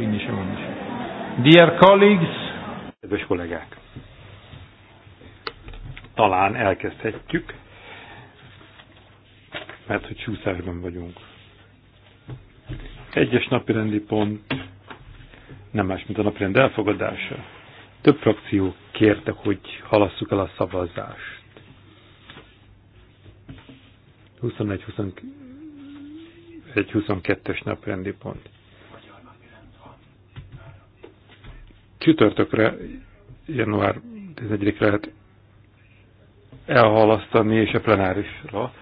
15 e 11. Dear colleagues, kedves kollégák, talán elkezdhetjük, mert hogy csúszásban vagyunk. Egyes napirendi pont nem más, mint a napirend elfogadása. Több frakció kérte, hogy halasszuk el a szavazást. 21 egy 22-es naprendi pont. csütörtökre, január 11-re lehet elhalasztani, és a plenárisra.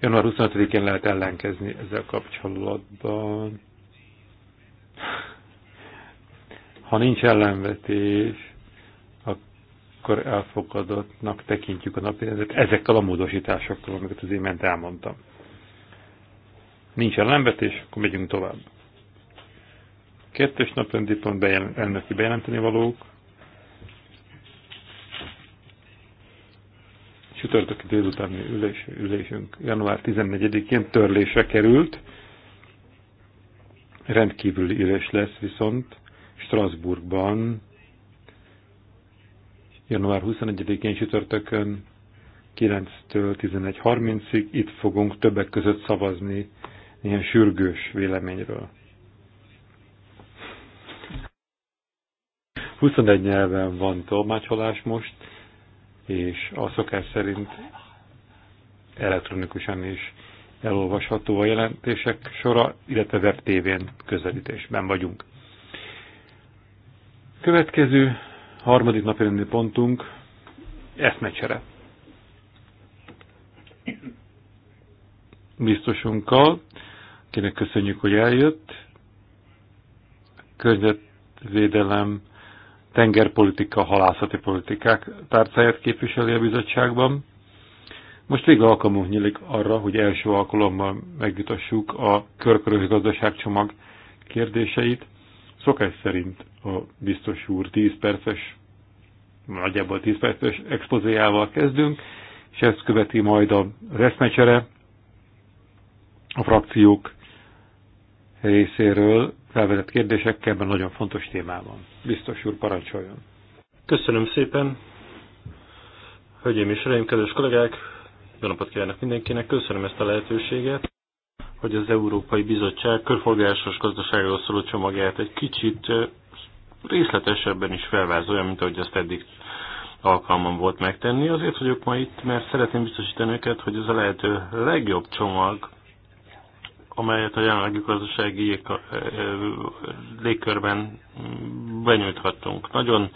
Január 25-én lehet ellenkezni ezzel kapcsolatban. Ha nincs ellenvetés, akkor elfogadottnak tekintjük a napirendet ezekkel a módosításokkal, amiket az imént elmondtam. Nincs ellenvetés, akkor megyünk tovább. Kettes naprendi pont elnöki bejelenteni valók. Csütörtöki délutáni ülés, ülésünk január 14-én törlésre került. Rendkívüli ülés lesz viszont Strasbourgban január 21-én sütörtökön 9-től 11.30-ig itt fogunk többek között szavazni ilyen sürgős véleményről. 21 nyelven van tolmácsolás most, és a szokás szerint elektronikusan is elolvasható a jelentések sora, illetve tévén közelítésben vagyunk. Következő harmadik napi pontunk eszmecsere. Biztosunkkal, akinek köszönjük, hogy eljött, környezetvédelem tengerpolitika, halászati politikák tárcáját képviseli a bizottságban. Most végre alkalmunk nyílik arra, hogy első alkalommal megvitassuk a körkörös gazdaságcsomag kérdéseit. Szokás szerint a biztos úr 10 perces, nagyjából 10 perces expozéjával kezdünk, és ezt követi majd a reszmecsere a frakciók részéről felvetett kérdésekkel ebben nagyon fontos témában. Biztos úr, parancsoljon. Köszönöm szépen. Hölgyeim és Uraim, kedves kollégák, jó napot kívánok mindenkinek, köszönöm ezt a lehetőséget, hogy az Európai Bizottság körforgásos gazdaságról szóló csomagját egy kicsit részletesebben is felvázolja, mint ahogy azt eddig alkalmam volt megtenni. Azért vagyok ma itt, mert szeretném biztosítani őket, hogy ez a lehető legjobb csomag, amelyet a jelenlegi gazdasági eh, eh, légkörben benyújthatunk. Nagyon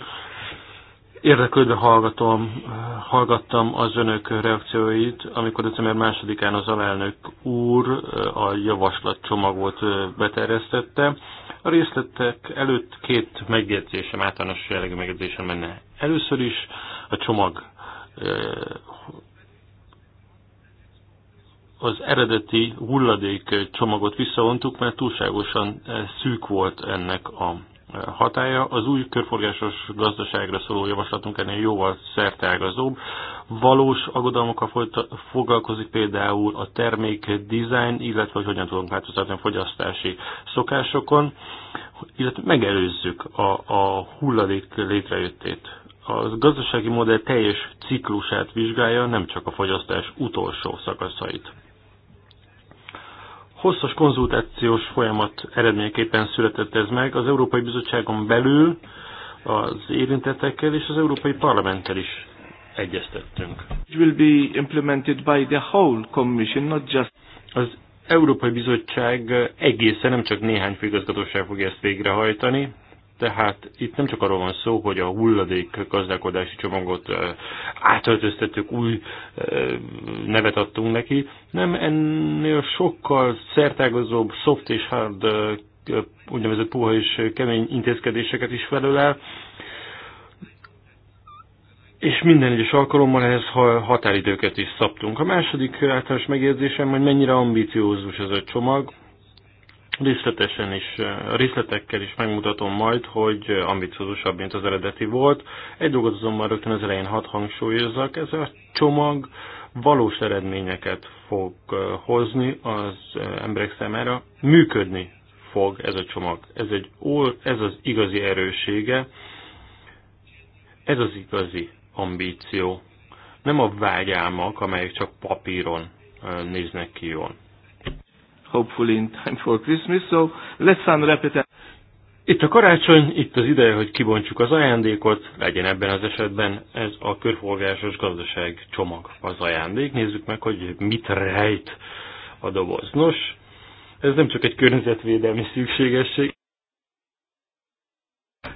érdeklődve hallgatom, hallgattam az önök reakcióit, amikor december másodikán az alelnök úr eh, a javaslatcsomagot beterjesztette. A részletek előtt két megjegyzésem, általános jellegű megjegyzésem menne. Először is a csomag az eredeti hulladék csomagot visszavontuk, mert túlságosan eh, szűk volt ennek a eh, hatája. Az új körforgásos gazdaságra szóló javaslatunk ennél jóval szerteágazóbb. Valós aggodalmakkal foglalkozik például a termék design, illetve hogy hogyan tudunk változtatni a fogyasztási szokásokon, illetve megelőzzük a, a hulladék létrejöttét a gazdasági modell teljes ciklusát vizsgálja, nem csak a fogyasztás utolsó szakaszait. Hosszas konzultációs folyamat eredményeképpen született ez meg az Európai Bizottságon belül, az érintettekkel és az Európai Parlamenttel is egyeztettünk. It will be implemented by the whole commission, not just... Az Európai Bizottság egészen, nem csak néhány főigazgatóság fogja ezt végrehajtani, tehát itt nem csak arról van szó, hogy a hulladék gazdálkodási csomagot átöltöztettük, új nevet adtunk neki, nem ennél sokkal szertágazóbb, soft és hard, úgynevezett puha és kemény intézkedéseket is el. és minden egyes alkalommal ehhez határidőket is szabtunk. A második általános megjegyzésem, hogy mennyire ambiciózus ez a csomag, részletesen is, eh, részletekkel is megmutatom majd, hogy eh, ambiciózusabb, mint az eredeti volt. Egy dolgot azonban rögtön az elején hat hangsúlyozzak, ez a csomag valós eredményeket fog eh, hozni az emberek számára, működni fog ez a csomag. Ez, egy, ez az igazi erősége, ez az igazi ambíció. Nem a vágyálmak, amelyek csak papíron néznek ki jól hopefully in time for Christmas. So let's unwrap it. Itt a karácsony, itt az ideje, hogy kibontjuk az ajándékot, legyen ebben az esetben ez a körforgásos gazdaság csomag az ajándék. Nézzük meg, hogy mit rejt a doboz. Nos, ez nem csak egy környezetvédelmi szükségesség,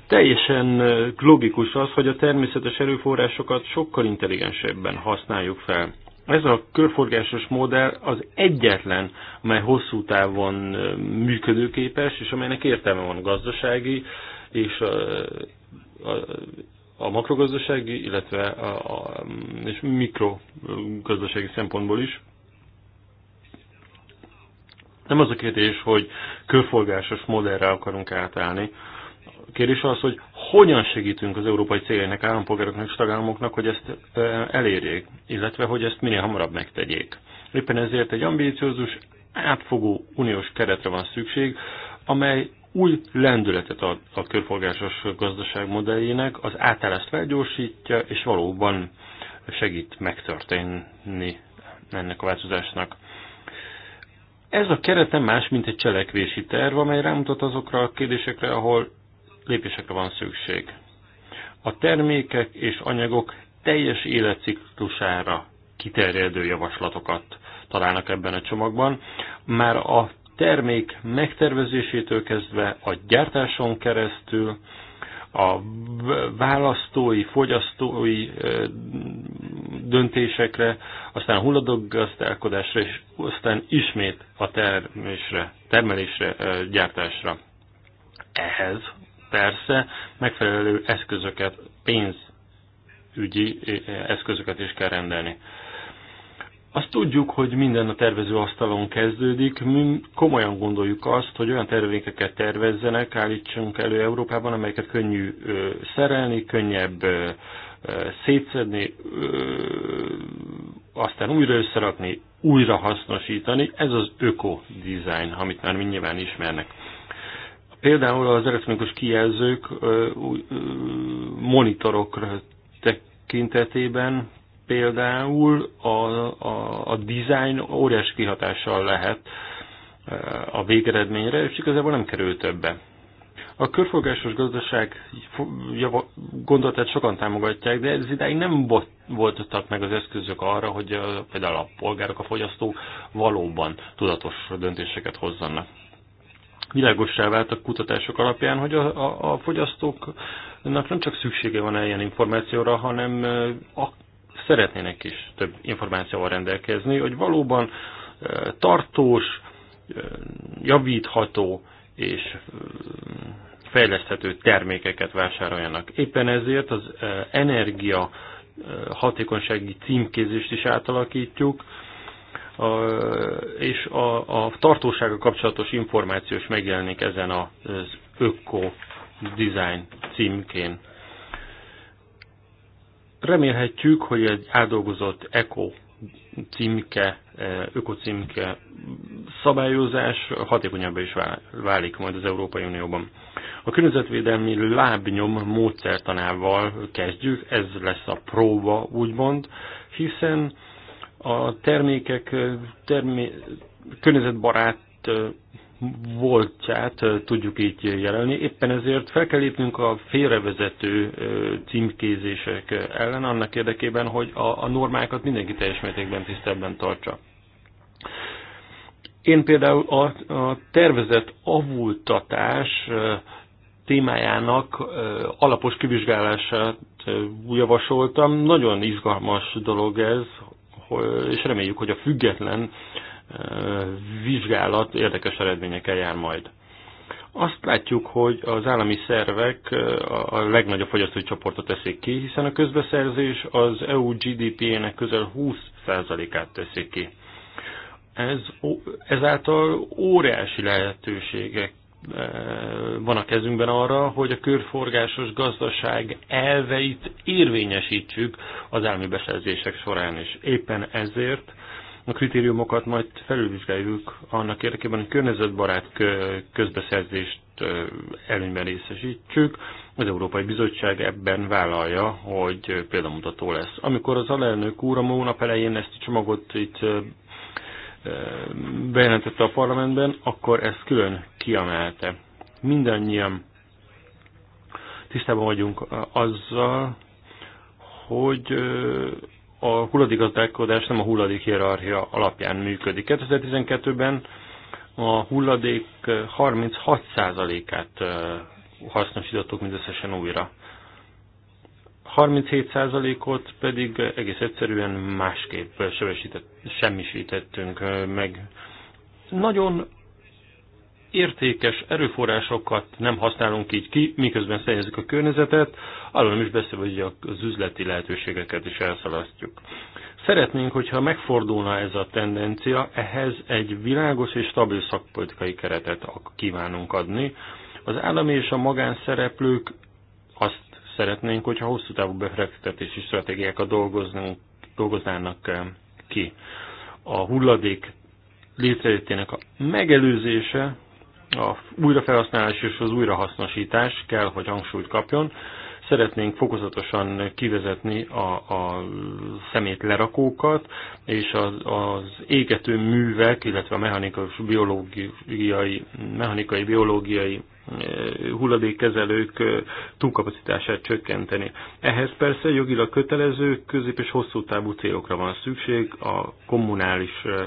teljesen logikus az, hogy a természetes erőforrásokat sokkal intelligensebben használjuk fel. Ez a körforgásos modell az egyetlen, amely hosszú távon működőképes, és amelynek értelme van a gazdasági és a, a, a makrogazdasági, illetve a, a, és mikrogazdasági szempontból is. Nem az a kérdés, hogy körforgásos modellre akarunk átállni, kérdés az, hogy hogyan segítünk az európai cégeknek, állampolgároknak és tagállamoknak, hogy ezt e, elérjék, illetve hogy ezt minél hamarabb megtegyék. Éppen ezért egy ambíciózus, átfogó uniós keretre van szükség, amely új lendületet ad a körforgásos gazdaság modelljének, az átállást felgyorsítja, és valóban segít megtörténni ennek a változásnak. Ez a keret nem más, mint egy cselekvési terv, amely rámutat azokra a kérdésekre, ahol lépésekre van szükség. A termékek és anyagok teljes életciklusára kiterjedő javaslatokat találnak ebben a csomagban. Már a termék megtervezésétől kezdve a gyártáson keresztül, a választói, fogyasztói döntésekre, aztán a hulladoggazdálkodásra, és aztán ismét a termésre, termelésre, gyártásra. Ehhez persze megfelelő eszközöket, pénzügyi eszközöket is kell rendelni. Azt tudjuk, hogy minden a tervező asztalon kezdődik. Mi komolyan gondoljuk azt, hogy olyan tervékeket tervezzenek, állítsunk elő Európában, amelyeket könnyű ö, szerelni, könnyebb ö, szétszedni, ö, aztán újra összerakni, újra hasznosítani. Ez az öko-design, amit már mindnyilván ismernek. Például az elektronikus kijelzők monitorokra tekintetében például a, a, a design óriási kihatással lehet a végeredményre, és igazából nem kerül többe. A körforgásos gazdaság gondolatát sokan támogatják, de ez idáig nem voltottak meg az eszközök arra, hogy például a polgárok, a fogyasztók valóban tudatos döntéseket hozzanak világossá vált a kutatások alapján, hogy a, a, a fogyasztóknak nem csak szüksége van ilyen információra, hanem a, szeretnének is több információval rendelkezni, hogy valóban tartós, javítható és fejleszthető termékeket vásároljanak. Éppen ezért az energia hatékonysági címkézést is átalakítjuk, a, és a, a tartósága kapcsolatos információ is megjelenik ezen az Öko Design címkén. Remélhetjük, hogy egy áldolgozott Eko címke, e, címke szabályozás hatékonyabb is válik majd az Európai Unióban. A környezetvédelmi lábnyom módszertanával kezdjük, ez lesz a próba, úgymond, hiszen a termékek termé környezetbarát voltját tudjuk így jelölni. Éppen ezért fel kell lépnünk a félrevezető címkézések ellen annak érdekében, hogy a, a normákat mindenki teljes mértékben tisztelben tartsa. Én például a, a tervezett avultatás témájának alapos kivizsgálását javasoltam. Nagyon izgalmas dolog ez, és reméljük, hogy a független eh, vizsgálat érdekes eredményekkel jár majd. Azt látjuk, hogy az állami szervek eh, a legnagyobb fogyasztói csoportot teszik ki, hiszen a közbeszerzés az EU GDP-ének közel 20%-át teszik ki. Ez, ezáltal óriási lehetőségek van a kezünkben arra, hogy a körforgásos gazdaság elveit érvényesítsük az állami beszerzések során is. Éppen ezért a kritériumokat majd felülvizsgáljuk annak érdekében, hogy környezetbarát közbeszerzést előnyben részesítsük. Az Európai Bizottság ebben vállalja, hogy példamutató lesz. Amikor az alelnök úr a hónap elején ezt a csomagot itt bejelentette a parlamentben, akkor ezt külön kiemelte. Mindannyian tisztában vagyunk azzal, hogy a hulladékgazdálkodás nem a hulladék hierarchia alapján működik. 2012-ben a hulladék 36%-át hasznosítottuk mindösszesen újra. 37%-ot pedig egész egyszerűen másképp semmisítettünk meg. Nagyon értékes erőforrásokat nem használunk így ki, miközben szennyezzük a környezetet, arról nem is beszélve, hogy az üzleti lehetőségeket is elszalasztjuk. Szeretnénk, hogyha megfordulna ez a tendencia, ehhez egy világos és stabil szakpolitikai keretet kívánunk adni. Az állami és a magánszereplők szeretnénk, hogyha hosszú távú befektetési stratégiákat dolgoznának eh, ki. A hulladék létrejöttének a megelőzése, a újrafelhasználás és az újrahasznosítás kell, hogy hangsúlyt kapjon. Szeretnénk fokozatosan kivezetni a, a szemét lerakókat, és az, az égető művek, illetve a mechanikus, biológiai, mechanikai, biológiai eh, hulladékkezelők eh, túlkapacitását csökkenteni. Ehhez persze jogilag kötelező, közép és hosszú távú célokra van szükség a kommunális eh,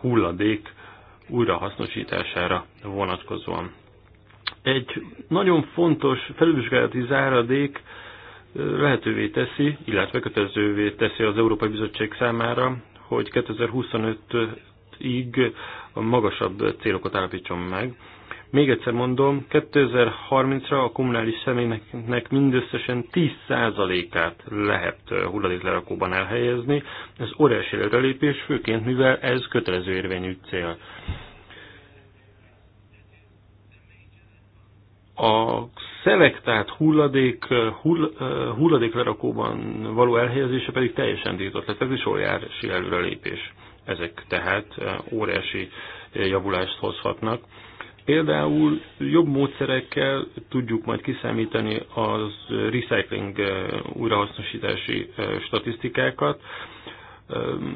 hulladék újrahasznosítására vonatkozóan. Egy nagyon fontos felülvizsgálati záradék lehetővé teszi, illetve kötelezővé teszi az Európai Bizottság számára, hogy 2025-ig a magasabb célokat állapítson meg. Még egyszer mondom, 2030-ra a kommunális személynek mindösszesen 10%-át lehet hulladéklerakóban elhelyezni. Ez óriási előrelépés, főként mivel ez kötelező érvényű cél. a szelektált hulladék, eh, eh, hulladéklerakóban való elhelyezése pedig teljesen tiltott lett. Ez is óriási előrelépés. Ezek tehát eh, óriási javulást hozhatnak. Például jobb módszerekkel tudjuk majd kiszámítani az recycling újrahasznosítási statisztikákat ehm,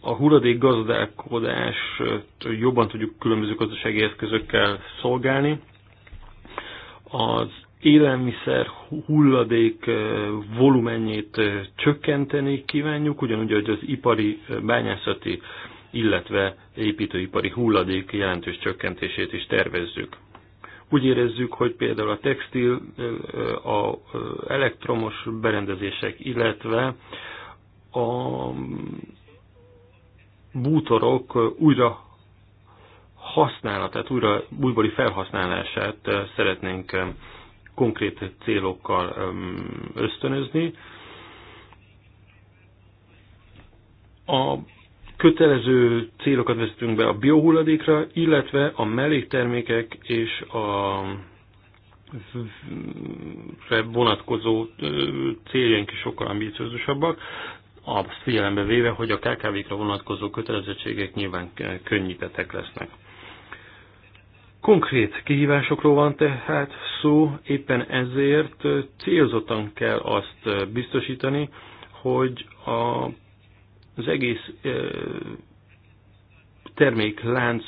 a hulladék gazdálkodást jobban tudjuk különböző gazdasági eszközökkel szolgálni. Az élelmiszer hulladék volumenjét csökkenteni kívánjuk, ugyanúgy, hogy az ipari bányászati, illetve építőipari hulladék jelentős csökkentését is tervezzük. Úgy érezzük, hogy például a textil, a elektromos berendezések, illetve a bútorok újra használatát, újra újbóli felhasználását szeretnénk konkrét célokkal ösztönözni. A kötelező célokat vezetünk be a biohulladékra, illetve a melléktermékek és a vonatkozó céljaink is sokkal ambíciózusabbak azt figyelembe véve, hogy a KKV-kra vonatkozó kötelezettségek nyilván könnyítettek lesznek. Konkrét kihívásokról van tehát szó, éppen ezért célzottan kell azt biztosítani, hogy a, az egész eh, terméklánc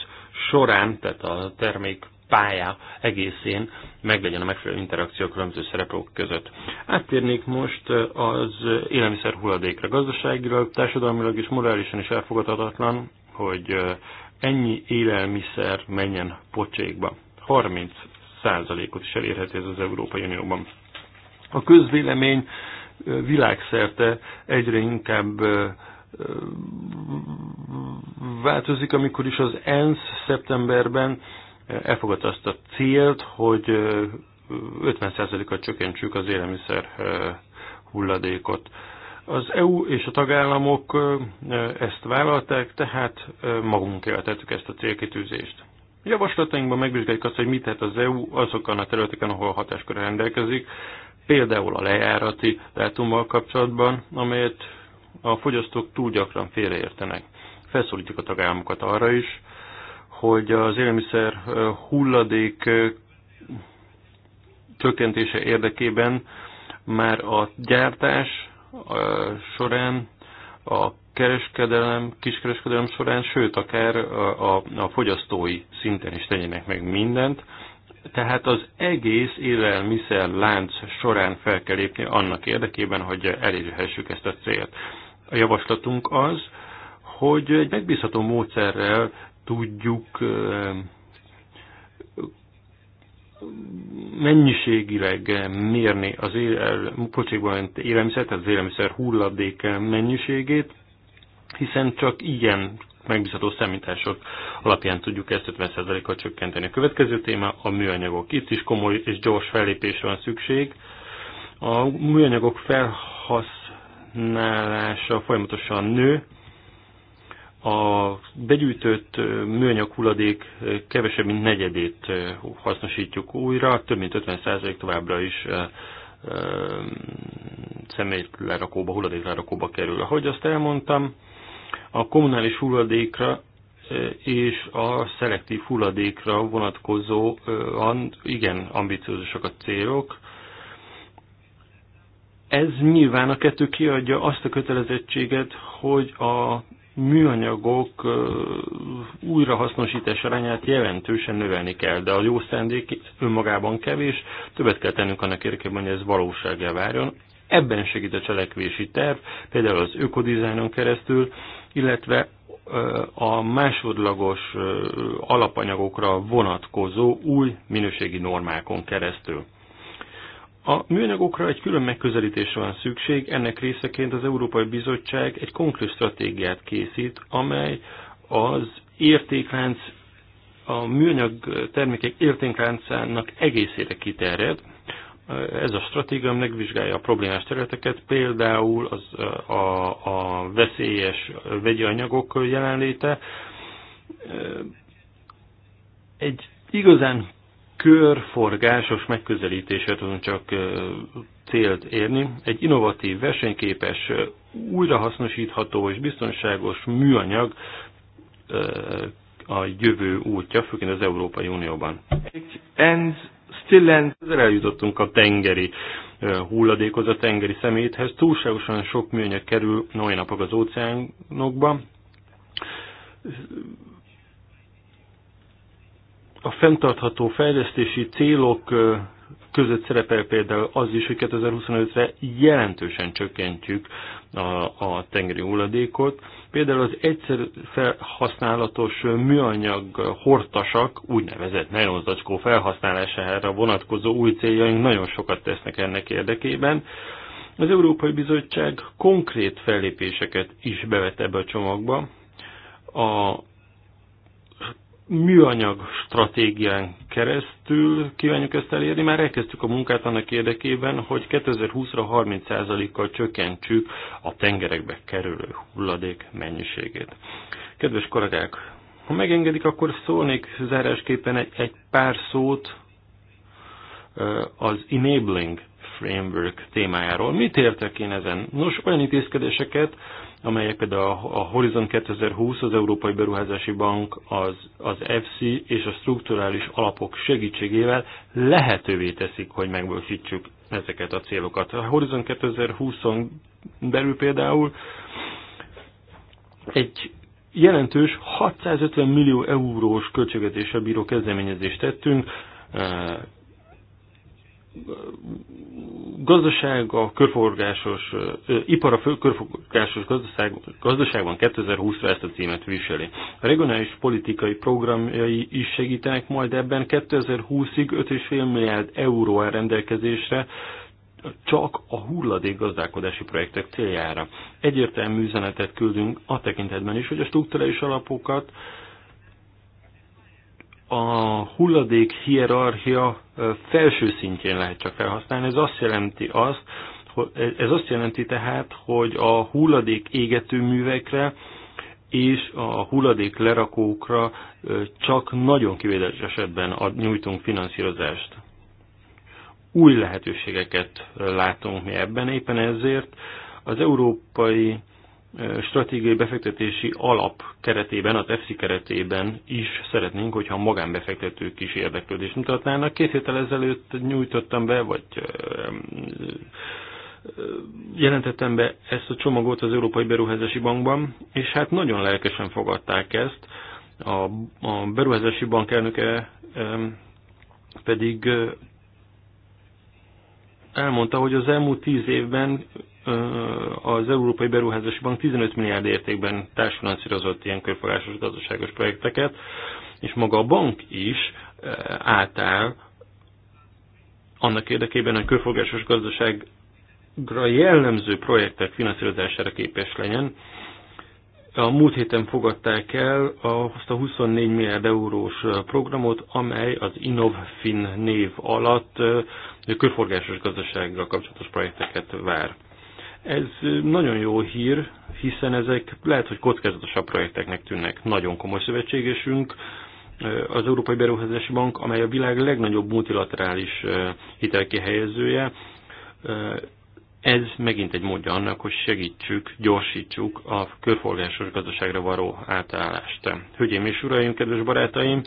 során, tehát a termék pálya egészén meglegyen a megfelelő interakció a különböző szereplők között. Áttérnék most az élelmiszer hulladékra. Gazdaságilag, társadalmilag és morálisan is elfogadhatatlan, hogy ennyi élelmiszer menjen pocsékba. 30 százalékot is elérheti ez az Európai Unióban. A közvélemény világszerte egyre inkább változik, amikor is az ENSZ szeptemberben elfogadta azt a célt, hogy 50%-kal csökkentsük az élelmiszer hulladékot. Az EU és a tagállamok ezt vállalták, tehát magunk tettük ezt a célkitűzést. Javaslatainkban megvizsgáljuk azt, hogy mit tehet az EU azokon a területeken, ahol a hatáskörre rendelkezik, például a lejárati dátummal kapcsolatban, amelyet a fogyasztók túl gyakran félreértenek. Felszólítjuk a tagállamokat arra is, hogy az élelmiszer hulladék csökkentése érdekében már a gyártás során, a kereskedelem, kiskereskedelem során, sőt, akár a, a, a fogyasztói szinten is tegyenek meg mindent. Tehát az egész élelmiszer lánc során fel kell lépni annak érdekében, hogy elérhessük ezt a célt. A javaslatunk az, hogy egy megbízható módszerrel tudjuk mennyiségileg mérni az élel, élelmiszer, tehát az élelmiszer hulladék mennyiségét, hiszen csak ilyen megbízható számítások alapján tudjuk ezt 50%-kal csökkenteni. A következő téma a műanyagok. Itt is komoly és gyors fellépésre van szükség. A műanyagok felhasználása folyamatosan nő, a begyűjtött műanyag hulladék kevesebb, mint negyedét hasznosítjuk újra, több mint 50% továbbra is szemétlerakóba, hulladéklerakóba kerül. Ahogy azt elmondtam, a kommunális hulladékra és a szelektív hulladékra vonatkozóan igen ambiciózusak a célok. Ez nyilván a kettő kiadja azt a kötelezettséget, hogy a műanyagok újrahasznosítás arányát jelentősen növelni kell, de a jó szándék önmagában kevés, többet kell tennünk annak érdekében, hogy ez valósággá várjon. Ebben segít a cselekvési terv, például az ökodizájnon keresztül, illetve a másodlagos alapanyagokra vonatkozó új minőségi normákon keresztül. A műanyagokra egy külön megközelítésre van szükség, ennek részeként az Európai Bizottság egy konkrét stratégiát készít, amely az értéklánc, a műanyag termékek értékláncának egészére kiterjed. Ez a stratégia megvizsgálja a problémás területeket, például az, a, a veszélyes vegyi anyagok jelenléte. Egy igazán körforgásos megközelítésre tudunk csak célt érni. Egy innovatív, versenyképes, újrahasznosítható és biztonságos műanyag a jövő útja, főként az Európai Unióban. And still and... Eljutottunk a tengeri hulladékhoz, a tengeri szeméthez. Túlságosan sok műanyag kerül nagy napok az óceánokba. A fenntartható fejlesztési célok között szerepel például az is, hogy 2025-re jelentősen csökkentjük a, a tengeri hulladékot. Például az egyszer felhasználatos műanyag hortasak, úgynevezett nejlonzacskó felhasználására vonatkozó új céljaink nagyon sokat tesznek ennek érdekében. Az Európai Bizottság konkrét fellépéseket is bevet ebbe a csomagba. A műanyag stratégián keresztül kívánjuk ezt elérni. Már elkezdtük a munkát annak érdekében, hogy 2020-ra 30%-kal csökkentsük a tengerekbe kerülő hulladék mennyiségét. Kedves kollégák, ha megengedik, akkor szólnék zárásképpen egy, egy pár szót az enabling framework témájáról. Mit értek én ezen? Nos, olyan intézkedéseket, amelyek például a Horizon 2020, az Európai Beruházási Bank, az, az FC és a strukturális alapok segítségével lehetővé teszik, hogy megvalósítsuk ezeket a célokat. A Horizon 2020-on belül például egy jelentős 650 millió eurós költségvetésre bíró kezdeményezést tettünk, gazdaság a körforgásos, ipar a körforgásos gazdaság, gazdaságban 2020-ra ezt a címet viseli. A regionális politikai programjai is segítenek majd ebben 2020-ig 5,5 milliárd euró áll rendelkezésre, csak a hulladék gazdálkodási projektek céljára. Egyértelmű üzenetet küldünk a tekintetben is, hogy a struktúrális alapokat a hulladék hierarchia felső szintjén lehet csak felhasználni. Ez azt jelenti azt, ez azt jelenti tehát, hogy a hulladék égető művekre és a hulladék lerakókra csak nagyon kivételes esetben nyújtunk finanszírozást. Új lehetőségeket látunk mi ebben, éppen ezért az európai stratégiai befektetési alap keretében, az EFSI keretében is szeretnénk, hogyha a magánbefektetők is érdeklődést mutatnának. Két héttel ezelőtt nyújtottam be, vagy jelentettem be ezt a csomagot az Európai Beruházási Bankban, és hát nagyon lelkesen fogadták ezt. A, a Beruházási Bank elnöke pedig elmondta, hogy az elmúlt tíz évben az Európai Beruházási Bank 15 milliárd értékben társfinanszírozott ilyen körforgásos gazdaságos projekteket, és maga a bank is átáll annak érdekében, hogy körforgásos gazdaságra jellemző projektek finanszírozására képes legyen. A múlt héten fogadták el azt a 24 milliárd eurós programot, amely az InnovFin név alatt körforgásos gazdasággal kapcsolatos projekteket vár. Ez nagyon jó hír, hiszen ezek lehet, hogy kockázatosabb projekteknek tűnnek. Nagyon komoly szövetségesünk, az Európai Beruházási Bank, amely a világ legnagyobb multilaterális hitelkihelyezője, ez megint egy módja annak, hogy segítsük, gyorsítsuk a körforgásos gazdaságra való átállást. Hölgyeim és uraim, kedves barátaim,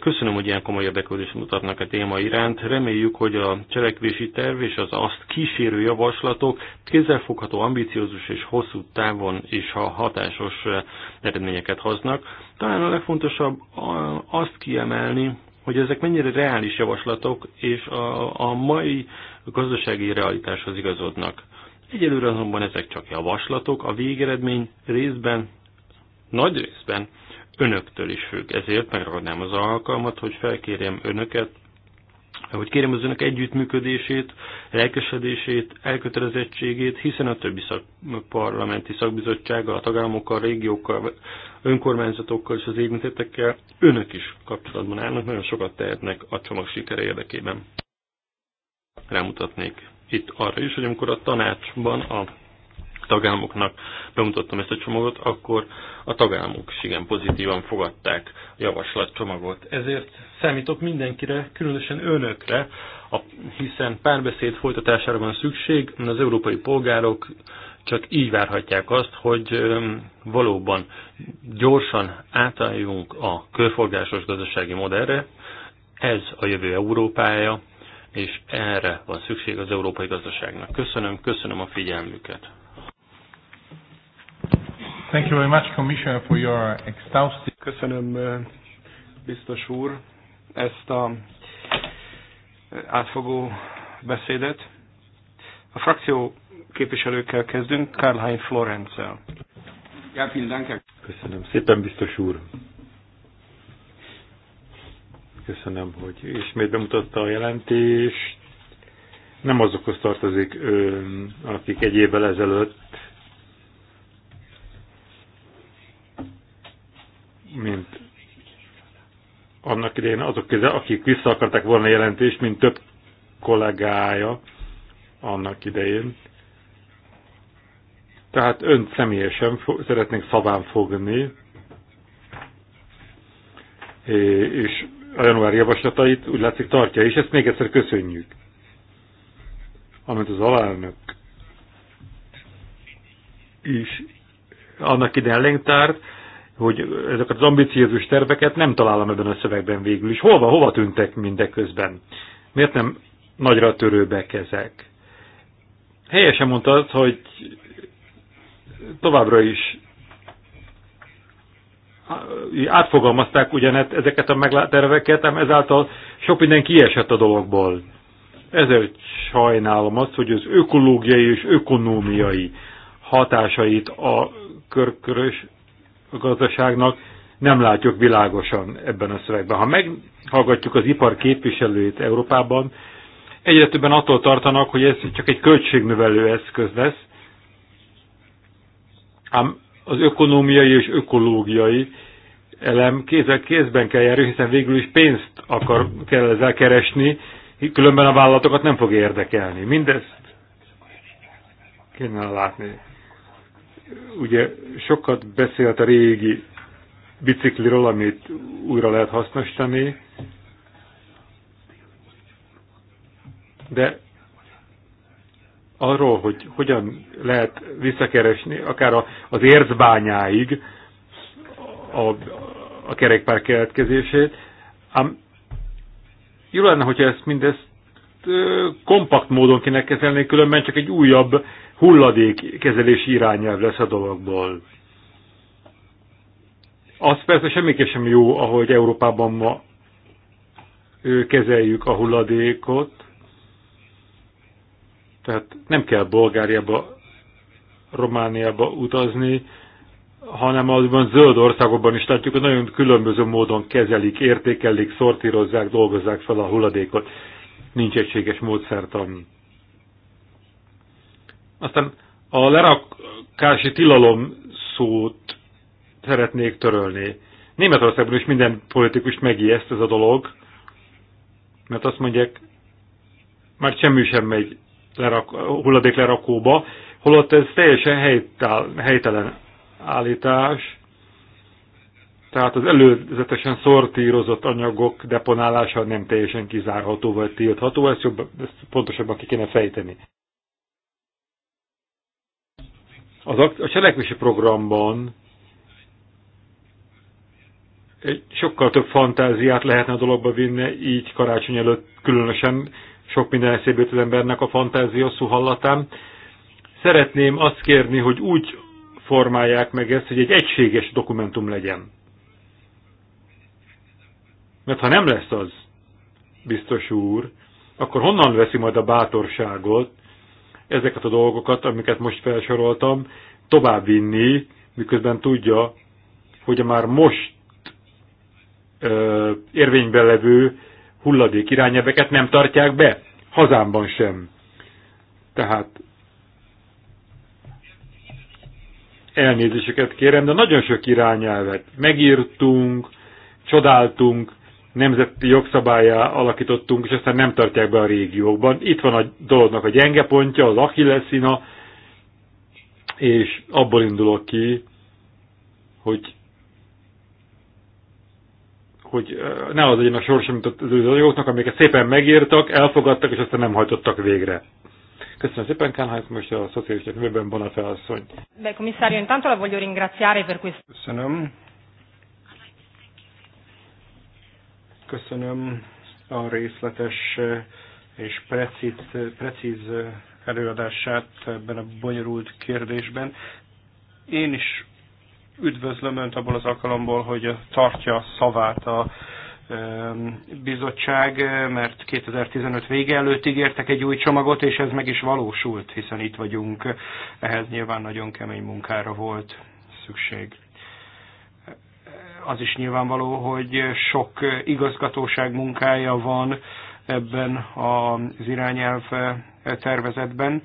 Köszönöm, hogy ilyen komoly érdeklődést mutatnak a téma iránt. Reméljük, hogy a cselekvési terv és az azt kísérő javaslatok kézzelfogható, ambiciózus és hosszú távon is ha hatásos eh, eredményeket hoznak. Talán a legfontosabb azt kiemelni, hogy ezek mennyire reális javaslatok és a, a mai gazdasági realitáshoz igazodnak. Egyelőre azonban ezek csak javaslatok, a végeredmény részben, nagy részben önöktől is függ. Ezért megragadnám az alkalmat, hogy felkérjem önöket, hogy kérem az önök együttműködését, lelkesedését, elkötelezettségét, hiszen a többi szak, parlamenti szakbizottsággal, a tagállamokkal, a régiókkal, önkormányzatokkal és az érintettekkel önök is kapcsolatban állnak, nagyon sokat tehetnek a csomag sikere érdekében. Rámutatnék itt arra is, hogy amikor a tanácsban a tagállamoknak bemutattam ezt a csomagot, akkor a tagállamok is igen pozitívan fogadták a javaslatcsomagot. Ezért számítok mindenkire, különösen önökre, a, hiszen párbeszéd folytatására van szükség, az európai polgárok csak így várhatják azt, hogy valóban gyorsan átálljunk a körforgásos gazdasági modellre, ez a jövő Európája, és erre van szükség az európai gazdaságnak. Köszönöm, köszönöm a figyelmüket. Thank you very much, Commissioner, for your exhaustive... Köszönöm, eh, biztos úr, ezt a eh, átfogó beszédet. A frakció képviselőkkel kezdünk, Karl-Heinz Florenccel. Köszönöm szépen, biztos úr. Köszönöm, hogy ismét bemutatta a jelentést. Nem azokhoz tartozik, akik egy évvel ezelőtt mint annak idején azok közül, akik vissza akarták volna jelentést, mint több kollégája annak idején. Tehát önt személyesen szeretnénk szaván fogni, és a január javaslatait úgy látszik tartja, és ezt még egyszer köszönjük. amint az alelnök is annak idején lengtárt, hogy ezeket az ambiciózus terveket nem találom ebben a szövegben végül is. Hol van, hova tűntek mindeközben? Miért nem nagyra törőbek ezek? Helyesen mondtad, hogy továbbra is átfogalmazták ugyanet ezeket a terveket, ám ezáltal sok minden kiesett a dologból. Ezért sajnálom azt, hogy az ökológiai és ökonómiai hatásait a körkörös a gazdaságnak, nem látjuk világosan ebben a szövegben. Ha meghallgatjuk az ipar képviselőit Európában, egyre többen attól tartanak, hogy ez csak egy költségnövelő eszköz lesz, ám az ökonomiai és ökológiai elem kézzel kézben kell járni, hiszen végül is pénzt akar, kell ezzel keresni, különben a vállalatokat nem fog érdekelni. Mindezt kéne látni. Ugye sokat beszélt a régi bicikliről, amit újra lehet hasznosítani, de arról, hogy hogyan lehet visszakeresni, akár az érzbányáig a, a kerekpár keletkezését, ám jó lenne, hogyha ezt mindezt kompakt módon kéne kezelni, különben csak egy újabb hulladék kezelési irányelv lesz a dologból. Az persze semmiképp sem jó, ahogy Európában ma kezeljük a hulladékot. Tehát nem kell Bulgáriába, Romániába utazni, hanem azban zöld országokban is látjuk, hogy nagyon különböző módon kezelik, értékelik, szortírozzák, dolgozzák fel a hulladékot. Nincs egységes módszertan. Aztán a lerakási tilalom szót szeretnék törölni. Németországban is minden politikus megijeszt ez a dolog, mert azt mondják, már semmi sem megy lerak, lerakóba, holott ez teljesen helytál, helytelen állítás, tehát az előzetesen szortírozott anyagok deponálása nem teljesen kizárható vagy tiltható, ezt, jobb, ezt pontosabban ki kéne fejteni. Az a cselekvési programban sokkal több fantáziát lehetne a dologba vinni, így karácsony előtt különösen sok minden eszébe az embernek a fantázia szó hallatán. Szeretném azt kérni, hogy úgy formálják meg ezt, hogy egy egységes dokumentum legyen. Mert ha nem lesz az, biztos úr, akkor honnan veszi majd a bátorságot, ezeket a dolgokat, amiket most felsoroltam, vinni, miközben tudja, hogy a már most ö, érvényben levő hulladék irányelveket nem tartják be, hazámban sem. Tehát elnézéseket kérem, de nagyon sok irányelvet megírtunk, csodáltunk, nemzeti jogszabályá alakítottunk, és aztán nem tartják be a régiókban. Itt van a dolognak a gyenge pontja, az achilleszina, és abból indulok ki, hogy hogy ne az legyen a sors, mint az anyagoknak, amiket szépen megírtak, elfogadtak, és aztán nem hajtottak végre. Köszönöm szépen, Kánhájt, most a szociális nevében van a Beh, Köszönöm. köszönöm a részletes és precíz, precíz előadását ebben a bonyolult kérdésben. Én is üdvözlöm Önt abból az alkalomból, hogy tartja a szavát a bizottság, mert 2015 vége előtt ígértek egy új csomagot, és ez meg is valósult, hiszen itt vagyunk. Ehhez nyilván nagyon kemény munkára volt szükség az is nyilvánvaló, hogy sok igazgatóság munkája van ebben az irányelv tervezetben.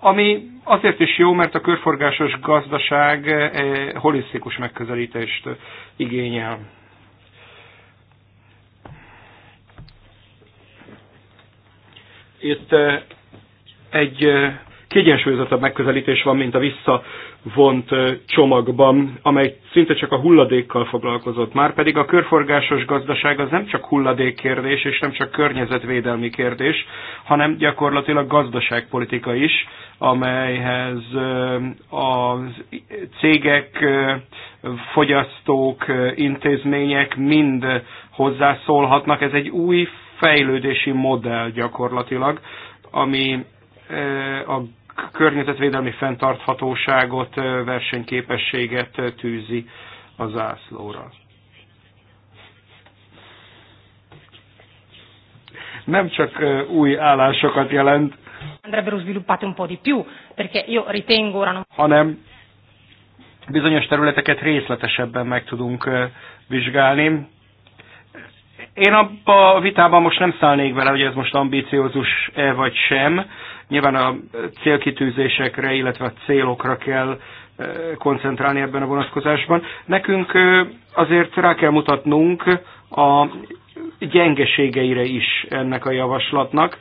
Ami azért is jó, mert a körforgásos gazdaság eh, holisztikus megközelítést igényel. Itt eh, egy eh, kiegyensúlyozottabb megközelítés van, mint a visszavont csomagban, amely szinte csak a hulladékkal foglalkozott. Már pedig a körforgásos gazdaság az nem csak hulladékkérdés, és nem csak környezetvédelmi kérdés, hanem gyakorlatilag gazdaságpolitika is, amelyhez a cégek, fogyasztók, intézmények mind hozzászólhatnak. Ez egy új fejlődési modell gyakorlatilag, ami a környezetvédelmi fenntarthatóságot, versenyképességet tűzi az zászlóra. Nem csak új állásokat jelent, hanem bizonyos területeket részletesebben meg tudunk vizsgálni. Én abba a vitában most nem szállnék vele, hogy ez most ambíciózus-e vagy sem. Nyilván a célkitűzésekre, illetve a célokra kell eh, koncentrálni ebben a vonatkozásban. Nekünk eh, azért rá kell mutatnunk a gyengeségeire is ennek a javaslatnak.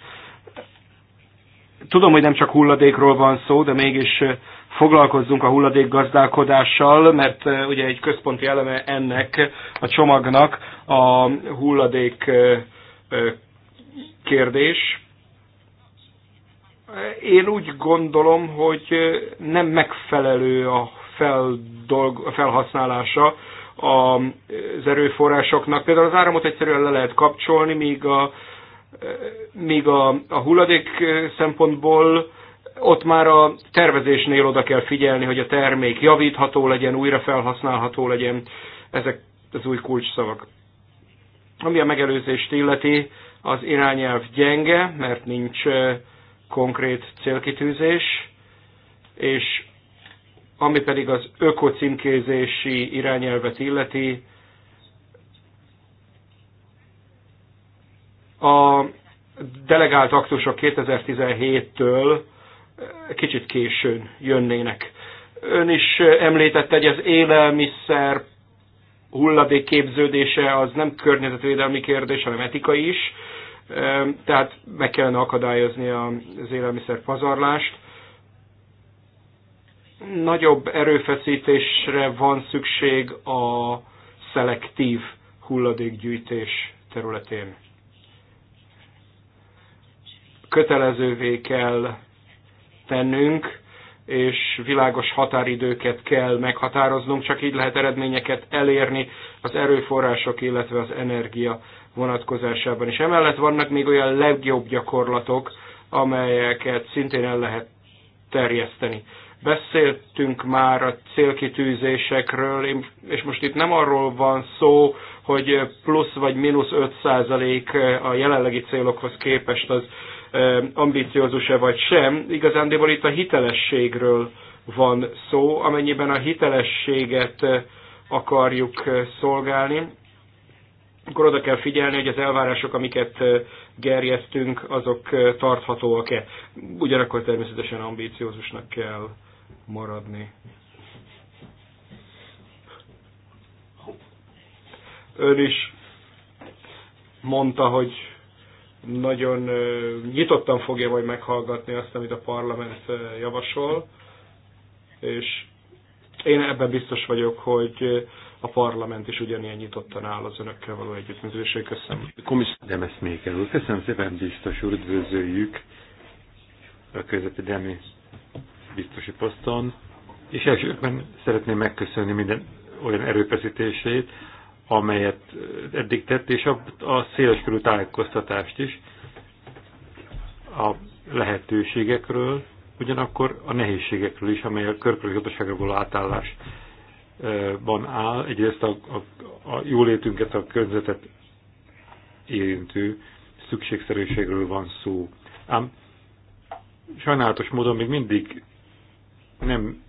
Tudom, hogy nem csak hulladékról van szó, de mégis eh, foglalkozzunk a hulladék gazdálkodással, mert ugye egy központi eleme ennek a csomagnak a hulladék kérdés. Én úgy gondolom, hogy nem megfelelő a feldolg, felhasználása az erőforrásoknak. Például az áramot egyszerűen le lehet kapcsolni, míg a, míg a, a hulladék szempontból ott már a tervezésnél oda kell figyelni, hogy a termék javítható legyen, újra felhasználható legyen. Ezek az új kulcsszavak. Ami a megelőzést illeti, az irányelv gyenge, mert nincs konkrét célkitűzés, és ami pedig az ökocímkézési irányelvet illeti, a delegált aktusok 2017-től kicsit későn jönnének. Ön is említette, hogy az élelmiszer hulladék képződése az nem környezetvédelmi kérdés, hanem etikai is tehát meg kellene akadályozni az élelmiszer pazarlást. Nagyobb erőfeszítésre van szükség a szelektív hulladékgyűjtés területén. Kötelezővé kell tennünk, és világos határidőket kell meghatároznunk, csak így lehet eredményeket elérni az erőforrások, illetve az energia vonatkozásában. És emellett vannak még olyan legjobb gyakorlatok, amelyeket szintén el lehet terjeszteni. Beszéltünk már a célkitűzésekről, és most itt nem arról van szó, hogy plusz vagy mínusz 5% a jelenlegi célokhoz képest az ambiciózus-e vagy sem. Igazándiból itt a hitelességről van szó, amennyiben a hitelességet akarjuk szolgálni, akkor oda kell figyelni, hogy az elvárások, amiket gerjesztünk, azok tarthatóak-e. Ugyanakkor természetesen ambíciózusnak kell maradni. Ön is mondta, hogy nagyon nyitottan fogja majd meghallgatni azt, amit a parlament javasol, és én ebben biztos vagyok, hogy a parlament is ugyanilyen nyitottan áll az önökkel való együttműködésre. Köszönöm. Nem ezt még elő. Köszönöm szépen, biztos úr, üdvözöljük a közvetvédelmi biztosi poszton. És elsőben szeretném megköszönni minden olyan erőfeszítését, amelyet eddig tett, és a, a körű tájékoztatást is a lehetőségekről, ugyanakkor a nehézségekről is, amely a körkörös gazdaságra való átállás van áll, egyrészt a, a, a jólétünket, a környezetet érintő szükségszerűségről van szó. Ám sajnálatos módon még mindig nem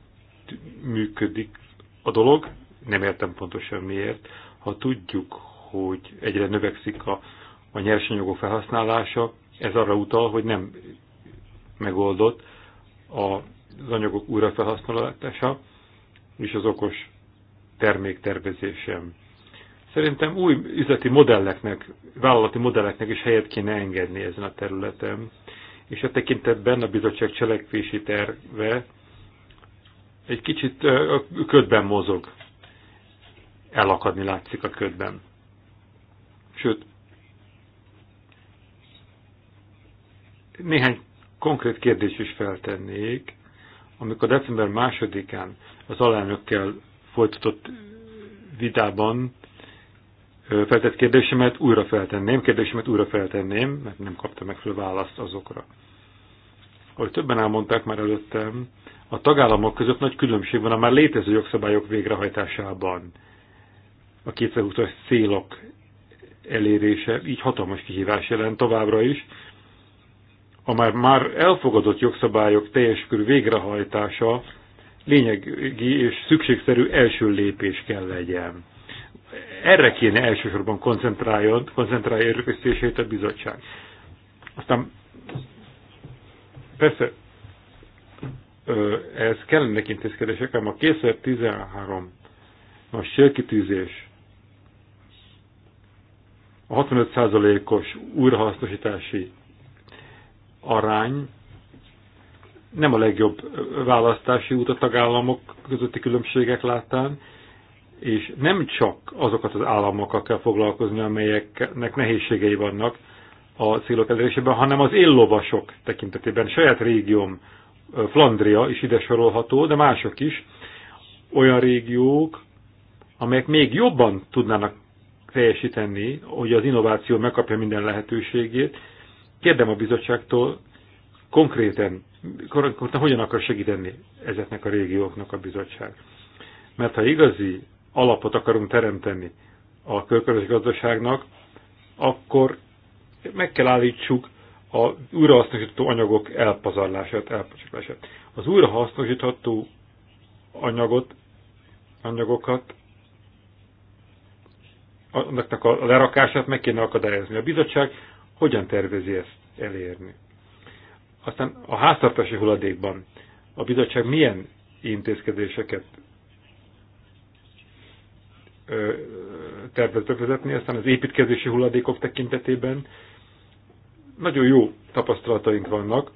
működik a dolog, nem értem pontosan miért, ha tudjuk, hogy egyre növekszik a, a nyersanyagok felhasználása, ez arra utal, hogy nem megoldott az anyagok újrafelhasználása, és az okos terméktervezésem. Szerintem új üzleti modelleknek, vállalati modelleknek is helyet kéne engedni ezen a területen, és a tekintetben a bizottság cselekvési terve egy kicsit a ködben mozog. Elakadni látszik a ködben. Sőt, néhány konkrét kérdést is feltennék. Amikor december másodikán az alelnökkel folytatott vitában feltett kérdésemet újra feltenném, kérdésemet újra feltenném, mert nem kaptam megfelelő választ azokra. Ahogy többen elmondták már előttem, a tagállamok között nagy különbség van a már létező jogszabályok végrehajtásában. A 2020-as célok elérése így hatalmas kihívás jelent továbbra is. A már, már elfogadott jogszabályok teljes körű végrehajtása lényegi és szükségszerű első lépés kell legyen. Erre kéne elsősorban koncentráljon, koncentrálja érkeztését a bizottság. Aztán persze ez kellenek intézkedések, ám a 2013 a sérkitűzés a 65%-os újrahasznosítási arány nem a legjobb választási út a tagállamok közötti különbségek láttán, és nem csak azokat az államokkal kell foglalkozni, amelyeknek nehézségei vannak a célok elérésében, hanem az éllovasok tekintetében. Saját régióm, Flandria is ide sorolható, de mások is, olyan régiók, amelyek még jobban tudnának teljesíteni, hogy az innováció megkapja minden lehetőségét. Kérdem a bizottságtól, konkrétan akkor hogyan akar segíteni ezeknek a régióknak a bizottság. Mert ha igazi alapot akarunk teremteni a körkörös gazdaságnak, akkor meg kell állítsuk a újrahasznosítható anyagok elpazarlását, elpocsiklását. Az újrahasznosítható anyagot, anyagokat, annak a lerakását meg kéne akadályozni. A bizottság hogyan tervezi ezt elérni? Aztán a háztartási hulladékban a bizottság milyen intézkedéseket tervezett vezetni, aztán az építkezési hulladékok tekintetében nagyon jó tapasztalataink vannak,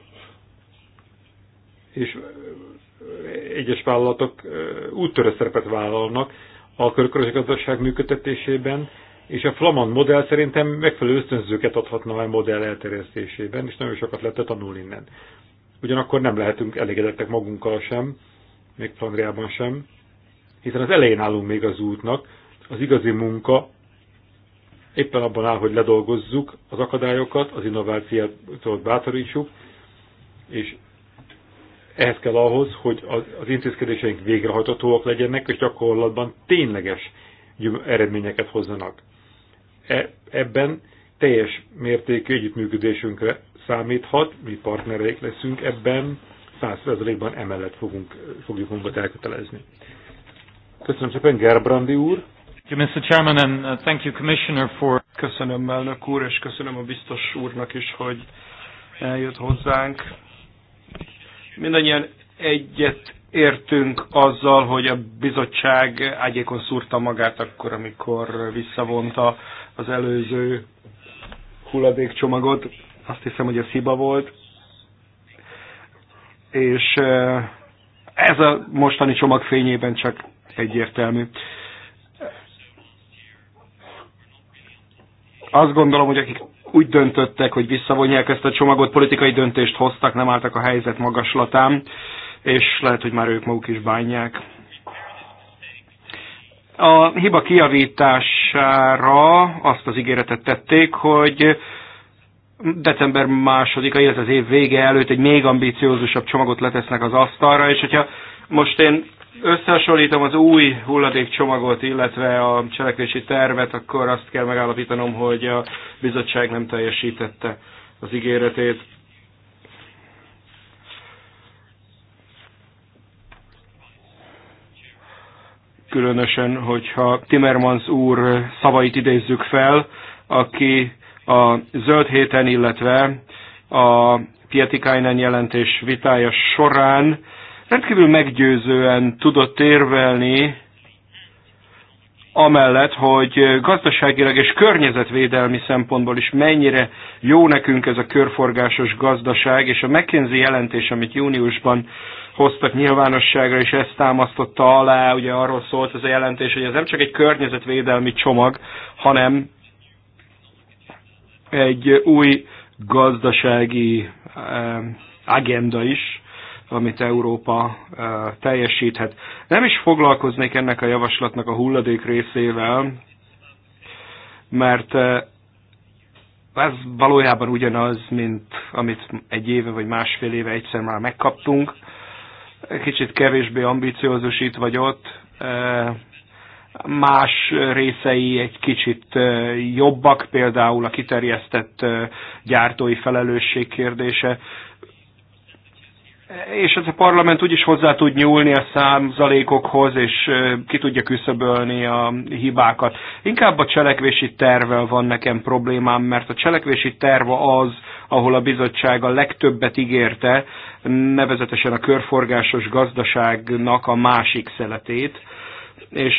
és egyes vállalatok úttörő szerepet vállalnak a körkörös gazdaság működtetésében, és a flamand modell szerintem megfelelő ösztönzőket adhatna a modell elterjesztésében, és nagyon sokat lehetne tanulni innen. Ugyanakkor nem lehetünk elégedettek magunkkal sem, még Flandriában sem, hiszen az elején állunk még az útnak, az igazi munka éppen abban áll, hogy ledolgozzuk az akadályokat, az innovációt bátorítsuk, és ehhez kell ahhoz, hogy az intézkedéseink végrehajtatóak legyenek, és gyakorlatban tényleges eredményeket hozzanak. E, ebben teljes mértékű együttműködésünkre számíthat, mi partnereik leszünk ebben, 100%-ban emellett fogunk, fogjuk magunkat elkötelezni. Köszönöm szépen, Gerbrandi úr! Mr. Chairman, and uh, thank you, Commissioner, for... Köszönöm, elnök úr, és köszönöm a biztos úrnak is, hogy eljött hozzánk. Mindannyian egyet értünk azzal, hogy a bizottság ágyékon szúrta magát akkor, amikor visszavonta az előző hulladékcsomagot. Azt hiszem, hogy ez hiba volt. És eh, ez a mostani csomag fényében csak egyértelmű. Azt gondolom, hogy akik úgy döntöttek, hogy visszavonják ezt a csomagot, politikai döntést hoztak, nem álltak a helyzet magaslatán és lehet, hogy már ők maguk is bánják. A hiba kiavítására azt az ígéretet tették, hogy december másodika, illetve az év vége előtt egy még ambiciózusabb csomagot letesznek az asztalra, és hogyha most én összehasonlítom az új hulladékcsomagot, illetve a cselekvési tervet, akkor azt kell megállapítanom, hogy a bizottság nem teljesítette az ígéretét. különösen, hogyha Timmermans úr szavait idézzük fel, aki a zöld héten, illetve a Pietikainen jelentés vitája során rendkívül meggyőzően tudott érvelni amellett, hogy gazdaságilag és környezetvédelmi szempontból is mennyire jó nekünk ez a körforgásos gazdaság, és a McKinsey jelentés, amit júniusban hoztak nyilvánosságra, és ezt támasztotta alá, ugye arról szólt ez a jelentés, hogy ez nem csak egy környezetvédelmi csomag, hanem egy új gazdasági agenda is, amit Európa teljesíthet. Nem is foglalkoznék ennek a javaslatnak a hulladék részével, mert ez valójában ugyanaz, mint amit egy éve vagy másfél éve egyszer már megkaptunk kicsit kevésbé ambiciózus itt vagy ott, más részei egy kicsit jobbak, például a kiterjesztett gyártói felelősség kérdése. És ez a parlament úgyis hozzá tud nyúlni a számzalékokhoz, és ki tudja küszöbölni a hibákat. Inkább a cselekvési tervvel van nekem problémám, mert a cselekvési terve az, ahol a bizottság a legtöbbet ígérte, nevezetesen a körforgásos gazdaságnak a másik szeletét, és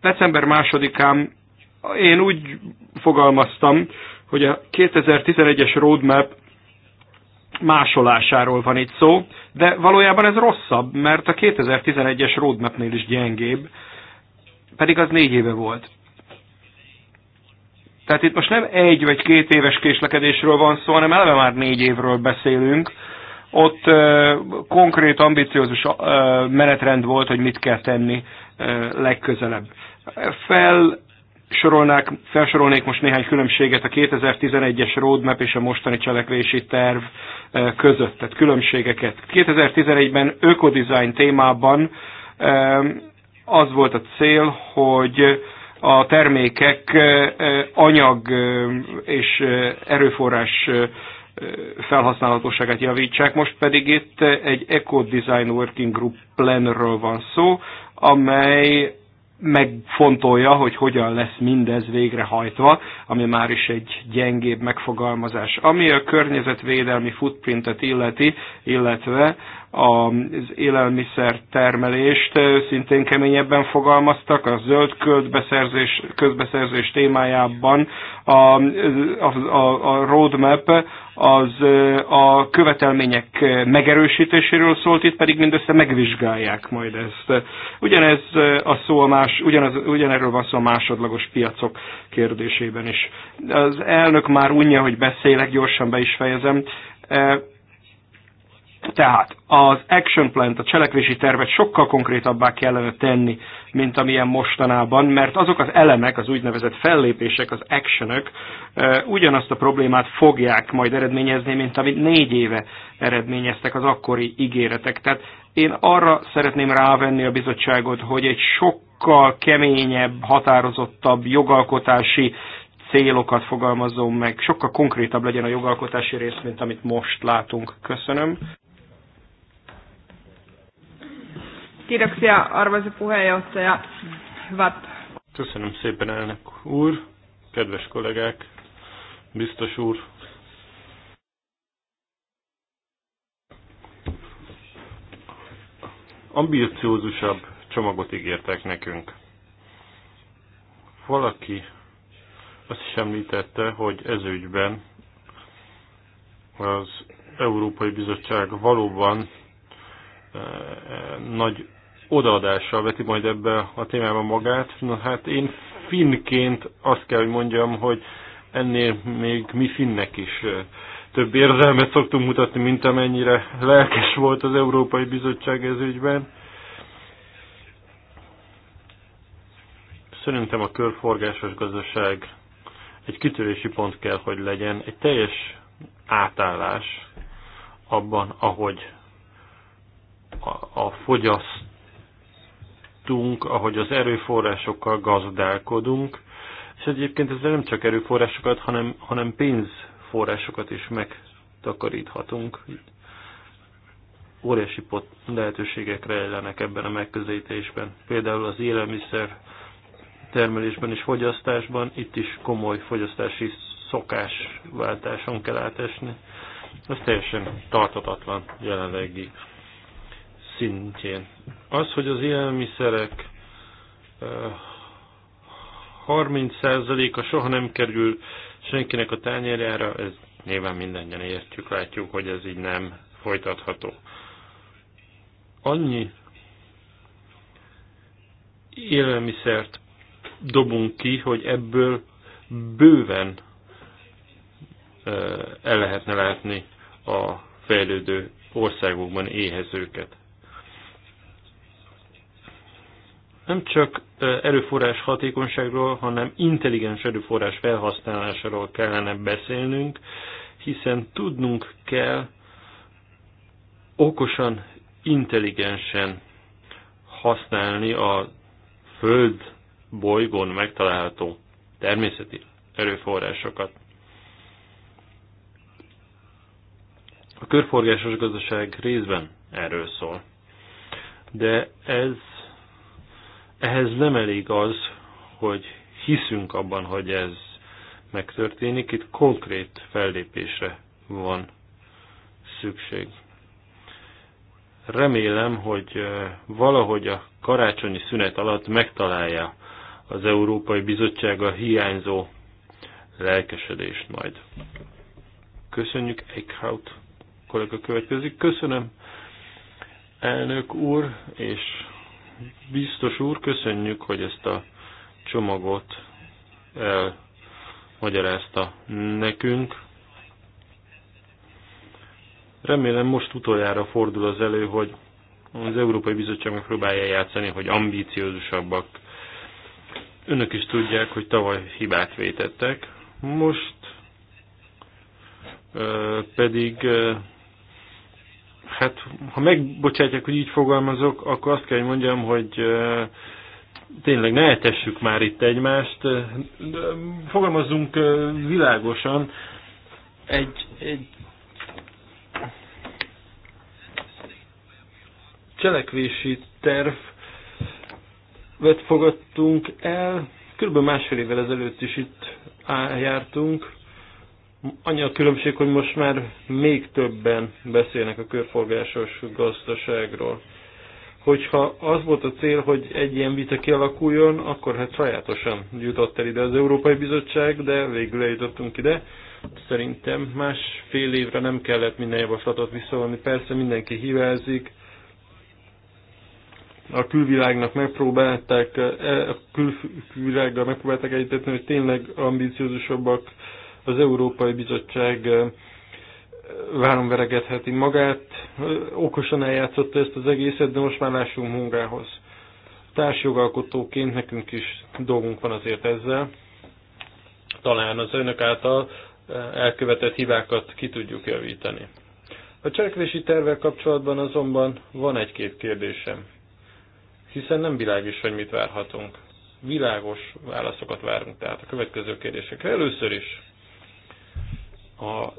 december másodikán én úgy fogalmaztam, hogy a 2011-es roadmap másolásáról van itt szó, de valójában ez rosszabb, mert a 2011-es roadmapnél is gyengébb, pedig az négy éve volt. Tehát itt most nem egy vagy két éves késlekedésről van szó, hanem eleve már négy évről beszélünk, ott konkrét, ambiciózus menetrend volt, hogy mit kell tenni legközelebb. Fel sorolnák, felsorolnék most néhány különbséget a 2011-es roadmap és a mostani cselekvési terv között, tehát különbségeket. 2011-ben ökodizájn témában az volt a cél, hogy a termékek anyag és erőforrás felhasználhatóságát javítsák. Most pedig itt egy Eco Design Working Group planről van szó, amely megfontolja, hogy hogyan lesz mindez végrehajtva, ami már is egy gyengébb megfogalmazás. Ami a környezetvédelmi footprintet illeti, illetve az élelmiszer termelést, szintén keményebben fogalmaztak, a zöld közbeszerzés, közbeszerzés témájában a, a, a roadmap az a követelmények megerősítéséről szólt, itt pedig mindössze megvizsgálják majd ezt. Ugyanez a szó a más, ugyanaz, ugyanerről van szó a másodlagos piacok kérdésében is. Az elnök már unja, hogy beszélek, gyorsan be is fejezem tehát az action plan, a cselekvési tervet sokkal konkrétabbá kellene tenni, mint amilyen mostanában, mert azok az elemek, az úgynevezett fellépések, az actionök ugyanazt a problémát fogják majd eredményezni, mint amit négy éve eredményeztek az akkori ígéretek. Tehát én arra szeretném rávenni a bizottságot, hogy egy sokkal keményebb, határozottabb jogalkotási célokat fogalmazom meg, sokkal konkrétabb legyen a jogalkotási rész, mint amit most látunk. Köszönöm. Kiitoksia arvoisa puheenjohtaja. Hyvät. Köszönöm szépen elnök úr, kedves kollégák, biztos úr. Ambiciózusabb csomagot ígértek nekünk. Valaki azt is említette, hogy ügyben az Európai Bizottság valóban eh, nagy odaadással veti majd ebbe a témába magát. Na hát én finnként azt kell, hogy mondjam, hogy ennél még mi finnek is több érzelmet szoktunk mutatni, mint amennyire lelkes volt az Európai Bizottság ez ügyben. Szerintem a körforgásos gazdaság egy kitörési pont kell, hogy legyen, egy teljes átállás abban, ahogy a, a fogyaszt tudunk, ahogy az erőforrásokkal gazdálkodunk, és egyébként ezzel nem csak erőforrásokat, hanem, hanem pénzforrásokat is megtakaríthatunk. Óriási pot lehetőségek rejlenek ebben a megközelítésben. Például az élelmiszer termelésben és fogyasztásban, itt is komoly fogyasztási szokásváltáson kell átesni. Ez teljesen tartatatlan jelenlegi szintjén. Az, hogy az élelmiszerek 30%-a eh, soha nem kerül senkinek a tányérjára, ez nyilván mindannyian értjük, látjuk, hogy ez így nem folytatható. Annyi élelmiszert dobunk ki, hogy ebből bőven eh, el lehetne látni a fejlődő országokban éhezőket. nem csak erőforrás hatékonyságról, hanem intelligens erőforrás felhasználásáról kellene beszélnünk, hiszen tudnunk kell okosan, intelligensen használni a Föld bolygón megtalálható természeti erőforrásokat. A körforgásos gazdaság részben erről szól. De ez ehhez nem elég az, hogy hiszünk abban, hogy ez megtörténik, itt konkrét fellépésre van szükség. Remélem, hogy valahogy a karácsonyi szünet alatt megtalálja az Európai Bizottság a hiányzó lelkesedést majd. Köszönjük, Eichhout kollega következik. Köszönöm, elnök úr, és Biztos úr, köszönjük, hogy ezt a csomagot elmagyarázta nekünk. Remélem most utoljára fordul az elő, hogy az Európai Bizottság megpróbálja játszani, hogy ambíciózusabbak. Önök is tudják, hogy tavaly hibát vétettek. Most pedig hát ha megbocsátják, hogy így fogalmazok, akkor azt kell, hogy mondjam, hogy tényleg ne etessük már itt egymást, fogalmazzunk világosan, egy, egy cselekvési vett fogadtunk el, körülbelül másfél évvel ezelőtt is itt jártunk, Annyi a különbség, hogy most már még többen beszélnek a körforgásos gazdaságról. Hogyha az volt a cél, hogy egy ilyen vita kialakuljon, akkor hát sajátosan jutott el ide az Európai Bizottság, de végül eljutottunk ide. Szerintem másfél évre nem kellett minden javaslatot visszavonni. Persze mindenki hívázik. a külvilágnak megpróbálták, e, a külvilággal megpróbálták egyetetni, hogy tényleg ambiciózusabbak az Európai Bizottság várom veregetheti magát, okosan eljátszotta ezt az egészet, de most már lássunk munkához. Társjogalkotóként nekünk is dolgunk van azért ezzel. Talán az önök által elkövetett hibákat ki tudjuk javítani. A cselekvési tervvel kapcsolatban azonban van egy-két kérdésem, hiszen nem világos, hogy mit várhatunk. Világos válaszokat várunk tehát a következő kérdésekre. Először is az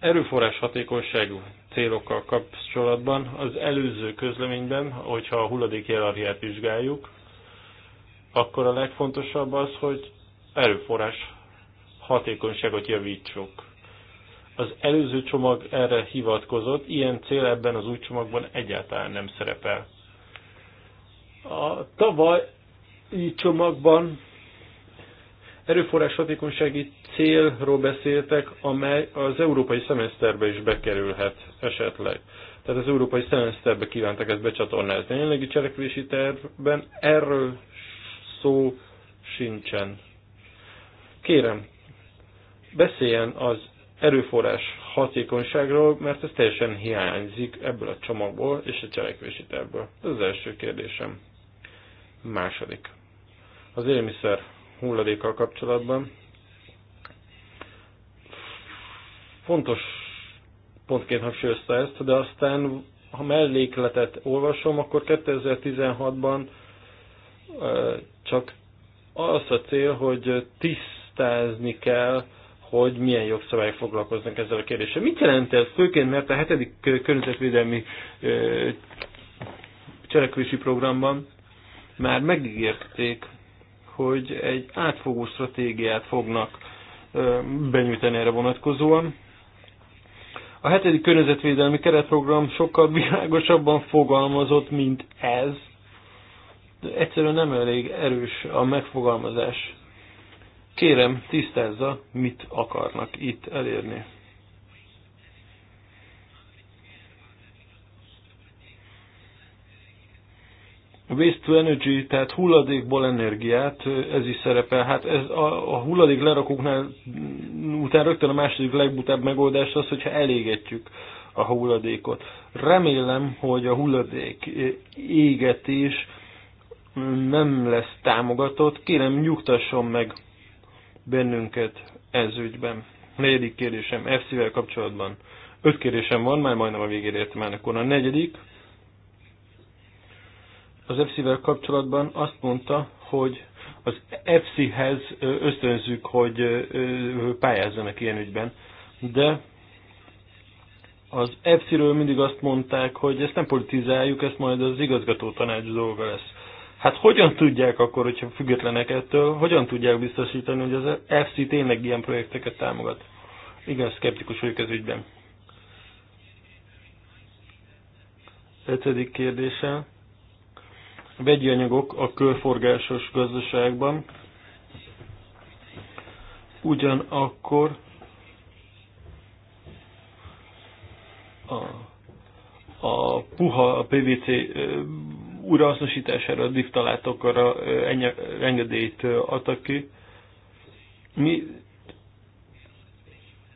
erőforrás hatékonyságú célokkal kapcsolatban az előző közleményben, hogyha a hulladék hierarchiát vizsgáljuk, akkor a legfontosabb az, hogy erőforrás hatékonyságot javítsuk. Az előző csomag erre hivatkozott, ilyen cél ebben az új csomagban egyáltalán nem szerepel. A tavalyi csomagban erőforrás hatékonysági célról beszéltek, amely az európai szemeszterbe is bekerülhet esetleg. Tehát az európai szemeszterbe kívántak ezt becsatornázni. A jelenlegi cselekvési tervben erről szó sincsen. Kérem, beszéljen az erőforrás hatékonyságról, mert ez teljesen hiányzik ebből a csomagból és a cselekvési tervből. Ez az első kérdésem. Második. Az élmiszer hulladékkal kapcsolatban. Fontos pontként hangsúlyozta ezt, de aztán ha mellékletet olvasom, akkor 2016-ban csak az a cél, hogy tisztázni kell, hogy milyen jogszabályok foglalkoznak ezzel a kérdéssel. Mit jelent ez? Főként, mert a hetedik környezetvédelmi cselekvési programban már megígérték hogy egy átfogó stratégiát fognak benyújtani erre vonatkozóan. A hetedik környezetvédelmi keretprogram sokkal világosabban fogalmazott, mint ez. De egyszerűen nem elég erős a megfogalmazás. Kérem, tisztázza, mit akarnak itt elérni. Waste to energy, tehát hulladékból energiát, ez is szerepel. Hát ez a, a hulladék lerakóknál mm, után rögtön a második legbutább megoldás az, hogyha elégetjük a hulladékot. Remélem, hogy a hulladék égetés nem lesz támogatott. Kérem, nyugtasson meg bennünket ez ügyben. Negyedik kérdésem, FC-vel kapcsolatban. Öt kérdésem van, már majdnem a végére értem akkor A negyedik, az EFSI-vel kapcsolatban azt mondta, hogy az EFSI-hez ösztönzük, hogy pályázzanak ilyen ügyben, de az EFSI-ről mindig azt mondták, hogy ezt nem politizáljuk, ezt majd az igazgató tanács dolga lesz. Hát hogyan tudják akkor, hogyha függetlenek ettől, hogyan tudják biztosítani, hogy az EFSI tényleg ilyen projekteket támogat? Igen, szkeptikus vagyok ez ügyben. Ötödik kérdése vegyi anyagok a körforgásos gazdaságban, ugyanakkor a, a puha a PVC újrahasznosítására, a diftalátokra engedélyt adtak ki. Mi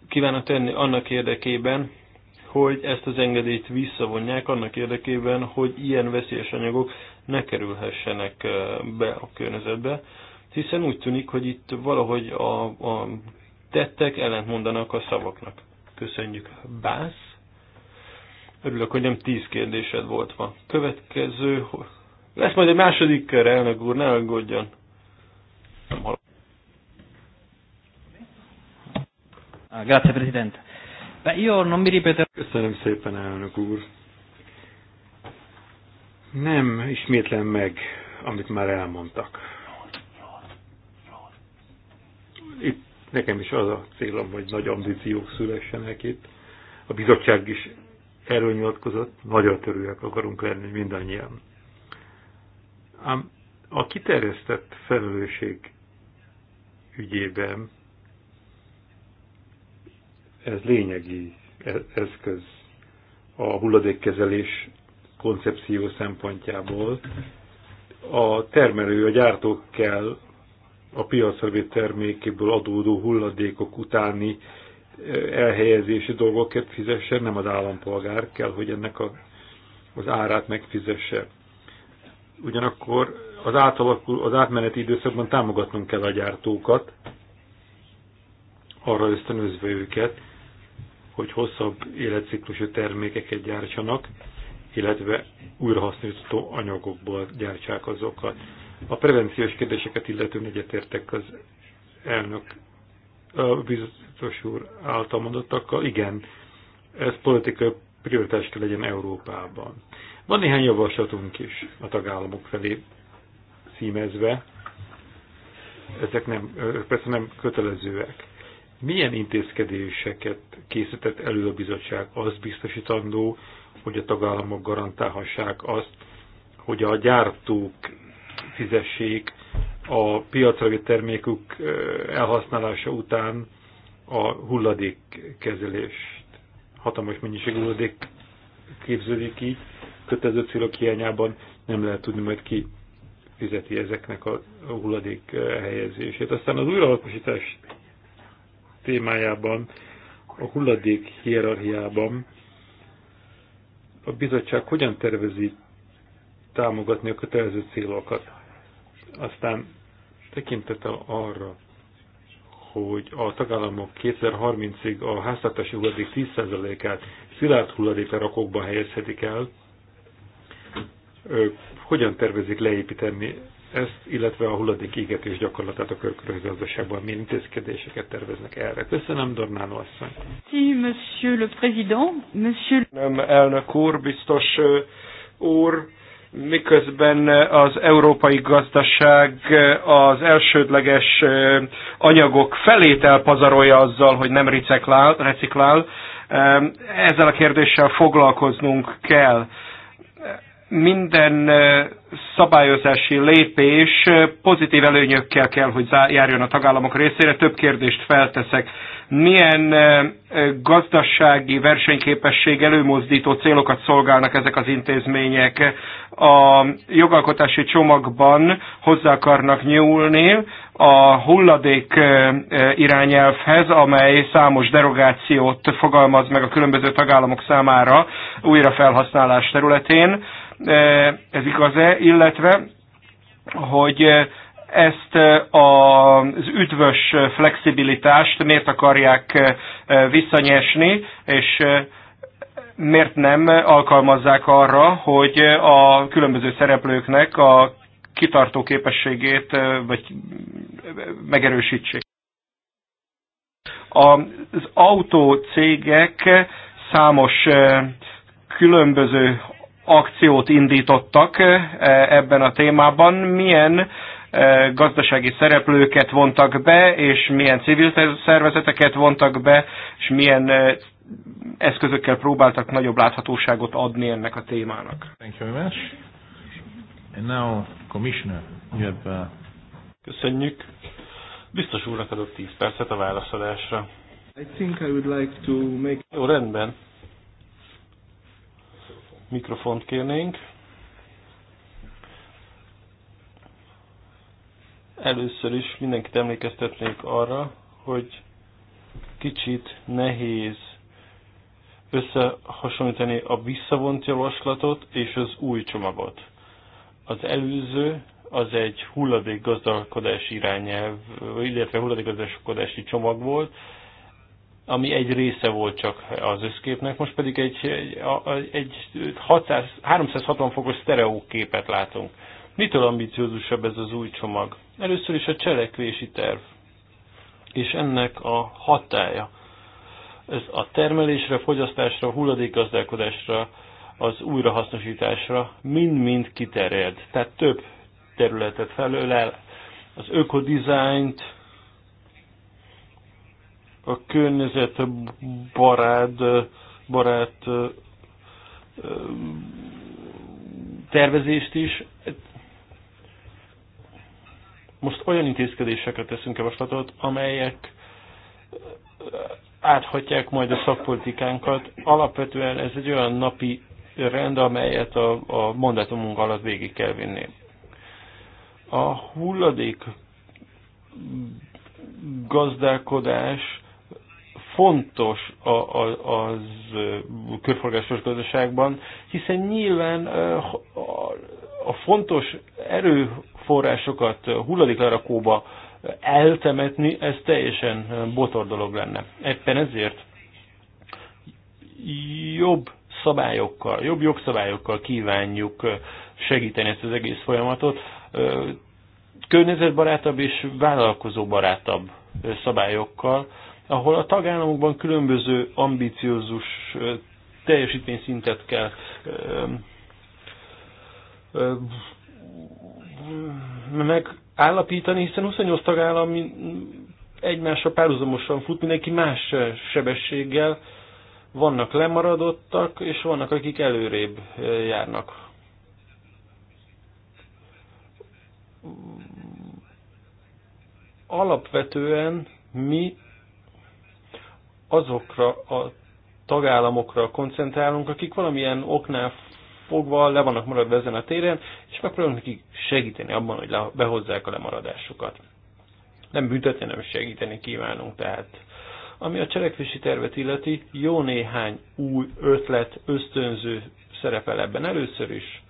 kívánok tenni annak érdekében, hogy ezt az engedélyt visszavonják, annak érdekében, hogy ilyen veszélyes anyagok ne kerülhessenek be a környezetbe, hiszen úgy tűnik, hogy itt valahogy a, a tettek ellentmondanak a szavaknak. Köszönjük, Bász! Örülök, hogy nem tíz kérdésed volt ma. Következő... Lesz majd egy második kör, elnök úr, ne aggódjon. Grazie Presidente. Beh, io non mi ripeterò. Köszönöm szépen, elnök úr. Nem ismétlem meg, amit már elmondtak. Itt nekem is az a célom, hogy nagy ambíciók szülessenek itt. A bizottság is erről nyilatkozott, nagyon törőek akarunk lenni mindannyian. Ám a kiterjesztett felelősség ügyében ez lényegi e- eszköz a hulladékkezelés koncepció szempontjából a termelő, a gyártók kell a piacra vitt termékéből adódó hulladékok utáni elhelyezési dolgokat fizesse, nem az állampolgár kell, hogy ennek a, az árát megfizesse. Ugyanakkor az, átalakul, az átmeneti időszakban támogatnunk kell a gyártókat, arra ösztönözve őket, hogy hosszabb életciklusú termékeket gyártsanak, illetve újrahasznosítható anyagokból gyártsák azokat. A prevenciós kérdéseket illetően egyetértek az elnök a biztos úr által mondottakkal. Igen, ez politikai prioritás kell legyen Európában. Van néhány javaslatunk is a tagállamok felé címezve. Ezek nem, persze nem kötelezőek. Milyen intézkedéseket készített elő a bizottság? Az biztosítandó, hogy a tagállamok garantálhassák azt, hogy a gyártók fizessék a piacra termékük elhasználása után a hulladékkezelést. Hatalmas mennyiségű hulladék képződik így, kötelező célok hiányában nem lehet tudni majd ki fizeti ezeknek a hulladék helyezését. Aztán az újraalkosítás témájában, a hulladék hierarchiában a bizottság hogyan tervezi támogatni a kötelező célokat. Aztán tekintettel arra, hogy a tagállamok 2030-ig a háztartási hulladék 10%-át szilárd hulladékra rakókba helyezhetik el, ők hogyan tervezik leépíteni ezt, illetve a hulladék égetés gyakorlatát a körkörös gazdaságban milyen intézkedéseket terveznek erre. Köszönöm, Dornánó asszony. Sí, monsieur le président, monsieur... Nem, elnök úr, biztos úr, miközben az európai gazdaság az elsődleges anyagok felét elpazarolja azzal, hogy nem reciklál, reciklál ezzel a kérdéssel foglalkoznunk kell minden szabályozási lépés pozitív előnyökkel kell, hogy járjon a tagállamok részére. Több kérdést felteszek. Milyen gazdasági versenyképesség előmozdító célokat szolgálnak ezek az intézmények? A jogalkotási csomagban hozzá akarnak nyúlni a hulladék irányelvhez, amely számos derogációt fogalmaz meg a különböző tagállamok számára újrafelhasználás területén E, ez igaz-e, illetve, hogy ezt e, az üdvös flexibilitást miért akarják e, visszanyesni, és miért nem alkalmazzák arra, hogy a különböző szereplőknek a kitartó képességét vagy megerősítsék. Az autócégek számos különböző akciót indítottak eh, ebben a témában. Milyen eh, gazdasági szereplőket vontak be, és milyen civil szervezeteket vontak be, és milyen eh, eszközökkel próbáltak nagyobb láthatóságot adni ennek a témának. Thank you very much. And now, Commissioner, you have, uh, Köszönjük. Biztos úrnak adok 10 percet a válaszadásra. I think I would like to make... Jó, rendben. Mikrofont kérnénk. Először is mindenkit emlékeztetnék arra, hogy kicsit nehéz összehasonlítani a visszavont javaslatot és az új csomagot. Az előző az egy hulladék gazdálkodási irányelv, illetve gazdálkodási csomag volt, ami egy része volt csak az összképnek, most pedig egy, egy, egy 600, 360 fokos sztereó képet látunk. Mitől ambiciózusabb ez az új csomag? Először is a cselekvési terv, és ennek a hatája. Ez a termelésre, fogyasztásra, hulladékgazdálkodásra, az újrahasznosításra mind-mind kiterjed. Tehát több területet felölel, az ökodizájnt, a környezet barát, barát tervezést is. Most olyan intézkedésekre teszünk javaslatot, amelyek áthatják majd a szakpolitikánkat. Alapvetően ez egy olyan napi rend, amelyet a, a mandátumunk alatt végig kell vinni. A hulladék gazdálkodás fontos az körforgásos gazdaságban, hiszen nyilván a fontos erőforrásokat hulladéklerakóba eltemetni, ez teljesen botor dolog lenne. Éppen ezért jobb szabályokkal, jobb jogszabályokkal kívánjuk segíteni ezt az egész folyamatot, környezetbarátabb és vállalkozóbarátabb szabályokkal, ahol a tagállamokban különböző ambiciózus teljesítményszintet kell megállapítani, hiszen 28 tagállam egymásra párhuzamosan fut, mindenki más sebességgel, vannak lemaradottak, és vannak, akik előrébb járnak. Alapvetően mi azokra a tagállamokra koncentrálunk, akik valamilyen oknál fogva le vannak maradva ezen a téren, és megpróbálunk nekik segíteni abban, hogy behozzák a lemaradásukat. Nem büntetni, nem segíteni kívánunk tehát. Ami a cselekvési tervet illeti, jó néhány új ötlet, ösztönző szerepel ebben először is.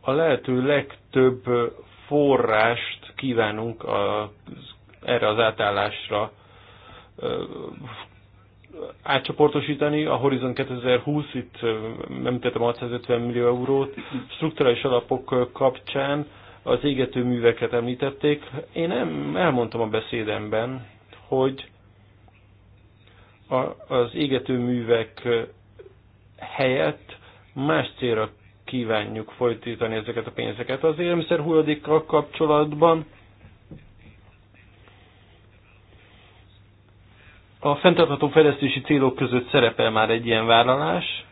A lehető legtöbb forrást kívánunk a erre az átállásra átcsoportosítani. A Horizon 2020, itt említettem 650 millió eurót, strukturális alapok kapcsán az égető műveket említették. Én nem elmondtam a beszédemben, hogy a, az égető művek helyett más célra kívánjuk folytítani ezeket a pénzeket. Az élelmiszer hulladékkal kapcsolatban A fenntartható fejlesztési célok között szerepel már egy ilyen vállalás.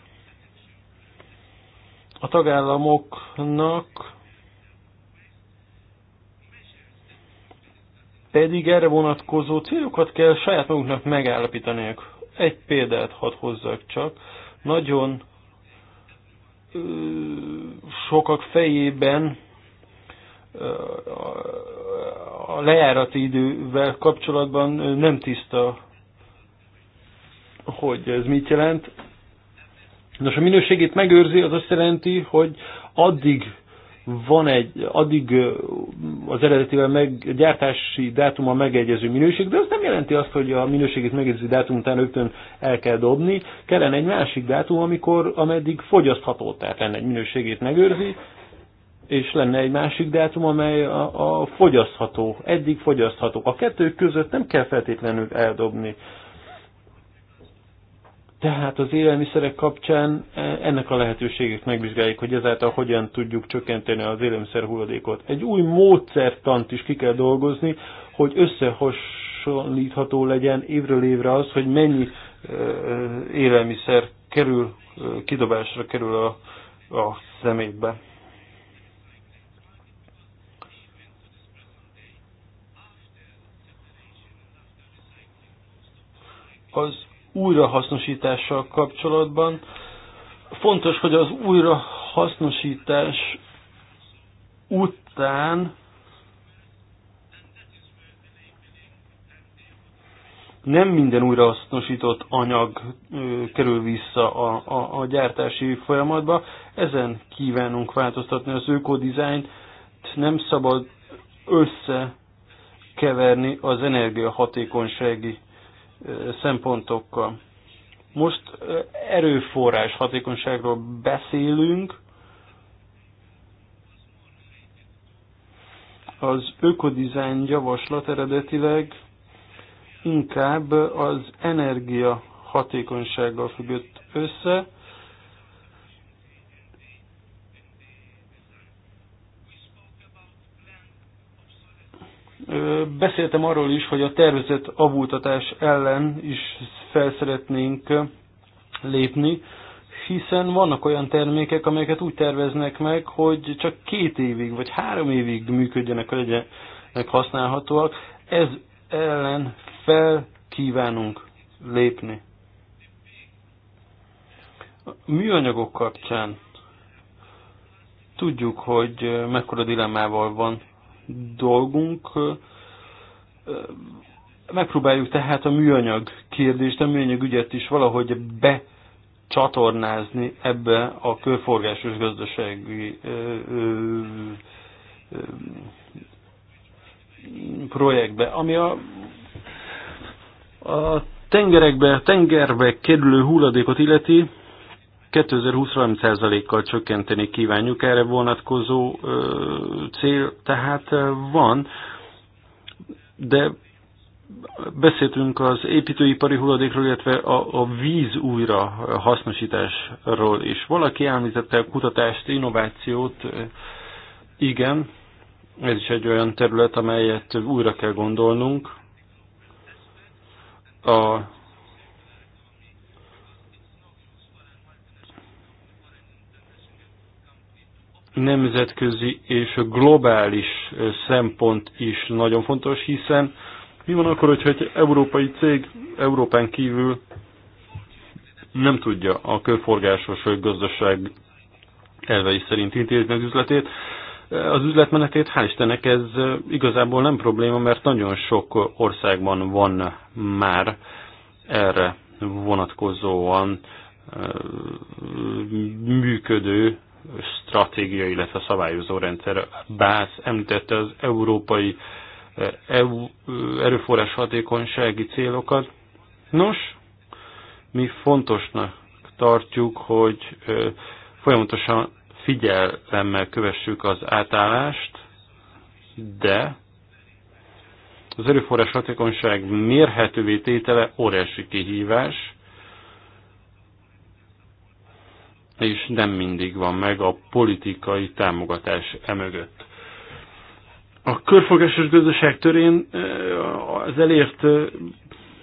A tagállamoknak pedig erre vonatkozó célokat kell saját maguknak megállapítani. Egy példát hadd hozzak csak. Nagyon ö, sokak fejében ö, a lejárati idővel kapcsolatban nem tiszta hogy ez mit jelent. Nos, a minőségét megőrzi, az azt jelenti, hogy addig van egy, addig az eredetivel meg, gyártási dátuma megegyező minőség, de az nem jelenti azt, hogy a minőségét megegyező dátum után rögtön el kell dobni. Kellene egy másik dátum, amikor, ameddig fogyasztható, tehát lenne egy minőségét megőrzi, és lenne egy másik dátum, amely a, a fogyasztható, eddig fogyasztható. A kettő között nem kell feltétlenül eldobni tehát az élelmiszerek kapcsán e, ennek a lehetőségét megvizsgáljuk, hogy ezáltal hogyan tudjuk csökkenteni az élelmiszer hulladékot. Egy új módszertant is ki kell dolgozni, hogy összehasonlítható legyen évről évre az, hogy mennyi e, élelmiszer kerül, e, kidobásra kerül a, a szemétbe. Az újrahasznosítással kapcsolatban. Fontos, hogy az újrahasznosítás után nem minden újrahasznosított anyag kerül vissza a, a, a gyártási folyamatba. Ezen kívánunk változtatni az ökodizájnt, nem szabad összekeverni az energiahatékonysági szempontokkal. Most erőforrás hatékonyságról beszélünk, az ökodizájn javaslat eredetileg inkább az energia hatékonysággal függött össze, Beszéltem arról is, hogy a tervezett avultatás ellen is felszeretnénk lépni, hiszen vannak olyan termékek, amelyeket úgy terveznek meg, hogy csak két évig vagy három évig működjenek, vagy legyenek használhatóak. Ez ellen fel kívánunk lépni. A műanyagok kapcsán tudjuk, hogy mekkora dilemmával van dolgunk. Megpróbáljuk tehát a műanyag kérdést, a műanyag ügyet is valahogy becsatornázni ebbe a körforgásos gazdasági projektbe, ami a, a tengerekbe, tengerbe kerülő hulladékot illeti, 2020 kal csökkenteni kívánjuk erre vonatkozó cél, tehát van, de beszéltünk az építőipari hulladékról, illetve a, a víz újra hasznosításról is. Valaki említette a kutatást, innovációt, igen, ez is egy olyan terület, amelyet újra kell gondolnunk. A nemzetközi és a globális szempont is nagyon fontos, hiszen mi van akkor, hogyha egy európai cég Európán kívül nem tudja a körforgásos gazdaság elvei szerint intézni az üzletét, az üzletmenetét, hál' Istennek ez igazából nem probléma, mert nagyon sok országban van már erre vonatkozóan működő stratégia, illetve a szabályozó rendszer. Bász említette az európai eh, EU eh, erőforrás hatékonysági célokat. Nos, mi fontosnak tartjuk, hogy eh, folyamatosan figyelemmel kövessük az átállást, de az erőforrás hatékonyság mérhetővé tétele óriási kihívás, és nem mindig van meg a politikai támogatás emögött. A körfogásos gazdaság törén az elért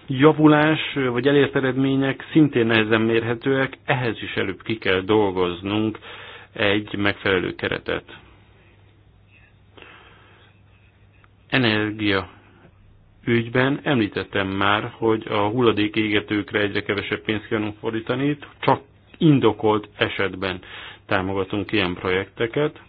javulás vagy elért eredmények szintén nehezen mérhetőek, ehhez is előbb ki kell dolgoznunk egy megfelelő keretet. Energia ügyben említettem már, hogy a égetőkre egyre kevesebb pénzt kellünk fordítani, csak indokolt esetben támogatunk ilyen projekteket.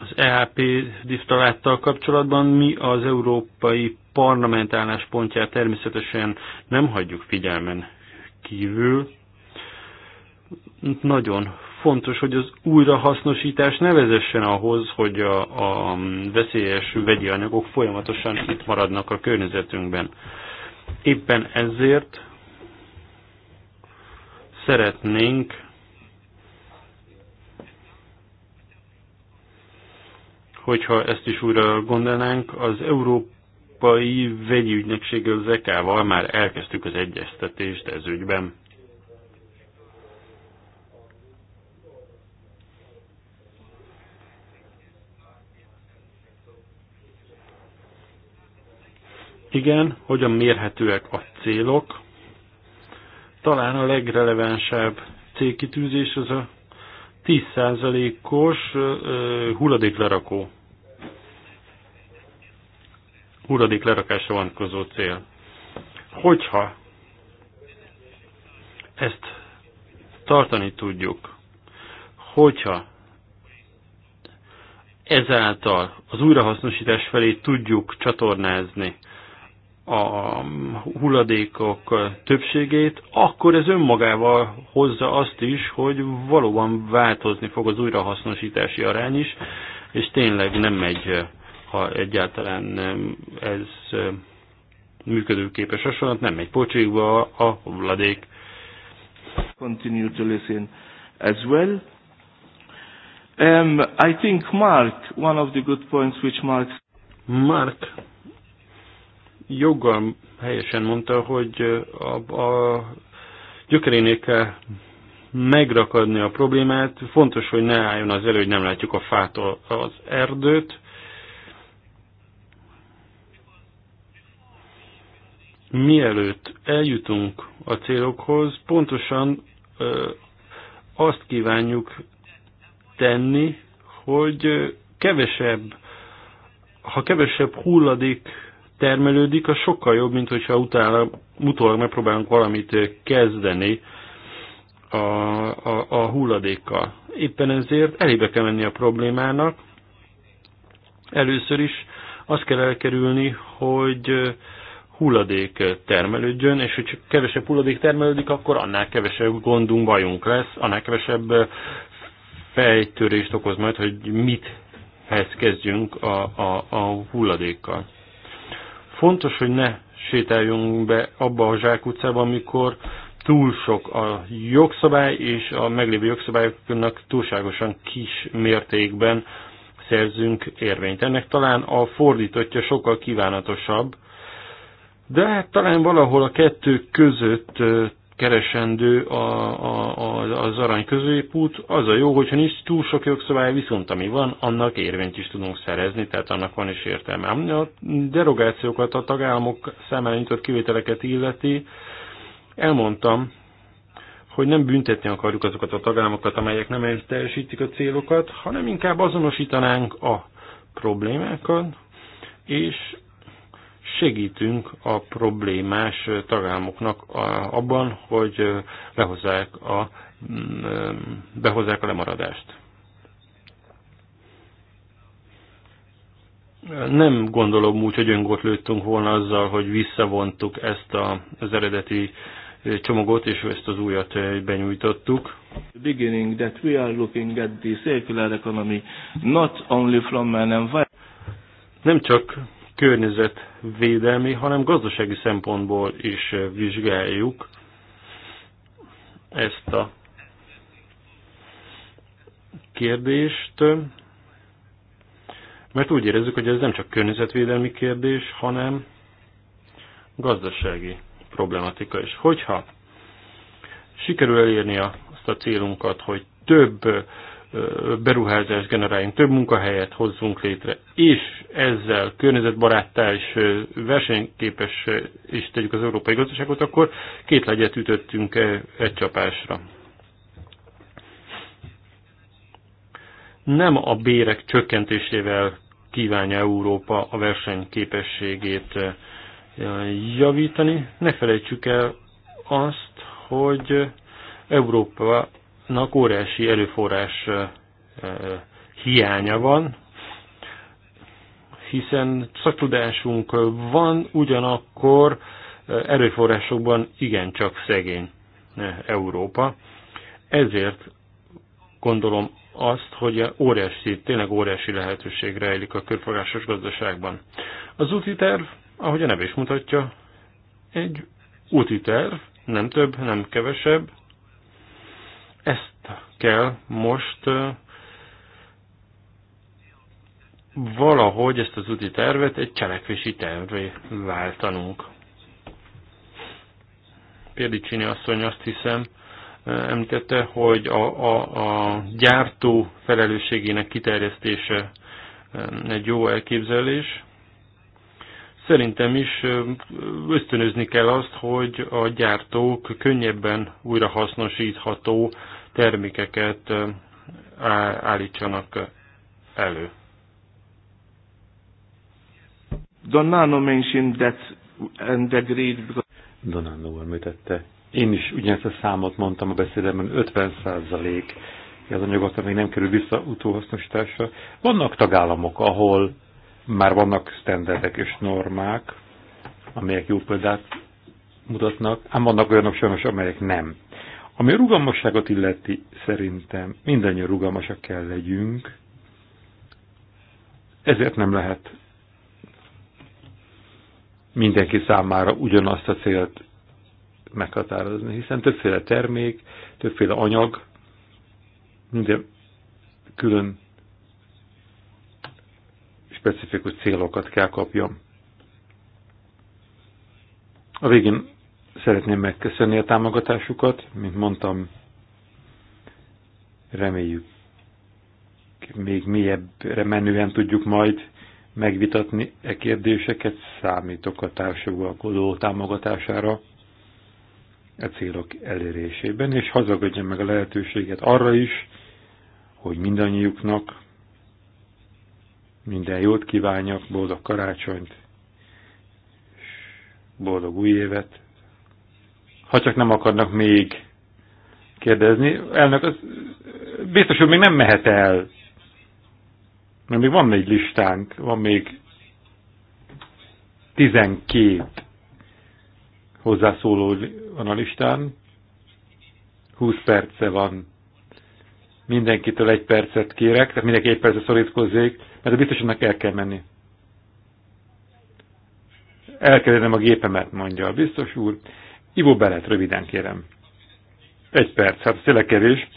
Az EHP disztaláttal kapcsolatban mi az Európai Parlament álláspontját természetesen nem hagyjuk figyelmen kívül. Nagyon fontos, hogy az újrahasznosítás ne vezessen ahhoz, hogy a, a veszélyes vegyi anyagok folyamatosan itt maradnak a környezetünkben. Éppen ezért szeretnénk hogyha ezt is újra gondolnánk, az Európai Vegyi Ügynökség az EK-val már elkezdtük az egyeztetést ez ügyben. Igen, hogyan mérhetőek a célok? Talán a legrelevánsabb célkitűzés az a 10%-os hulladéklerakó. Hulladéklerakásra vonatkozó cél. Hogyha ezt tartani tudjuk, hogyha ezáltal az újrahasznosítás felé tudjuk csatornázni a hulladékok többségét, akkor ez önmagával hozza azt is, hogy valóban változni fog az újrahasznosítási arány is, és tényleg nem megy, ha egyáltalán ez működőképes hasonlat, nem megy pocsékba a hulladék. Continue to listen as well. Um, I think Mark, one of the good points which Mark Mark joggal helyesen mondta, hogy a, a gyökerénél kell megrakadni a problémát. Fontos, hogy ne álljon az elő, hogy nem látjuk a fától az erdőt. Mielőtt eljutunk a célokhoz, pontosan ö, azt kívánjuk tenni, hogy kevesebb, ha kevesebb hulladék termelődik, az sokkal jobb, mint hogyha utána, utólag megpróbálunk valamit kezdeni a, a, a hulladékkal. Éppen ezért elébe kell menni a problémának. Először is azt kell elkerülni, hogy hulladék termelődjön, és hogy csak kevesebb hulladék termelődik, akkor annál kevesebb gondunk, bajunk lesz, annál kevesebb fejtörést okoz majd, hogy mit hez kezdjünk a, a, a hulladékkal. Fontos, hogy ne sétáljunk be abba a zsákutcába, amikor túl sok a jogszabály, és a meglévő jogszabályoknak túlságosan kis mértékben szerzünk érvényt. Ennek talán a fordítottja sokkal kívánatosabb, de hát talán valahol a kettő között keresendő a, a, a, az arany középút. Az a jó, hogyha nincs túl sok jogszabály, viszont ami van, annak érvényt is tudunk szerezni, tehát annak van is értelme. A derogációkat a tagállamok számára nyitott kivételeket illeti, elmondtam, hogy nem büntetni akarjuk azokat a tagállamokat, amelyek nem teljesítik a célokat, hanem inkább azonosítanánk a problémákat, és segítünk a problémás tagállamoknak abban, hogy lehozzák a, mm, behozzák a lemaradást. Nem gondolom úgy, hogy öngót lőttünk volna azzal, hogy visszavontuk ezt a, az eredeti csomagot, és ezt az újat benyújtottuk. Beginning that we are looking at the circular economy not only from an environment. Nem csak környezetvédelmi, hanem gazdasági szempontból is vizsgáljuk ezt a kérdést, mert úgy érezzük, hogy ez nem csak környezetvédelmi kérdés, hanem gazdasági problematika is. Hogyha sikerül elérni azt a célunkat, hogy több beruházás generáljunk, több munkahelyet hozzunk létre, és ezzel környezetbaráttá és versenyképes is tegyük az európai gazdaságot, akkor két legyet ütöttünk egy csapásra. Nem a bérek csökkentésével kívánja Európa a versenyképességét javítani. Ne felejtsük el azt, hogy Európa nak óriási előforrás hiánya van, hiszen szaktudásunk van, ugyanakkor erőforrásokban igencsak szegény Európa. Ezért gondolom azt, hogy óriási, tényleg óriási lehetőség rejlik a körforgásos gazdaságban. Az úti terv, ahogy a neve is mutatja, egy úti terv, nem több, nem kevesebb, ezt kell most valahogy ezt az úti tervet egy cselekvési tervé váltanunk. Pérdicsini asszony azt hiszem említette, hogy a, a, a gyártó felelősségének kiterjesztése egy jó elképzelés. Szerintem is ösztönözni kell azt, hogy a gyártók könnyebben újrahasznosítható termékeket állítsanak elő. Donano mentioned that and agreed because... Donano említette. Én is ugyanezt a számot mondtam a beszédemben, 50 százalék az anyagot, még nem kerül vissza utóhasznosításra. Vannak tagállamok, ahol már vannak standardek és normák, amelyek jó példát mutatnak, ám vannak olyanok sajnos, amelyek nem ami a rugalmasságot illeti, szerintem mindannyian rugalmasak kell legyünk, ezért nem lehet mindenki számára ugyanazt a célt meghatározni, hiszen többféle termék, többféle anyag, minden külön specifikus célokat kell kapjon. A végén Szeretném megköszönni a támogatásukat, mint mondtam, reméljük még mélyebbre menően tudjuk majd megvitatni e kérdéseket, számítok a társadalkodó támogatására a e célok elérésében, és hazagadjam meg a lehetőséget arra is, hogy mindannyiuknak minden jót kívánjak, boldog karácsonyt, boldog új évet, ha csak nem akarnak még kérdezni. Elnök, az biztos, hogy még nem mehet el. Mert még van még listánk, van még 12 hozzászóló van a listán. 20 perce van. Mindenkitől egy percet kérek, tehát mindenki egy percet szorítkozzék, mert biztos, hogy el kell menni. El kell a gépemet, mondja a biztos úr. Ivo Belet, röviden kérem. Egy perc, hát tényleg kevés.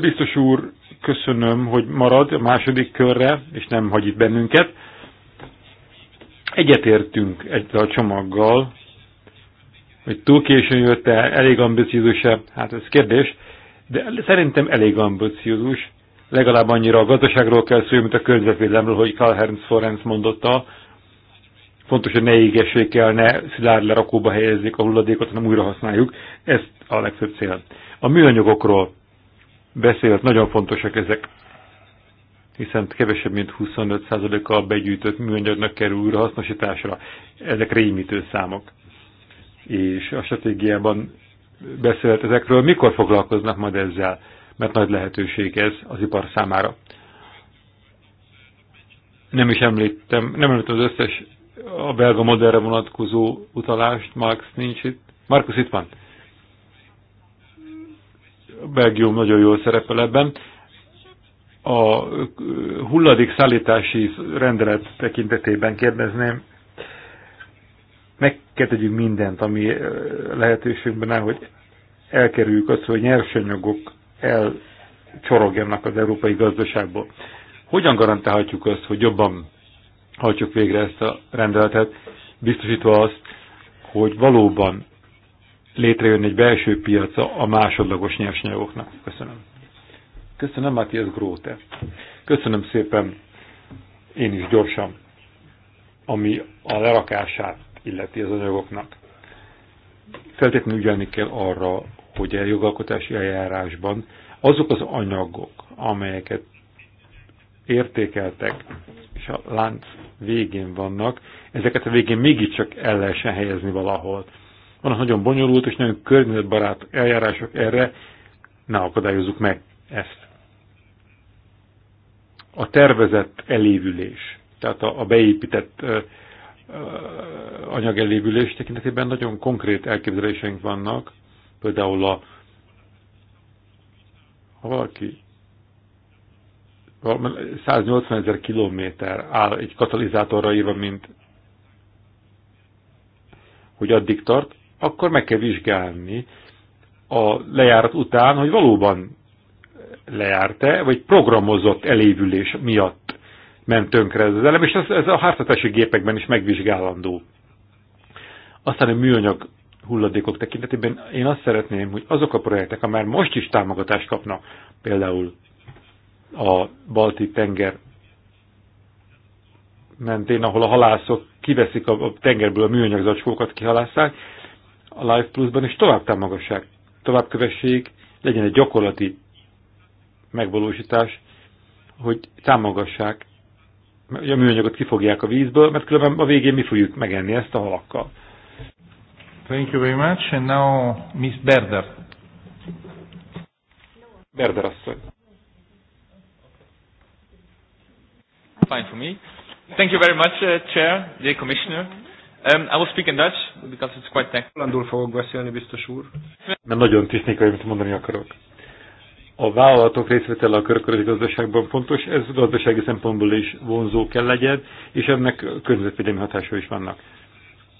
Biztos úr, köszönöm, hogy marad a második körre, és nem hagy itt bennünket. Egyetértünk egy a csomaggal, hogy túl későn jött el, elég ambiciózus-e, hát ez kérdés, de szerintem elég ambiciózus. Legalább annyira a gazdaságról kell szólni, mint a környezetvédelemről, hogy Karl Heinz Forenz mondotta, Fontos, hogy ne égessék el, ne szilárd lerakóba helyezzék a hulladékot, hanem újra használjuk. Ez a legfőbb cél. A műanyagokról beszélt, nagyon fontosak ezek hiszen kevesebb, mint 25%-a begyűjtött műanyagnak kerül újrahasznosításra. Ezek rémítő számok. És a stratégiában beszélt ezekről. Mikor foglalkoznak majd ezzel? Mert nagy lehetőség ez az ipar számára. Nem is említem, nem említem az összes a belga modellre vonatkozó utalást, Marx nincs itt. Markus itt van. A Belgium nagyon jól szerepel ebben. A hulladék szállítási rendelet tekintetében kérdezném, meg kell tegyük mindent, ami lehetőségben áll, hogy elkerüljük azt, hogy nyersanyagok elcsorogjanak az európai gazdaságból. Hogyan garantálhatjuk azt, hogy jobban hajtsuk végre ezt a rendeletet, biztosítva azt, hogy valóban létrejön egy belső piaca a másodlagos nyersanyagoknak. Köszönöm. Köszönöm, Matthias Gróte. Köszönöm szépen, én is gyorsan, ami a lerakását illeti az anyagoknak. Feltétlenül ügyelni kell arra, hogy a jogalkotási eljárásban azok az anyagok, amelyeket értékeltek, hogyha a lánc végén vannak, ezeket a végén mégiscsak el lehessen helyezni valahol. Vannak nagyon bonyolult és nagyon környezetbarát eljárások erre, ne akadályozzuk meg ezt. A tervezett elévülés, tehát a, a beépített anyag elévülés tekintetében nagyon konkrét elképzeléseink vannak, például a, ha valaki 180 ezer kilométer áll egy katalizátorra írva, mint hogy addig tart, akkor meg kell vizsgálni a lejárat után, hogy valóban lejárt-e, vagy programozott elévülés miatt ment tönkre ez az elem, és ez, ez a háztartási gépekben is megvizsgálandó. Aztán a műanyag hulladékok tekintetében én azt szeretném, hogy azok a projektek, amely most is támogatást kapnak, például a balti tenger mentén, ahol a halászok kiveszik a tengerből a műanyag zacskókat, kihalásszák, a Life Plus-ban is tovább támogassák, tovább kövessék, legyen egy gyakorlati megvalósítás, hogy támogassák, hogy a műanyagot kifogják a vízből, mert különben a végén mi fogjuk megenni ezt a halakkal. Thank you very much, and now Miss Berder. Berder asszony. fine for me. Thank you very much, uh, Chair, the Commissioner. Um, I will speak in Dutch, because it's quite technical. Landul fogok beszélni, biztos úr. Mert nagyon technikai, amit mondani akarok. A vállalatok részvétele a körkörös gazdaságban fontos, ez gazdasági szempontból is vonzó kell legyen, és ennek környezetvédelmi hatása is vannak.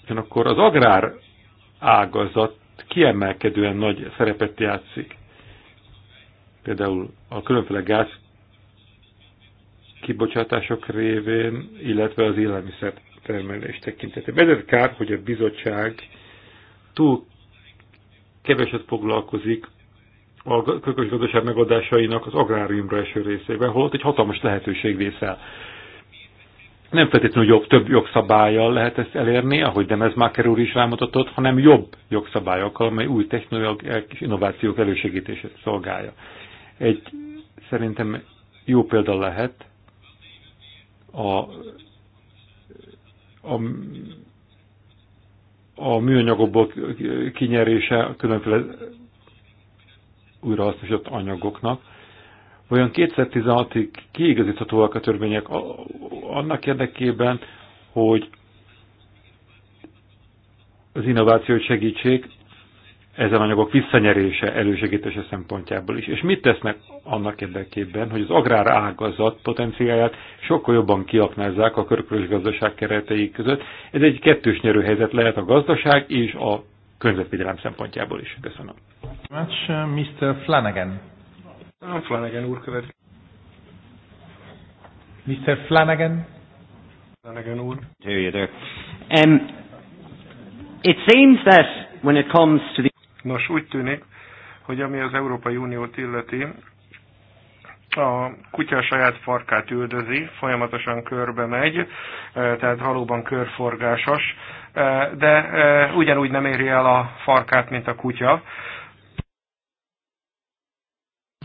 Ugyanakkor az agrár ágazat kiemelkedően nagy szerepet játszik. Például a különféle gáz kibocsátások révén, illetve az élelmiszer termelés tekintetében. Ezért kár, hogy a bizottság túl keveset foglalkozik a kökös gazdaság megadásainak az agráriumra eső részében, holott egy hatalmas lehetőség vészel. Nem feltétlenül jobb, több jogszabályjal lehet ezt elérni, ahogy Máker úr is rámutatott, hanem jobb jogszabályokkal, amely új technológiák és innovációk elősegítését szolgálja. Egy szerintem jó példa lehet a, a, a műanyagokból kinyerése különféle újrahasznosított anyagoknak. Olyan 2016-ig kiigazíthatóak a törvények annak érdekében, hogy az innovációt segítsék, ezen anyagok visszanyerése elősegítése szempontjából is. És mit tesznek annak érdekében, hogy az agrár ágazat potenciáját sokkal jobban kiaknázzák a körkörös gazdaság keretei között. Ez egy kettős nyerő helyzet lehet a gazdaság és a környezetvédelem szempontjából is. Köszönöm. Much, uh, Mr. Flanagan. Mr. Flanagan úr következik. Mr. Flanagan. Flanagan úr. Um, it seems that when it comes to the Nos, úgy tűnik, hogy ami az Európai Uniót illeti, a kutya a saját farkát üldözi, folyamatosan körbe megy, eh, tehát valóban körforgásos, eh, de eh, ugyanúgy nem éri el a farkát, mint a kutya.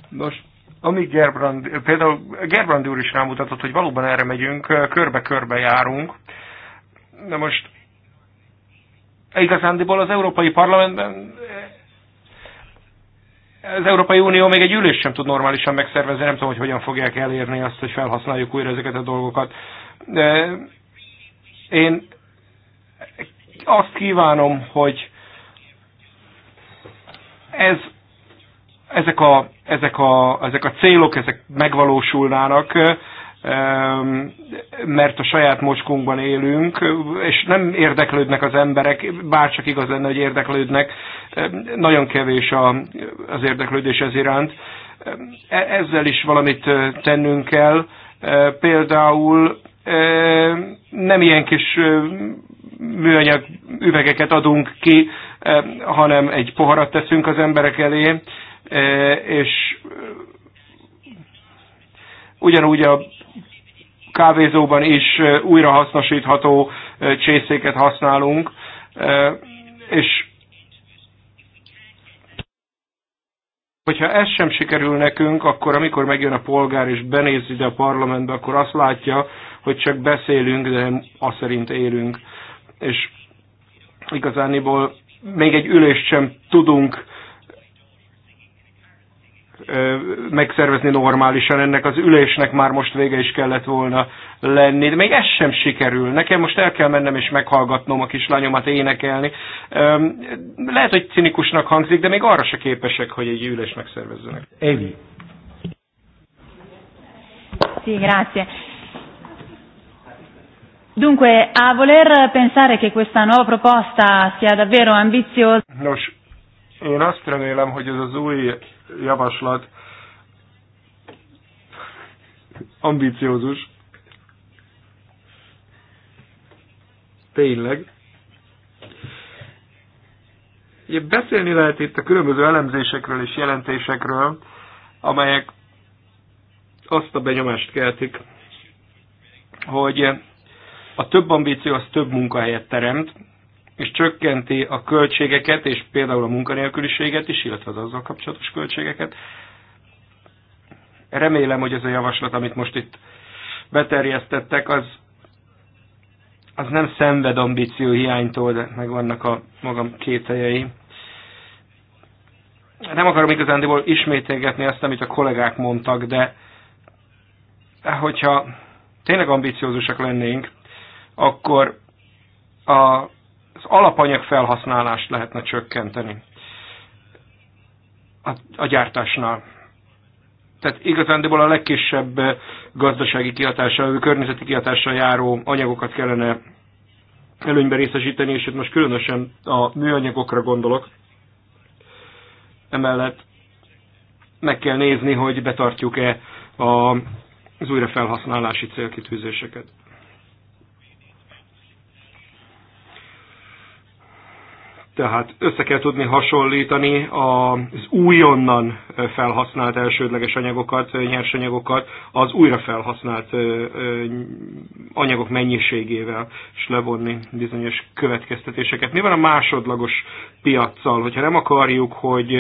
Nos, amíg Gerbrand, például Gerbrand úr is rámutatott, hogy valóban erre megyünk, körbe-körbe járunk. Na most igazándiból az Európai Parlamentben az Európai Unió még egy ülés sem tud normálisan megszervezni, nem tudom, hogy hogyan fogják elérni azt, hogy felhasználjuk újra ezeket a dolgokat. De én azt kívánom, hogy ez, ezek, a, ezek, a, ezek a célok ezek megvalósulnának, mert a saját mocskunkban élünk, és nem érdeklődnek az emberek, bárcsak igaz lenne, hogy érdeklődnek, nagyon kevés az érdeklődés ez iránt. E, ezzel is valamit tennünk kell. Például nem ilyen kis műanyag üvegeket adunk ki, hanem egy poharat teszünk az emberek elé, és ugyanúgy a kávézóban is újrahasznosítható csészéket használunk, és hogyha ez sem sikerül nekünk, akkor amikor megjön a polgár és benéz ide a parlamentbe, akkor azt látja, hogy csak beszélünk, de nem azt szerint élünk. És igazániból még egy ülést sem tudunk megszervezni normálisan. Ennek az ülésnek már most vége is kellett volna lenni, de még ez sem sikerül. Nekem most el kell mennem és meghallgatnom a kislányomat énekelni. Lehet, hogy cinikusnak hangzik, de még arra se képesek, hogy egy ülés megszervezzenek. Evi. Sì, grazie. Dunque, a voler pensare che questa nuova proposta sia davvero ambiziosa. Nos, én azt remélem, hogy ez az új javaslat ambiciózus. Tényleg. Ugye beszélni lehet itt a különböző elemzésekről és jelentésekről, amelyek azt a benyomást keltik, hogy a több ambíció az több munkahelyet teremt, és csökkenti a költségeket, és például a munkanélküliséget is, illetve az azzal kapcsolatos költségeket. Remélem, hogy ez a javaslat, amit most itt beterjesztettek, az, az nem szenved ambíció hiánytól, de megvannak a magam kételjei. Nem akarom igazándiból ismételgetni azt, amit a kollégák mondtak, de hogyha tényleg ambiciózusak lennénk, akkor a az alapanyag felhasználást lehetne csökkenteni a, a gyártásnál. Tehát igazándiból a legkisebb eh, gazdasági kihatással, környezeti kihatással járó anyagokat kellene előnyben részesíteni, és itt most különösen a műanyagokra gondolok. Emellett meg kell nézni, hogy betartjuk-e az újrafelhasználási célkitűzéseket. Tehát össze kell tudni hasonlítani az újonnan felhasznált elsődleges anyagokat, nyersanyagokat az újra felhasznált anyagok mennyiségével, és levonni bizonyos következtetéseket. Mi van a másodlagos piaccal? Hogyha nem akarjuk, hogy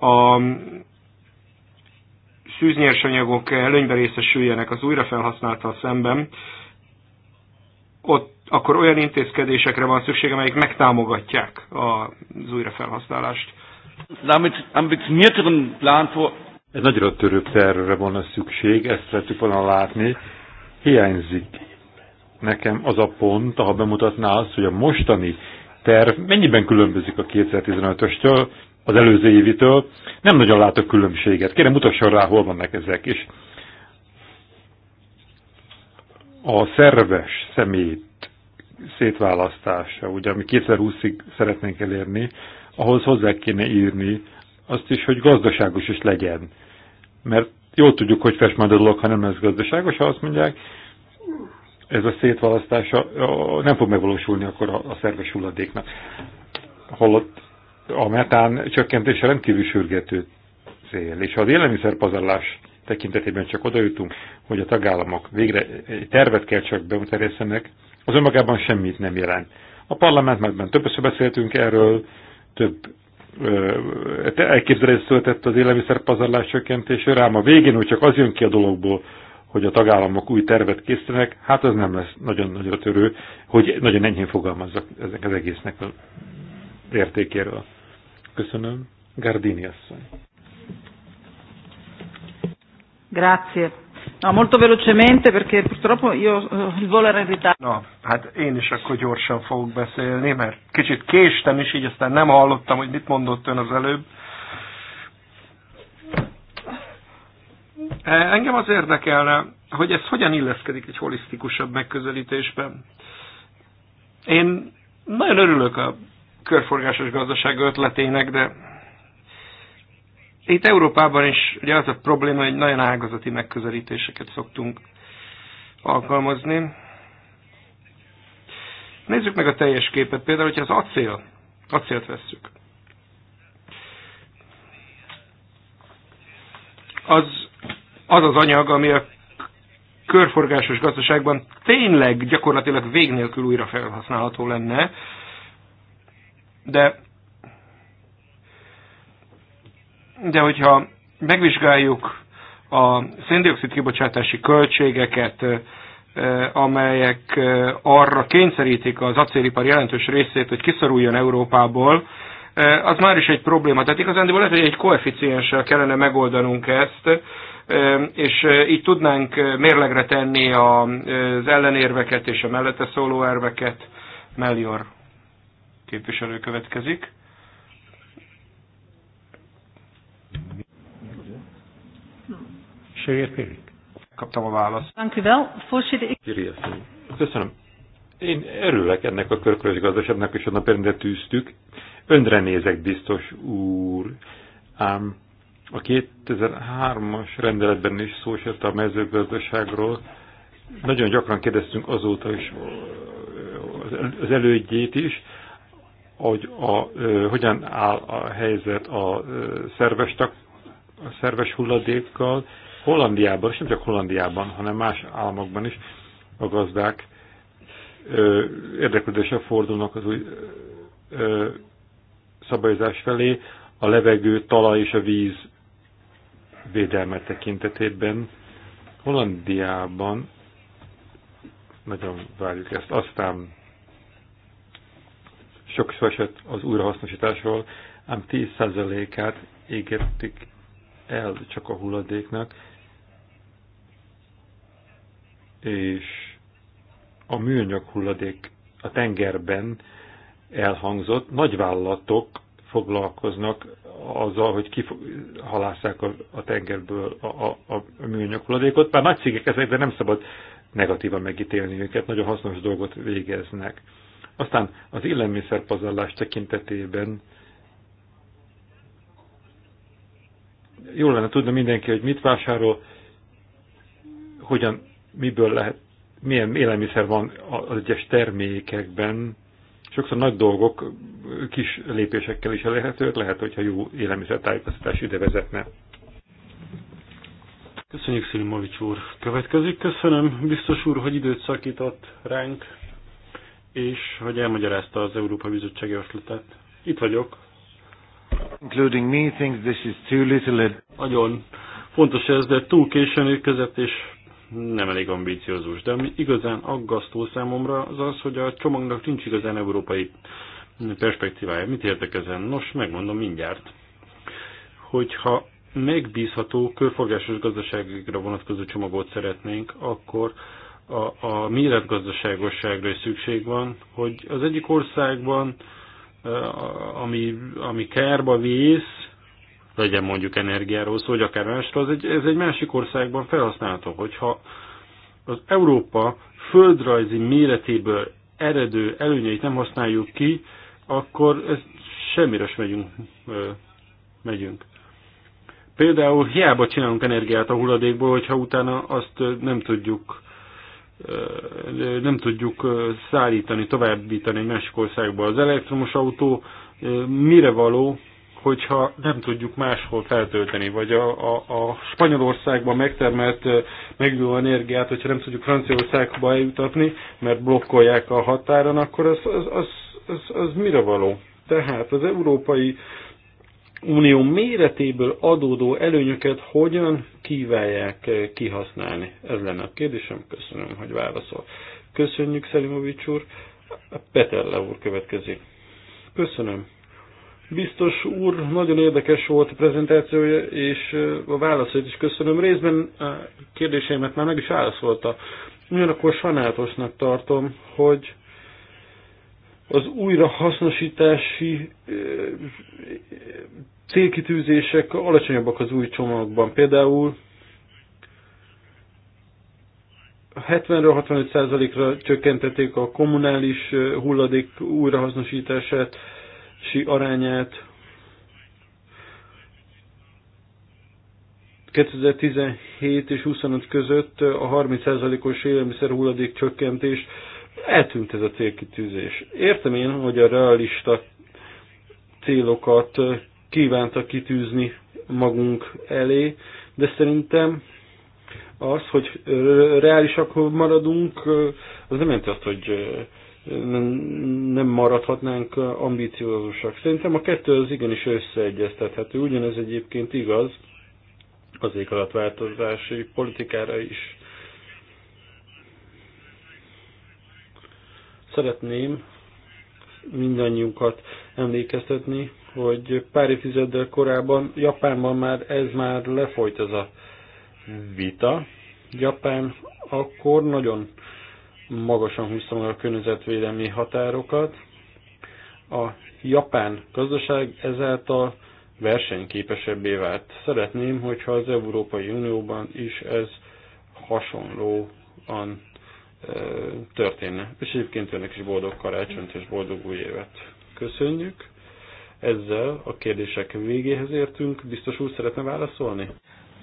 a szűznyersanyagok előnybe részesüljenek az újrafelhasználtal szemben, ott akkor olyan intézkedésekre van szükség, amelyek megtámogatják az újrafelhasználást. Damit ambitionierteren Plan vor... Egy nagyra törőbb tervre a szükség, ezt lehetünk volna látni. Hiányzik nekem az a pont, ha bemutatná azt, hogy a mostani terv mennyiben különbözik a 2015-östől, az előző évitől. Nem nagyon látok különbséget. Kérem, mutasson rá, hol vannak ezek is. A szerves személy szétválasztása, ugye, ami 2020-ig szeretnénk elérni, ahhoz hozzá kéne írni azt is, hogy gazdaságos is legyen. Mert jól tudjuk, hogy fest majd a dolog, ha nem lesz gazdaságos, ha azt mondják, ez a szétválasztása nem fog megvalósulni akkor a, szerves hulladéknak. Holott a metán csökkentése rendkívül sürgető cél, és ha az élelmiszerpazarlás tekintetében csak oda jutunk, hogy a tagállamok végre egy tervet kell csak bemutatni, az önmagában semmit nem jelent. A parlamentben többször beszéltünk erről, több e, elképzelés született az élelmiszerpazarlás csökkentésére, rám a végén, hogy csak az jön ki a dologból, hogy a tagállamok új tervet készítenek, hát az nem lesz nagyon nagyra törő, hogy nagyon enyhén fogalmazzak ezek az egésznek az értékéről. Köszönöm. Gardini asszony. Grazie. No, molto velocemente, perché purtroppo io eh, il volo era in ritardo. No, hát én is akkor gyorsan fogok beszélni, mert kicsit késtem is, így aztán nem hallottam, hogy mit mondott ön az előbb. E, engem az érdekelne, hogy ez hogyan illeszkedik egy holisztikusabb megközelítésben. Én nagyon örülök a körforgásos gazdaság ötletének, de itt Európában is ugye az a probléma, hogy nagyon ágazati megközelítéseket szoktunk alkalmazni. Nézzük meg a teljes képet. Például, hogyha az acél, acélt vesszük, az az, az anyag, ami a körforgásos gazdaságban tényleg gyakorlatilag vég nélkül újra felhasználható lenne, de De hogyha megvizsgáljuk a széndiokszid kibocsátási költségeket, amelyek arra kényszerítik az acélipar jelentős részét, hogy kiszoruljon Európából, az már is egy probléma. Tehát igazán lehet, hogy egy koeficienssel kellene megoldanunk ezt, és így tudnánk mérlegre tenni az ellenérveket és a mellette szóló erveket. Melior képviselő következik. Kaptam a választ. Köszönöm. Én örülök ennek a körkörös gazdaságnak, és a napjárendre tűztük. Önre nézek, biztos úr. Ám a 2003-as rendeletben is szó esett a mezőgazdaságról. Nagyon gyakran kérdeztünk azóta is az elődjét is hogy a, ö, hogyan áll a helyzet a ö, szerves, tak, a szerves hulladékkal. Hollandiában, és nem csak Hollandiában, hanem más államokban is a gazdák ö, érdeklődéssel fordulnak az új ö, szabályozás felé, a levegő, talaj és a víz védelme tekintetében. Hollandiában nagyon várjuk ezt. Aztán sok szó esett az újrahasznosításról, ám 10%-át égettik el csak a hulladéknak, és a műanyag hulladék a tengerben elhangzott, nagyvállalatok foglalkoznak azzal, hogy kihalásszák a, a tengerből a, a, a műanyag hulladékot. Bár nagy cégek ezek, de nem szabad negatívan megítélni őket, nagyon hasznos dolgot végeznek. Aztán az élelmiszerpazarlás tekintetében jól lenne tudni mindenki, hogy mit vásárol, hogyan, miből lehet, milyen élelmiszer van az egyes termékekben. Sokszor nagy dolgok kis lépésekkel is elérhetők, lehet, hogyha jó élelmiszertájékoztatás ide vezetne. Köszönjük, Szilimovics úr. Következik. Köszönöm, biztos úr, hogy időt szakított ránk és hogy elmagyarázta az Európai Bizottság javaslatát. Itt vagyok. Including me thinks this is too little. Nagyon fontos ez, de túl későn érkezett, és nem elég ambiciózus. De ami igazán aggasztó számomra az az, hogy a csomagnak nincs igazán európai perspektívája. Mit értek ezen? Nos, megmondom mindjárt. Hogyha megbízható körforgásos gazdaságra vonatkozó csomagot szeretnénk, akkor a, a méretgazdaságosságra is szükség van, hogy az egyik országban, ami, ami kárba vész, legyen mondjuk energiáról szó, vagy akár másról, az egy, ez egy másik országban felhasználható. Hogyha az Európa földrajzi méretéből eredő előnyeit nem használjuk ki, akkor ez semmire sem megyünk. megyünk. Például hiába csinálunk energiát a hulladékból, hogyha utána azt nem tudjuk nem tudjuk szállítani, továbbítani egy másik országba. Az elektromos autó mire való, hogyha nem tudjuk máshol feltölteni, vagy a, a, a Spanyolországban megtermelt megújuló energiát, hogyha nem tudjuk Franciaországba eljutatni, mert blokkolják a határon, akkor az, az, az, az, az mire való? Tehát az európai Unió méretéből adódó előnyöket hogyan kívánják eh, kihasználni? Ez lenne a kérdésem, köszönöm, hogy válaszol. Köszönjük, Szelimovics úr. Petella úr következik. Köszönöm. Biztos úr, nagyon érdekes volt a prezentációja, és eh, a válaszait is köszönöm. Részben a eh, kérdéseimet már meg is válaszolta. Ugyanakkor sajnálatosnak tartom, hogy az újrahasznosítási célkitűzések alacsonyabbak az új csomagban. Például 70 65%-ra csökkentették a kommunális hulladék újrahasznosítását, si arányát. 2017 és 25 között a 30%-os élelmiszer hulladék csökkentés eltűnt ez a célkitűzés. Értem én, hogy a realista célokat kívánta kitűzni magunk elé, de szerintem az, hogy reálisak maradunk, az nem jelenti azt, hogy nem maradhatnánk ambíciózusak. Szerintem a kettő az igenis összeegyeztethető. Ugyanez egyébként igaz az változási politikára is. Szeretném mindannyiunkat emlékeztetni hogy pár évtizeddel korábban Japánban már ez már lefolyt ez a vita. Japán akkor nagyon magasan húzta meg a környezetvédelmi határokat. A japán gazdaság ezáltal versenyképesebbé vált. Szeretném, hogyha az Európai Unióban is ez hasonlóan e, történne. És egyébként önök is boldog karácsonyt és boldog új évet. Köszönjük! Ezzel a kérdések végéhez értünk. Biztos úr szeretne válaszolni?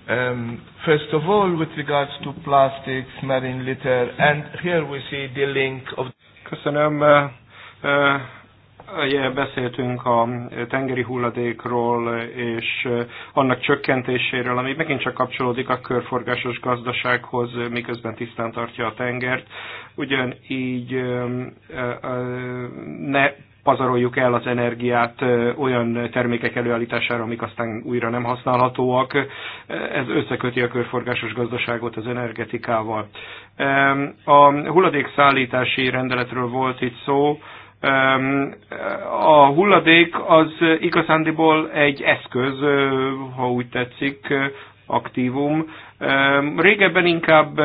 Um, first of all, with regards to plastics, marine litter, and here we see the link of... Köszönöm. Uh, uh yeah, beszéltünk a tengeri hulladékról és uh, annak csökkentéséről, ami megint csak kapcsolódik a körforgásos gazdasághoz, miközben tisztán tartja a tengert. Ugyanígy um, uh, uh, ne pazaroljuk el az energiát olyan termékek előállítására, amik aztán újra nem használhatóak. Ez összeköti a körforgásos gazdaságot az energetikával. A hulladékszállítási rendeletről volt itt szó. A hulladék az igazándiból egy eszköz, ha úgy tetszik, aktívum. Régebben inkább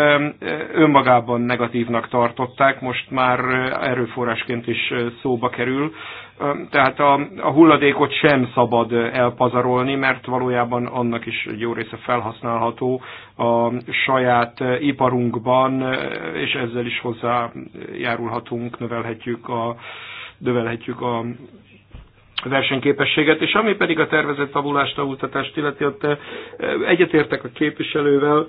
önmagában negatívnak tartották, most már erőforrásként is szóba kerül. Tehát a, a hulladékot sem szabad elpazarolni, mert valójában annak is egy jó része felhasználható a saját iparunkban, és ezzel is hozzájárulhatunk, növelhetjük a, növelhetjük a versenyképességet, és ami pedig a tervezett tabulást, tanultatást illeti, ott eh, egyetértek a képviselővel,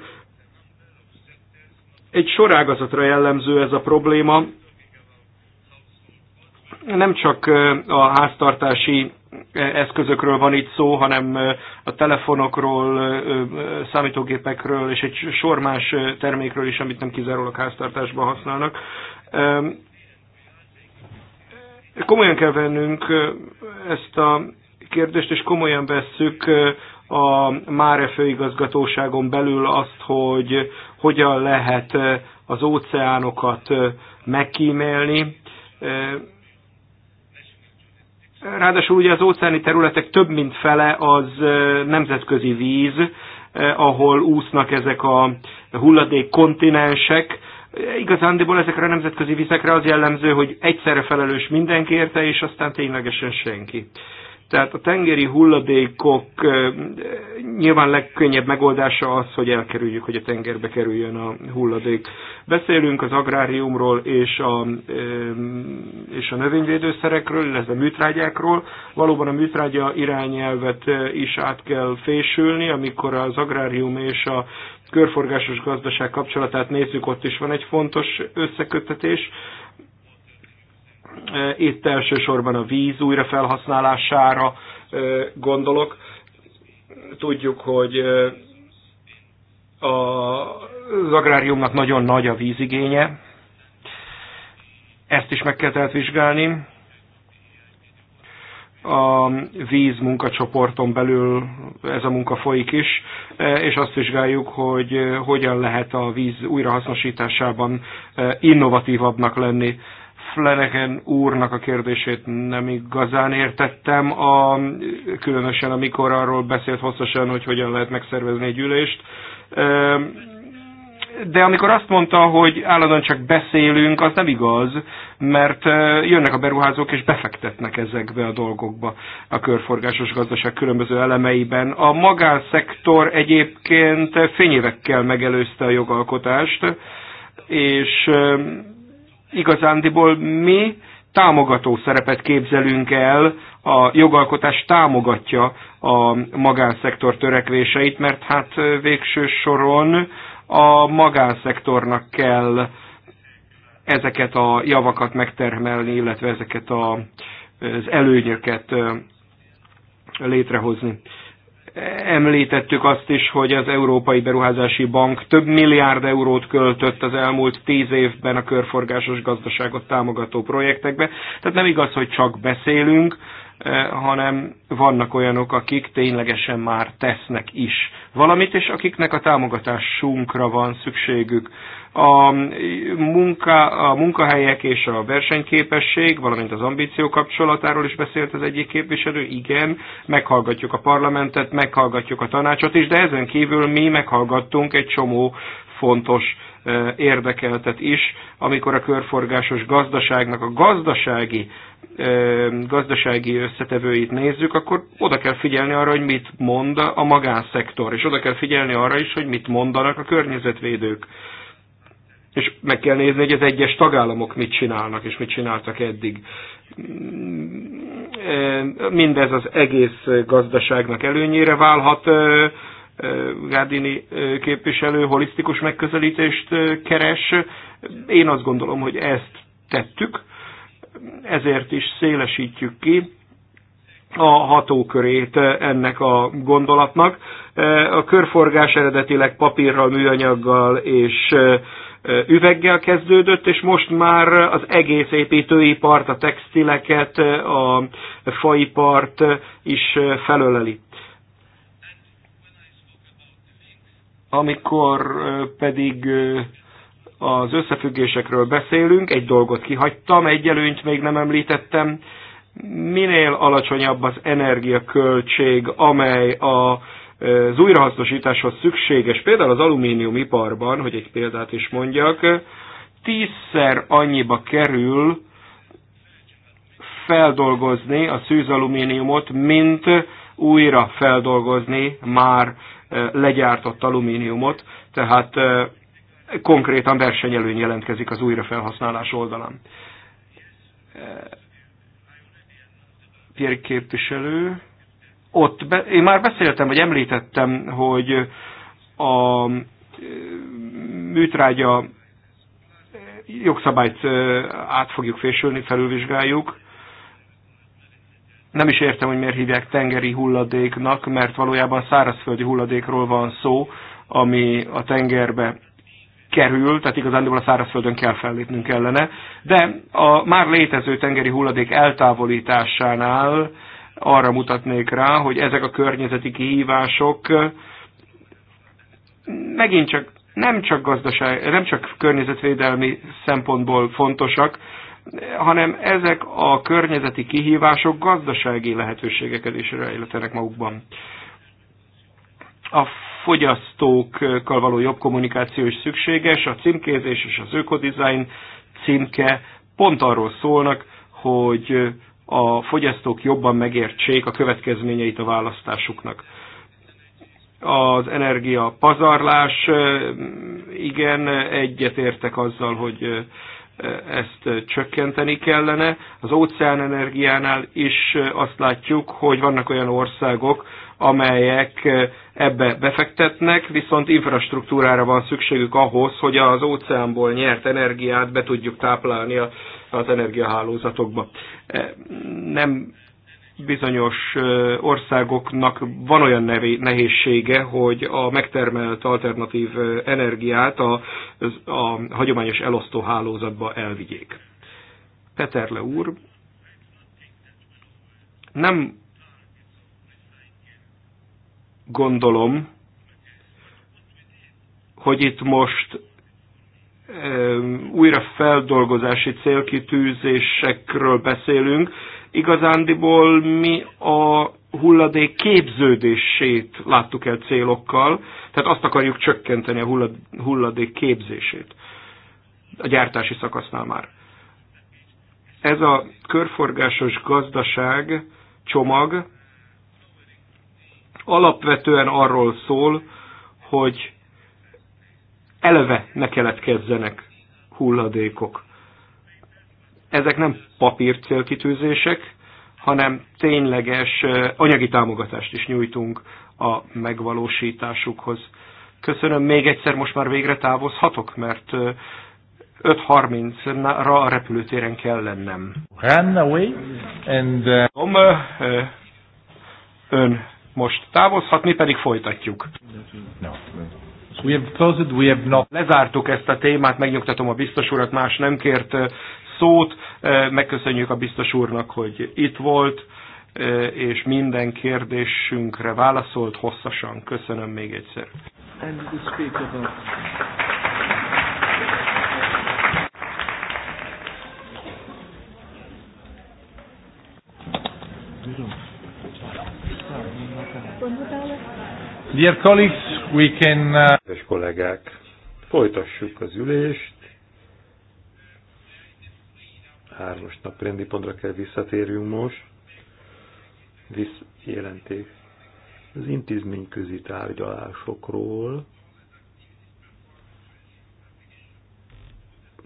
egy sorágazatra jellemző ez a probléma, nem csak eh, a háztartási eh, eszközökről van itt szó, hanem a telefonokról, számítógépekről és egy sor más termékről is, amit nem kizárólag háztartásban használnak. Ehm, Komolyan kell vennünk ezt a kérdést, és komolyan vesszük a Máre főigazgatóságon belül azt, hogy hogyan lehet az óceánokat megkímélni. Ráadásul ugye az óceáni területek több mint fele az nemzetközi víz, ahol úsznak ezek a kontinensek, Igazándiból ezekre a nemzetközi vizekre az jellemző, hogy egyszerre felelős mindenki érte, és aztán ténylegesen senki. Tehát a tengeri hulladékok nyilván legkönnyebb megoldása az, hogy elkerüljük, hogy a tengerbe kerüljön a hulladék. Beszélünk az agráriumról és a, és a növényvédőszerekről, illetve műtrágyákról. Valóban a műtrágya irányelvet is át kell fésülni, amikor az agrárium és a körforgásos gazdaság kapcsolatát nézzük, ott is van egy fontos összeköttetés. E, itt elsősorban a víz újrafelhasználására e, gondolok. Tudjuk, hogy e, az agráriumnak nagyon nagy a vízigénye. Ezt is meg kell tehát vizsgálni a víz munkacsoporton belül ez a munka folyik is, és azt vizsgáljuk, hogy hogyan lehet a víz újrahasznosításában innovatívabbnak lenni. Fleneken úrnak a kérdését nem igazán értettem, a, különösen amikor arról beszélt hosszasan, hogy hogyan lehet megszervezni egy ülést de amikor azt mondta, hogy állandóan csak beszélünk, az nem igaz, mert jönnek a beruházók és befektetnek ezekbe a dolgokba a körforgásos gazdaság különböző elemeiben. A magánszektor egyébként fényévekkel megelőzte a jogalkotást, és igazándiból mi támogató szerepet képzelünk el, a jogalkotás támogatja a magánszektor törekvéseit, mert hát végső soron a magánszektornak kell ezeket a javakat megtermelni, illetve ezeket a, az előnyöket létrehozni. Említettük azt is, hogy az Európai Beruházási Bank több milliárd eurót költött az elmúlt tíz évben a körforgásos gazdaságot támogató projektekbe. Tehát nem igaz, hogy csak beszélünk, Eh, hanem vannak olyanok, akik ténylegesen már tesznek is valamit, és akiknek a támogatásunkra van szükségük. A, munka, a munkahelyek és a versenyképesség, valamint az ambíció kapcsolatáról is beszélt az egyik képviselő, igen, meghallgatjuk a parlamentet, meghallgatjuk a tanácsot is, de ezen kívül mi meghallgattunk egy csomó fontos eh, érdekeltet is, amikor a körforgásos gazdaságnak a gazdasági gazdasági összetevőit nézzük, akkor oda kell figyelni arra, hogy mit mond a magánszektor, és oda kell figyelni arra is, hogy mit mondanak a környezetvédők. És meg kell nézni, hogy az egyes tagállamok mit csinálnak, és mit csináltak eddig. Mindez az egész gazdaságnak előnyére válhat. Gádini képviselő holisztikus megközelítést keres. Én azt gondolom, hogy ezt tettük ezért is szélesítjük ki a hatókörét ennek a gondolatnak. A körforgás eredetileg papírral, műanyaggal és üveggel kezdődött, és most már az egész építőipart, a textileket, a faipart is felöleli. Amikor pedig az összefüggésekről beszélünk, egy dolgot kihagytam, egy előnyt még nem említettem, minél alacsonyabb az energiaköltség, amely a az újrahasznosításhoz szükséges, például az alumíniumiparban, hogy egy példát is mondjak, tízszer annyiba kerül feldolgozni a szűzalumíniumot, mint újra feldolgozni már eh, legyártott alumíniumot. Tehát eh, konkrétan versenyelőny jelentkezik az újrafelhasználás oldalán. Pierre képviselő, ott be, én már beszéltem, vagy említettem, hogy a műtrágya jogszabályt át fogjuk fésülni, felülvizsgáljuk. Nem is értem, hogy miért hívják tengeri hulladéknak, mert valójában szárazföldi hulladékról van szó, ami a tengerbe kerül, tehát igazából a szárazföldön kell fellépnünk ellene, de a már létező tengeri hulladék eltávolításánál arra mutatnék rá, hogy ezek a környezeti kihívások megint csak nem csak gazdaság, nem csak környezetvédelmi szempontból fontosak, hanem ezek a környezeti kihívások gazdasági lehetőségeket is rejletenek magukban. A fogyasztókkal való jobb kommunikáció is szükséges, a címkézés és az ökodizájn címke pont arról szólnak, hogy a fogyasztók jobban megértsék a következményeit a választásuknak. Az energia pazarlás, igen, egyetértek azzal, hogy ezt csökkenteni kellene. Az óceán energiánál is azt látjuk, hogy vannak olyan országok, amelyek ebbe befektetnek, viszont infrastruktúrára van szükségük ahhoz, hogy az óceánból nyert energiát be tudjuk táplálni az energiahálózatokba. Nem bizonyos országoknak van olyan nehézsége, hogy a megtermelt alternatív energiát a, a hagyományos elosztó hálózatba elvigyék. Peterle úr, nem gondolom, hogy itt most újra feldolgozási célkitűzésekről beszélünk. Igazándiból mi a hulladék képződését láttuk el célokkal, tehát azt akarjuk csökkenteni a hulladék képzését a gyártási szakasznál már. Ez a körforgásos gazdaság csomag alapvetően arról szól, hogy eleve ne keletkezzenek hulladékok. Ezek nem papír célkitűzések, hanem tényleges anyagi támogatást is nyújtunk a megvalósításukhoz. Köszönöm még egyszer, most már végre távozhatok, mert 5.30-ra a repülőtéren kell lennem. away and... Uh... ön most távozhat, mi pedig folytatjuk. Lezártuk ezt a témát, megnyugtatom a biztos urat, más nem kért szót. Megköszönjük a biztos úrnak, hogy itt volt, és minden kérdésünkre válaszolt hosszasan. Köszönöm még egyszer. Thank you. Dear colleagues, we can... Uh, Kedves kollégák, folytassuk az ülést. Hármas nap rendi pontra kell visszatérjünk most. Visz az intézményközi tárgyalásokról,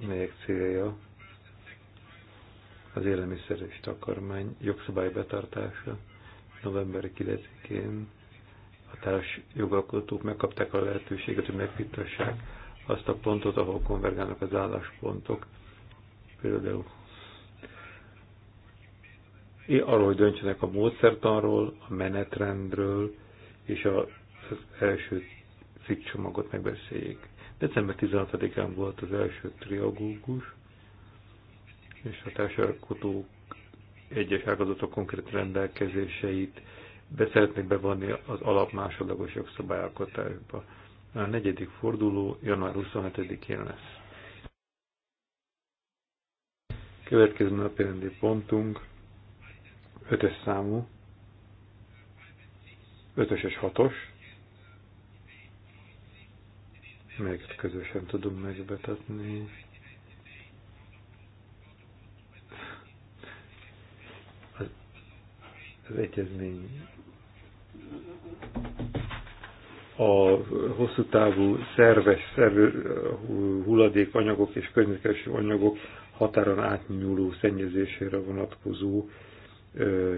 melyek célja az élelmiszer és takarmány jogszabály betartása november 9-én a társ jogalkotók megkapták a lehetőséget, hogy megvitassák azt a pontot, ahol konvergálnak az álláspontok. Például arról, hogy döntsenek a módszertanról, a menetrendről, és az első cikkcsomagot megbeszéljék. December 16-án volt az első triagógus, és a társadalkotók egyes ágazatok konkrét rendelkezéseit be szeretnék bevonni az alap másodlagos jogszabályalkotásba. A negyedik forduló január 27-én lesz. Következő napirendi pontunk, ötös számú, ötös és hatos, melyeket közösen tudunk megbetetni. az egyezmény a hosszú távú szerves szervő, hulladékanyagok és környezetes anyagok határon átnyúló szennyezésére vonatkozó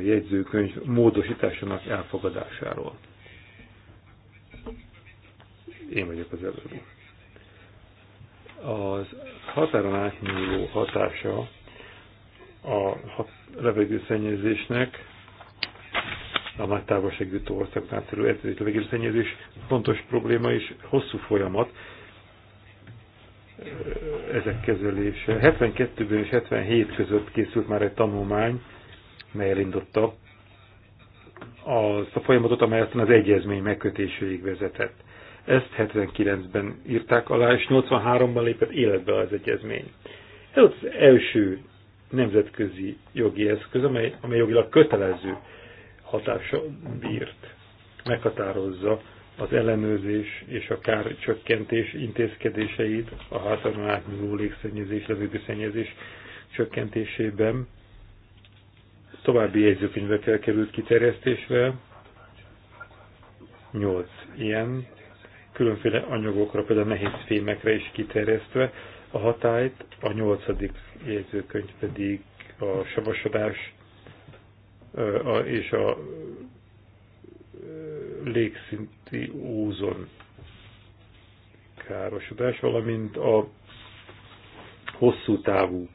jegyzőkönyv módosításának elfogadásáról. Én vagyok az előadó. Az határon átnyúló hatása a levegőszennyezésnek a nagy távolságűtő országokon átszerű erdőtövegési szennyezés fontos probléma és hosszú folyamat ezek kezelése. 72-ben és 77 között készült már egy tanulmány, mely elindotta azt a folyamatot, amely aztán az egyezmény megkötéséig vezetett. Ezt 79-ben írták alá, és 83-ban lépett életbe az egyezmény. Ez az első nemzetközi jogi eszköz, amely, amely jogilag kötelező hatása bírt. Meghatározza az ellenőrzés és a kárcsökkentés intézkedéseit a hátadon átnyúló légszennyezés, levegőszennyezés csökkentésében. További jegyzőkönyvekkel került kiterjesztésre, 8 ilyen, különféle anyagokra, például nehéz fémekre is kiterjesztve a hatályt, a nyolcadik jegyzőkönyv pedig a savasodás és a légszinti ózon károsodás, valamint a hosszú távú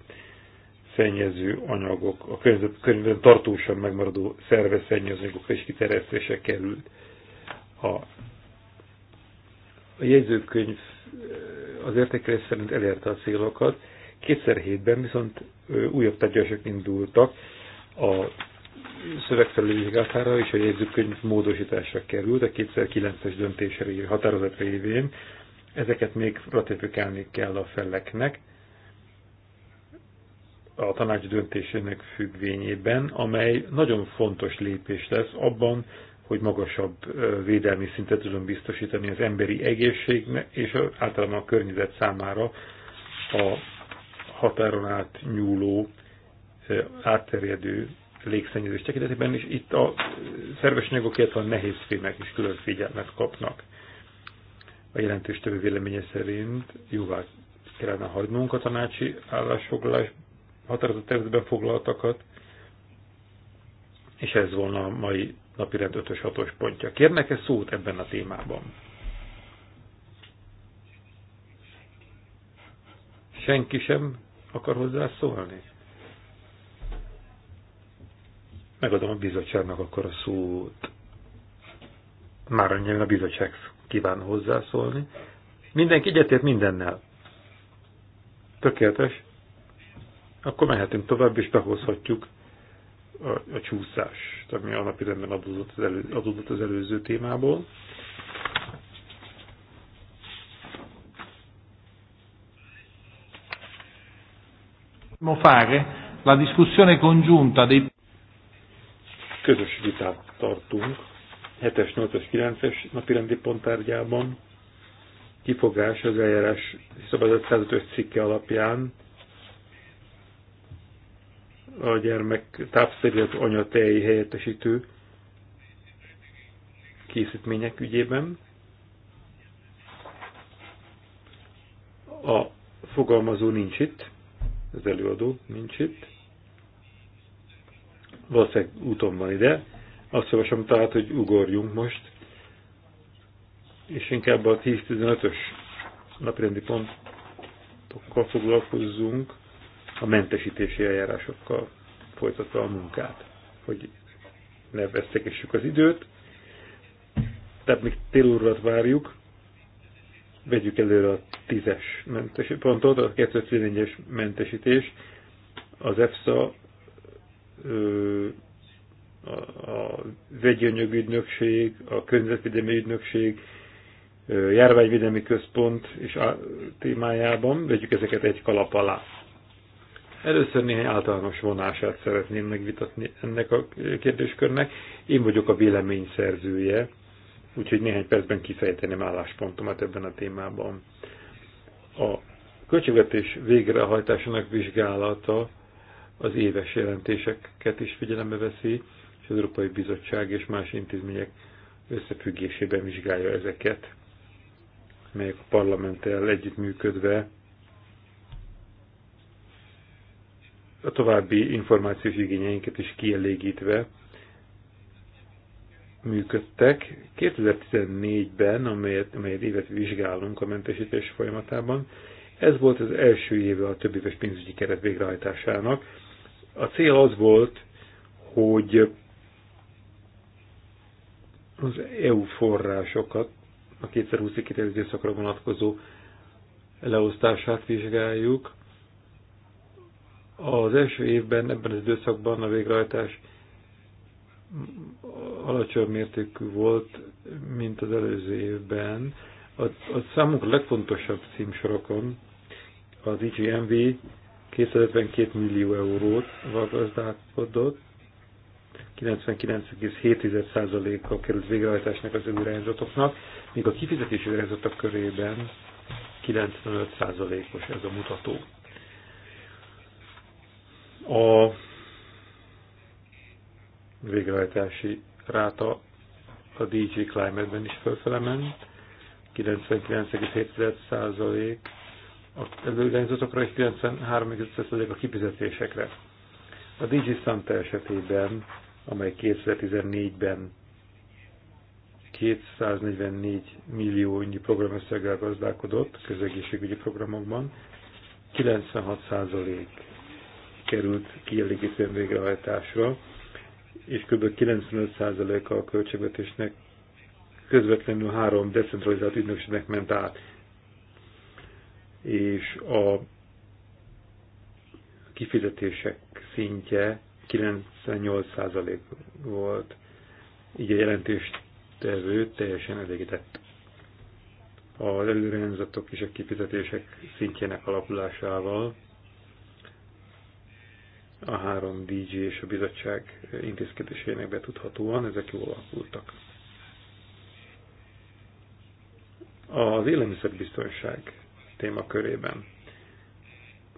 szennyező anyagok, a környezetben tartósan megmaradó szennyező anyagok és kiterjesztése került. A, a jegyzőkönyv az értékelés szerint elérte a célokat, 2007-ben viszont újabb tárgyalások indultak a vizsgálatára és a jegyzőkönyv módosításra került a 2009-es döntésre határozat révén. Ezeket még ratifikálni kell a feleknek a tanács döntésének függvényében, amely nagyon fontos lépés lesz abban, hogy magasabb védelmi szintet tudunk biztosítani az emberi egészség és általában a környezet számára a határon át nyúló, átterjedő légszennyezés tekintetében, és itt a szerves anyagok, illetve a nehéz fémek is külön figyelmet kapnak. A jelentős többi véleménye szerint jóvá kellene hagynunk a tanácsi állásfoglalás határozott tervezetben foglaltakat, és ez volna a mai napi rend 5-ös 6-os pontja. Kérnek-e szót ebben a témában? Senki sem akar hozzászólni? Megadom a bizottságnak akkor a szót. Már a bizottság kíván hozzászólni. Mindenki egyetért mindennel. Tökéletes. Akkor mehetünk tovább, és behozhatjuk a, a csúszást, ami a napi rendben adódott az, elő, adódott az előző témából. fare la discussione congiunta dei közös vitát tartunk, 7-es, 8-as, 9-es napirendi ponttárgyában, kifogás az eljárás szabadat 105 cikke alapján a gyermek tápszerület anyatei helyettesítő készítmények ügyében. A fogalmazó nincs itt, az előadó nincs itt valószínűleg úton van ide. Azt javaslom tehát, hogy ugorjunk most, és inkább a 10-15-ös naprendi pontokkal foglalkozzunk, a mentesítési eljárásokkal folytatva a munkát, hogy ne vesztegessük az időt. Tehát még télurrat várjuk, vegyük előre a 10-es mentesítés pontot, a 2014-es mentesítés, az EFSA a vegyanyag ügynökség, a környezetvédelmi ügynökség, járványvédelmi központ és a témájában, vegyük ezeket egy kalap alá. Először néhány általános vonását szeretném megvitatni ennek a kérdéskörnek. Én vagyok a vélemény szerzője, úgyhogy néhány percben kifejteném álláspontomat ebben a témában. A költségvetés végrehajtásának vizsgálata az éves jelentéseket is figyelembe veszi, és az Európai Bizottság és más intézmények összefüggésében vizsgálja ezeket, melyek a parlamenttel együttműködve a további információs igényeinket is kielégítve működtek. 2014-ben, amelyet, amelyet évet vizsgálunk a mentesítés folyamatában, ez volt az első éve a többéves pénzügyi keret végrehajtásának, a cél az volt, hogy az EU forrásokat a 2020 es időszakra vonatkozó leosztását vizsgáljuk. Az első évben, ebben az időszakban a végrehajtás alacsonyabb mértékű volt, mint az előző évben. A, a számunkra legfontosabb címsorokon az IGMV 252 millió eurót gazdálkodott, 99,7%-a került végrehajtásnak az önirányzatoknak, míg a kifizetési irányzatok körében 95%-os ez a mutató. A végrehajtási ráta a DG Climate-ben is fölfele ment, 99,7% az irányzatokra, és 93,5% a kifizetésekre. A DigiSanta esetében, amely 2014-ben 244 millió milliónyi programösszeggel gazdálkodott közegészségügyi programokban, 96% került kielégítően végrehajtásra, és kb. 95%-a a költségvetésnek közvetlenül három decentralizált ügynökségnek ment át és a kifizetések szintje 98% volt, így a jelentéstevő teljesen elégített az előrehányzatok és a kifizetések szintjének alapulásával a három DJ és a bizottság intézkedésének betudhatóan, ezek jól alakultak. Az élelmiszerbiztonság témakörében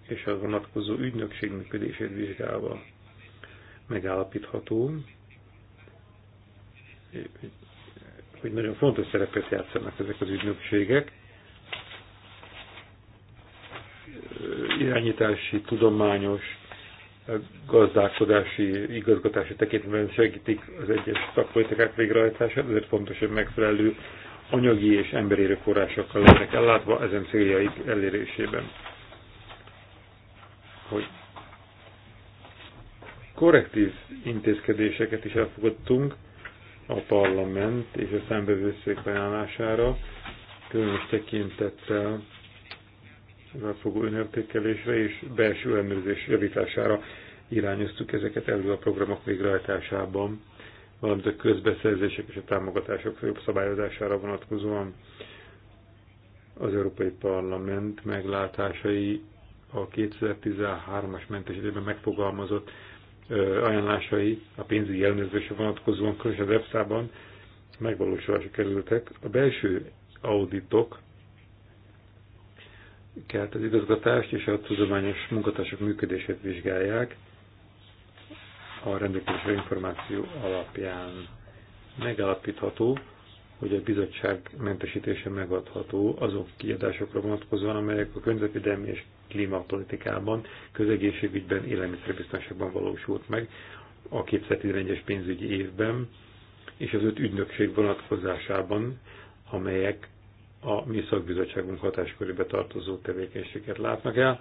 és az vonatkozó ügynökség működését vizsgálva megállapítható, hogy nagyon fontos szerepet játszanak ezek az ügynökségek. Irányítási, tudományos, gazdálkodási, igazgatási tekintetben segítik az egyes szakpolitikák végrehajtását, ezért fontos, hogy megfelelő anyagi és emberi erőforrásokkal lennek ellátva ezen céljaik elérésében. Hogy korrektív intézkedéseket is elfogadtunk a parlament és a szembevőszék ajánlására, különös tekintettel fogó önértékelésre és belső ellenőrzés javítására irányoztuk ezeket elő a programok végrehajtásában valamint a közbeszerzések és a támogatások jobb szabályozására vonatkozóan az Európai Parlament meglátásai a 2013-as mentesítésben megfogalmazott ajánlásai a pénzügyi ellenőrzésre vonatkozóan különösen az EFSA-ban megvalósulásra kerültek. A belső auditok kelt az igazgatást és a tudományos munkatársak működését vizsgálják, a rendelkezésre információ alapján megállapítható, hogy a bizottság mentesítése megadható azok kiadásokra vonatkozóan, amelyek a környezetvédelmi és klímapolitikában, közegészségügyben, élelmiszerbiztonságban valósult meg a 2011-es pénzügyi évben, és az öt ügynökség vonatkozásában, amelyek a mi szakbizottságunk hatáskörébe tartozó tevékenységet látnak el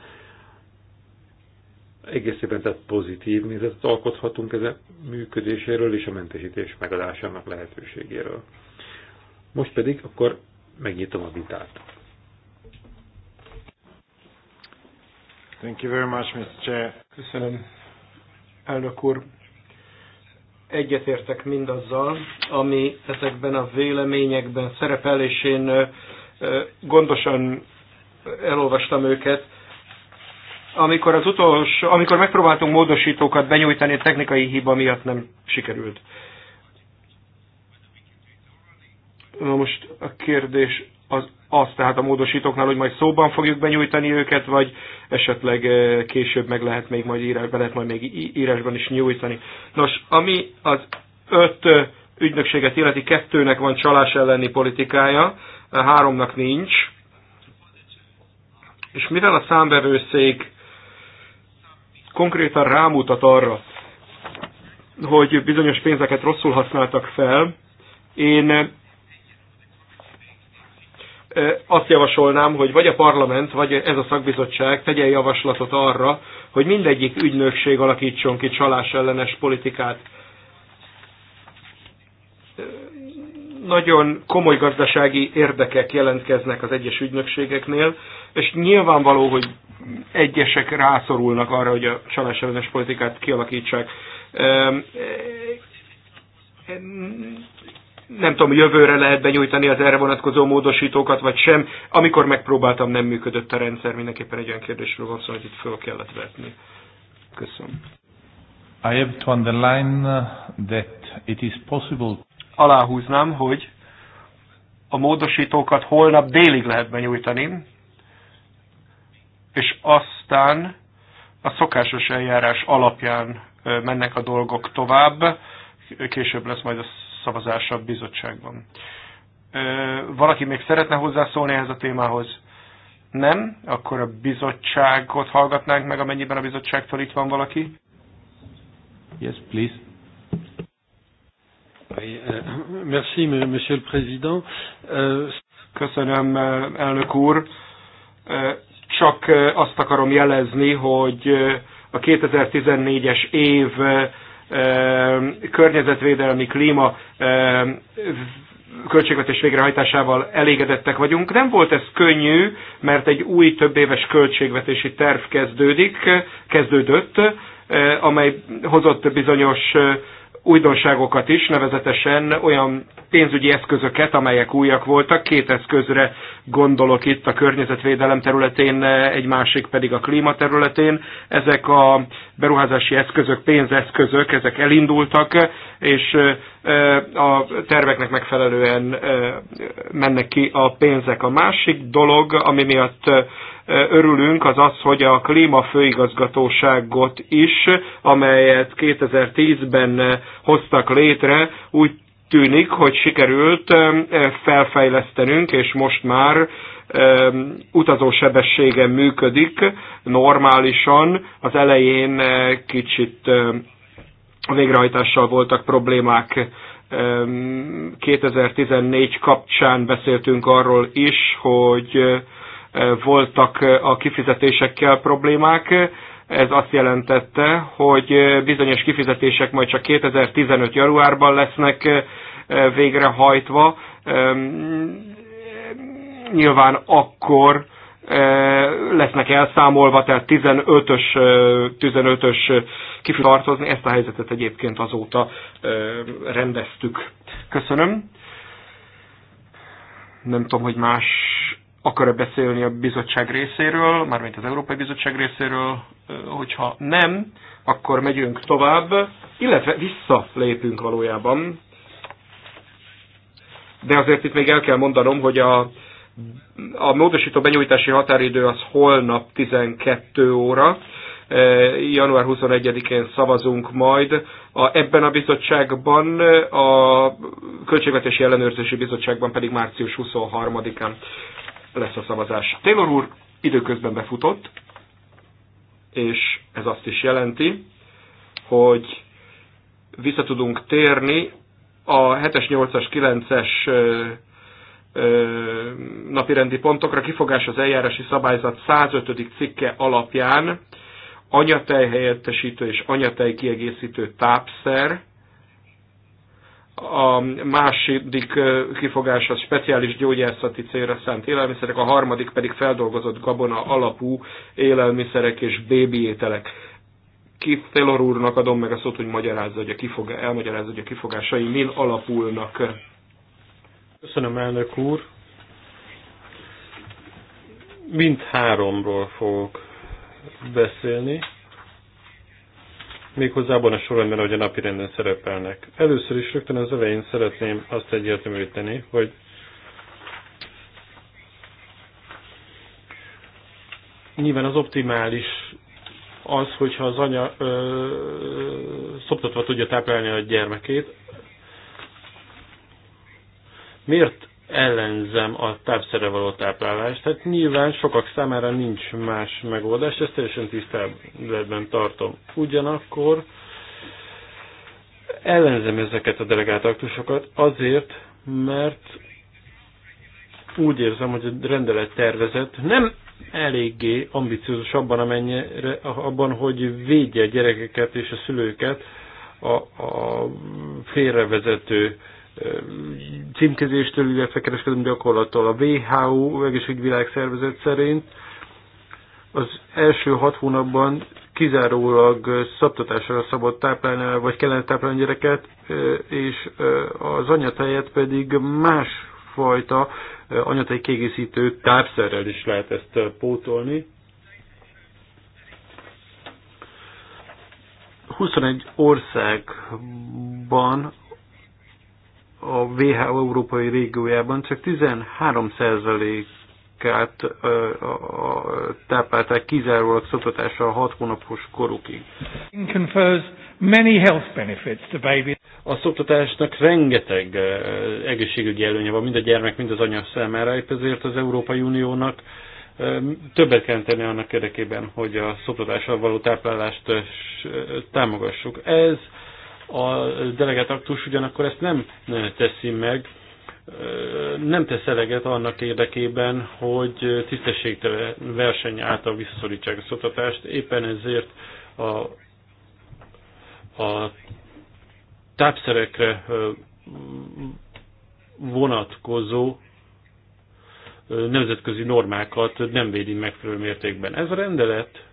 egészében tehát pozitív nézetet alkothatunk ezen működéséről és a mentesítés megadásának lehetőségéről. Most pedig akkor megnyitom a vitát. Thank you very much, Mr. Chair. Köszönöm, elnök úr. Egyetértek mindazzal, ami ezekben a véleményekben szerepel, és én gondosan elolvastam őket amikor, az utolsó, amikor megpróbáltunk módosítókat benyújtani, a technikai hiba miatt nem sikerült. Na most a kérdés az, az tehát a módosítóknál, hogy majd szóban fogjuk benyújtani őket, vagy esetleg eh, később meg lehet még majd írásban, lehet majd még írásban is nyújtani. Nos, ami az öt eh, ügynökséget illeti, kettőnek van csalás elleni politikája, eh, háromnak nincs. És mivel a számbevőszék konkrétan rámutat arra, hogy bizonyos pénzeket rosszul használtak fel. Én eh, azt javasolnám, hogy vagy a parlament, vagy ez a szakbizottság tegyen javaslatot arra, hogy mindegyik ügynökség alakítson ki csalás ellenes politikát. Nagyon komoly gazdasági érdekek jelentkeznek az egyes ügynökségeknél, és nyilvánvaló, hogy egyesek rászorulnak arra, hogy a csalás politikát kialakítsák. Nem tudom, jövőre lehet benyújtani az erre vonatkozó módosítókat, vagy sem. Amikor megpróbáltam, nem működött a rendszer. Mindenképpen egy olyan kérdésről van szó, hogy itt föl kellett vetni. Köszönöm. I have to underline uh, that it is possible. Aláhúznám, hogy a módosítókat holnap délig lehet benyújtani, és aztán a szokásos eljárás alapján mennek a dolgok tovább, később lesz majd a szavazás a bizottságban. Valaki még szeretne hozzászólni ehhez a témához? Nem? Akkor a bizottságot hallgatnánk meg, amennyiben a bizottságtól itt van valaki? Yes, please. Euh, merci, Monsieur le Président. Euh, Köszönöm, elnök úr csak azt akarom jelezni, hogy a 2014-es év környezetvédelmi klíma költségvetés végrehajtásával elégedettek vagyunk. Nem volt ez könnyű, mert egy új többéves költségvetési terv kezdődik, kezdődött, amely hozott bizonyos újdonságokat is, nevezetesen olyan pénzügyi eszközöket, amelyek újak voltak. Két eszközre gondolok itt a környezetvédelem területén, egy másik pedig a klíma területén. Ezek a beruházási eszközök, pénzeszközök, ezek elindultak, és a terveknek megfelelően mennek ki a pénzek. A másik dolog, ami miatt örülünk, az az, hogy a klímafőigazgatóságot is, amelyet 2010-ben hoztak létre, úgy tűnik, hogy sikerült felfejlesztenünk, és most már utazósebességen működik normálisan. Az elején kicsit a végrehajtással voltak problémák. 2014 kapcsán beszéltünk arról is, hogy voltak a kifizetésekkel problémák. Ez azt jelentette, hogy bizonyos kifizetések majd csak 2015. januárban lesznek végrehajtva. Nyilván akkor lesznek elszámolva, tehát 15-ös 15 kifitartozni. Ezt a helyzetet egyébként azóta rendeztük. Köszönöm. Nem tudom, hogy más akar-e beszélni a bizottság részéről, mármint az Európai Bizottság részéről, hogyha nem, akkor megyünk tovább, illetve visszalépünk valójában. De azért itt még el kell mondanom, hogy a, a módosító benyújtási határidő az holnap 12 óra, január 21-én szavazunk majd. A, ebben a bizottságban, a Költségvetési Ellenőrzési Bizottságban pedig március 23-án lesz a szavazás. Taylor úr időközben befutott, és ez azt is jelenti, hogy vissza tudunk térni a 7-es, 8-as, 9-es napirendi pontokra kifogás az eljárási szabályzat 105. cikke alapján anyatej helyettesítő és anyatej kiegészítő tápszer, a második kifogás az speciális gyógyászati célra szánt élelmiszerek, a harmadik pedig feldolgozott gabona alapú élelmiszerek és bébi ételek. Keith Taylor úrnak adom meg a szót, hogy magyarázza, hogy a kifoga, elmagyarázza, hogy a kifogásai min alapulnak. Köszönöm, elnök úr. Mind háromról fogok beszélni méghozzá abban a sorrendben, hogy a napi renden szerepelnek. Először is rögtön az elején szeretném azt egyértelműíteni, hogy nyilván az optimális az, hogyha az anya ö, szoptatva tudja táplálni a gyermekét. Miért ellenzem a tápszere való táplálást. Tehát nyilván sokak számára nincs más megoldás, ezt teljesen tiszteletben tartom. Ugyanakkor ellenzem ezeket a delegált aktusokat azért, mert úgy érzem, hogy a rendelet tervezet nem eléggé ambiciózus abban, amennyire, abban, hogy védje a gyerekeket és a szülőket a, a félrevezető címkezéstől, illetve kereskedelmi gyakorlattól. A WHO egészségvilágszervezet szerint az első hat hónapban kizárólag szabtatásra szabad táplálni, vagy kellene táplálni a gyereket, és az anyatejet pedig másfajta anyatej kiegészítő tápszerrel is lehet ezt pótolni. 21 országban a WHO európai régiójában csak 13%-át táplálták kizárólag a 6 hónapos korukig. Many health benefits to A szoptatásnak rengeteg egészségügyi előnye van mind a gyermek, mind az anya számára, épp ezért az Európai Uniónak többet kell tenni annak érdekében, hogy a szoktatással való táplálást támogassuk. Ez a delegált aktus ugyanakkor ezt nem teszi meg, nem tesz eleget annak érdekében, hogy tisztességtelen verseny által visszaszorítsák a szoktatást. Éppen ezért a, a tápszerekre vonatkozó nemzetközi normákat nem védi megfelelő mértékben. Ez a rendelet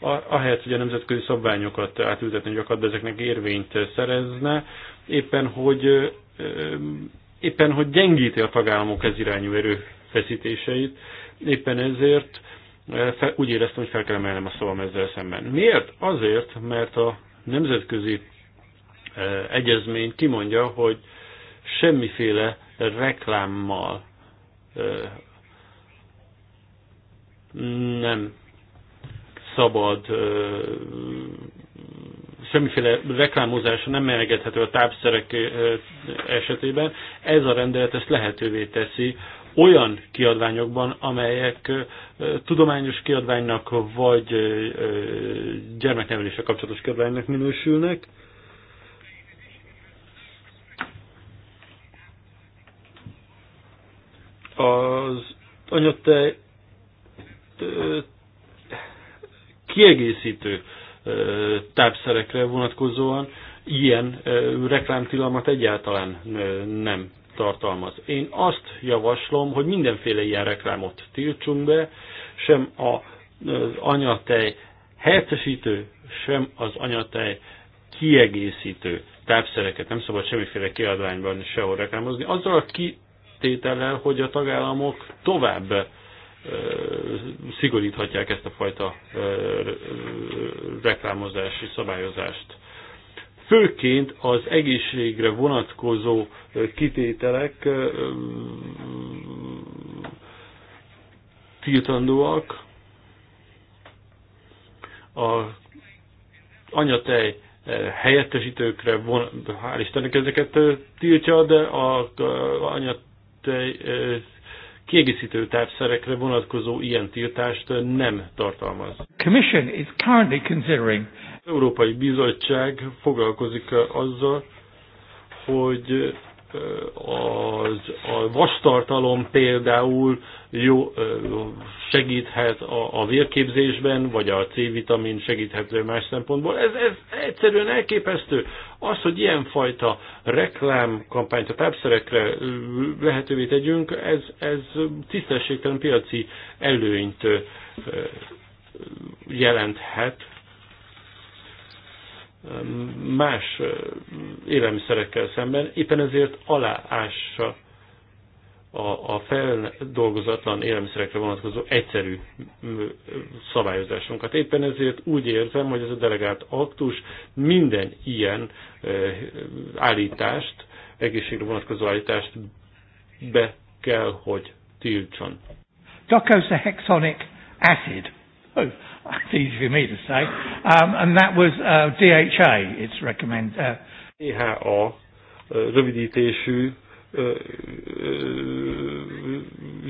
ahelyett, hogy a nemzetközi szabványokat átültetni de ezeknek érvényt szerezne, éppen hogy, éppen hogy gyengíti a tagállamok ez irányú erőfeszítéseit, éppen ezért úgy éreztem, hogy fel kell emelnem a szavam ezzel szemben. Miért? Azért, mert a nemzetközi egyezmény kimondja, hogy semmiféle reklámmal nem szabad, semmiféle reklámozása nem engedhető a tápszerek esetében. Ez a rendelet ezt lehetővé teszi olyan kiadványokban, amelyek tudományos kiadványnak vagy gyermekneveléssel kapcsolatos kiadványnak minősülnek. Az anyatej kiegészítő tápszerekre vonatkozóan ilyen reklámtilalmat egyáltalán nem tartalmaz. Én azt javaslom, hogy mindenféle ilyen reklámot tiltsunk be, sem az anyatej helyettesítő, sem az anyatej kiegészítő tápszereket nem szabad semmiféle kiadványban sehol reklámozni. Azzal a kitétellel, hogy a tagállamok tovább szigoríthatják ezt a fajta reklámozási szabályozást. Főként az egészségre vonatkozó kitételek tiltandóak. A anyatej helyettesítőkre, von, hál' Istennek ezeket tiltja, de a anyatej kiegészítő tápszerekre vonatkozó ilyen tiltást nem tartalmaz. Commission is currently considering az Európai Bizottság foglalkozik azzal, hogy az, a vastartalom például jó, segíthet a, a vérképzésben, vagy a C-vitamin segíthet más szempontból. Ez, ez egyszerűen elképesztő. Az, hogy ilyenfajta reklámkampányt a tápszerekre lehetővé tegyünk, ez, ez tisztességtelen piaci előnyt jelenthet más élelmiszerekkel szemben, éppen ezért aláássa a, feldolgozatlan élelmiszerekre vonatkozó egyszerű szabályozásunkat. Éppen ezért úgy érzem, hogy ez a delegált aktus minden ilyen állítást, egészségre vonatkozó állítást be kell, hogy tiltson. Docosahexonic hexonic acid. Oh, that's easy for me to say. Um, and that was uh, DHA, it's recommend. Uh, DHA, uh, rövidítésű uh, uh,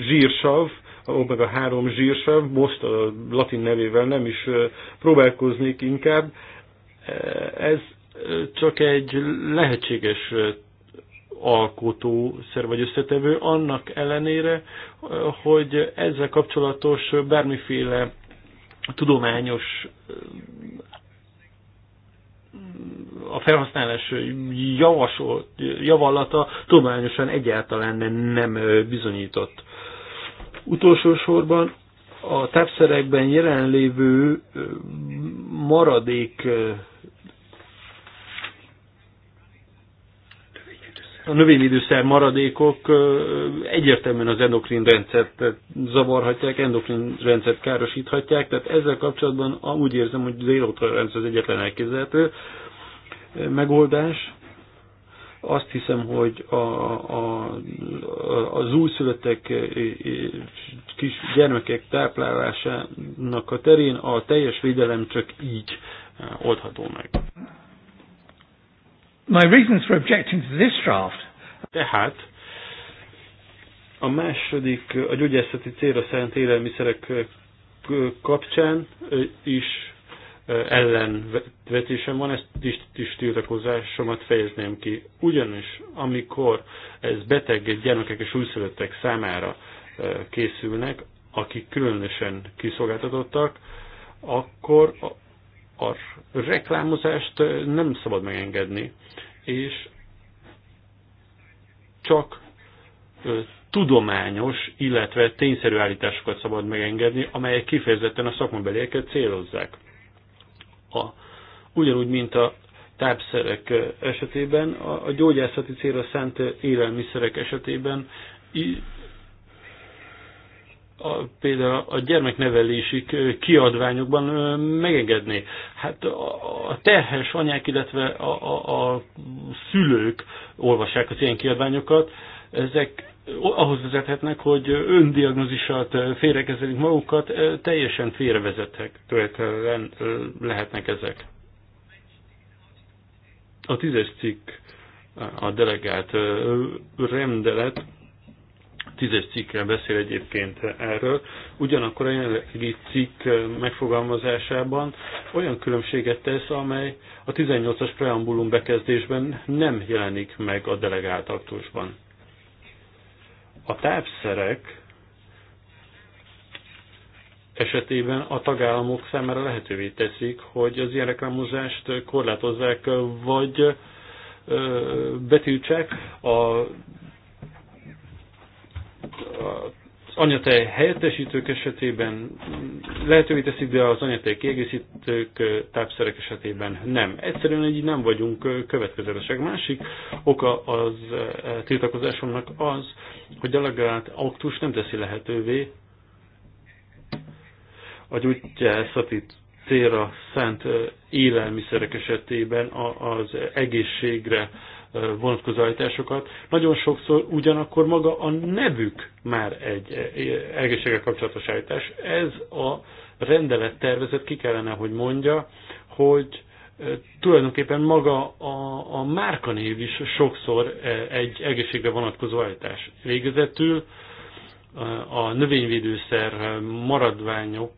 zsírsav, omega 3 zsírsav, most a latin nevével nem is uh, próbálkoznék inkább. Uh, Ez uh, csak egy lehetséges uh, alkotószer vagy összetevő, annak ellenére, hogy ezzel kapcsolatos bármiféle tudományos a felhasználás javasolt, javallata tudományosan egyáltalán nem bizonyított. Utolsó sorban a tápszerekben jelenlévő maradék a növényvédőszer maradékok egyértelműen az endokrin rendszert zavarhatják, endokrin rendszert károsíthatják, tehát ezzel kapcsolatban úgy érzem, hogy zéró tolerancia az egyetlen elképzelhető megoldás. Azt hiszem, hogy a, a, az újszülöttek kis gyermekek táplálásának a terén a teljes védelem csak így oldható meg. My reasons for objecting to this draft. Tehát a második, a gyógyászati célra szent élelmiszerek kapcsán is ellenvetésem van, ezt is, is tiltakozásomat fejezném ki. Ugyanis, amikor ez beteg gyermekek és újszülöttek számára készülnek, akik különösen kiszolgáltatottak, akkor a reklámozást nem szabad megengedni, és csak tudományos, illetve tényszerű állításokat szabad megengedni, amelyek kifejezetten a szakmabelieket célozzák. A, ugyanúgy, mint a tápszerek esetében, a, a gyógyászati célra szánt élelmiszerek esetében a, például a gyermeknevelési kiadványokban megengedné. Hát a terhes anyák, illetve a, a, a szülők olvassák az ilyen kiadványokat, ezek ahhoz vezethetnek, hogy öndiagnózisat félrekezelik magukat, teljesen félrevezetek, lehetnek ezek. A tízes cikk a delegált rendelet tízes cikkel beszél egyébként erről. Ugyanakkor a jelenlegi cikk megfogalmazásában olyan különbséget tesz, amely a 18-as preambulum bekezdésben nem jelenik meg a delegált aktusban. A tápszerek esetében a tagállamok számára lehetővé teszik, hogy az ilyen reklámozást korlátozzák, vagy betiltsák. A az anyatej helyettesítők esetében lehetővé teszik, de az anyatej kiegészítők tápszerek esetében nem. Egyszerűen így nem vagyunk következetesek. Másik oka az tiltakozásomnak az, hogy legalább aktus nem teszi lehetővé a gyógyászati célra szánt élelmiszerek esetében az egészségre vonatkozó állításokat. Nagyon sokszor ugyanakkor maga a nevük már egy e, e, egészséggel kapcsolatos állítás. Ez a rendelet tervezet ki kellene, hogy mondja, hogy tulajdonképpen maga a, a márkanév is sokszor e, egy egészségre vonatkozó állítás. Végezetül a növényvédőszer maradványok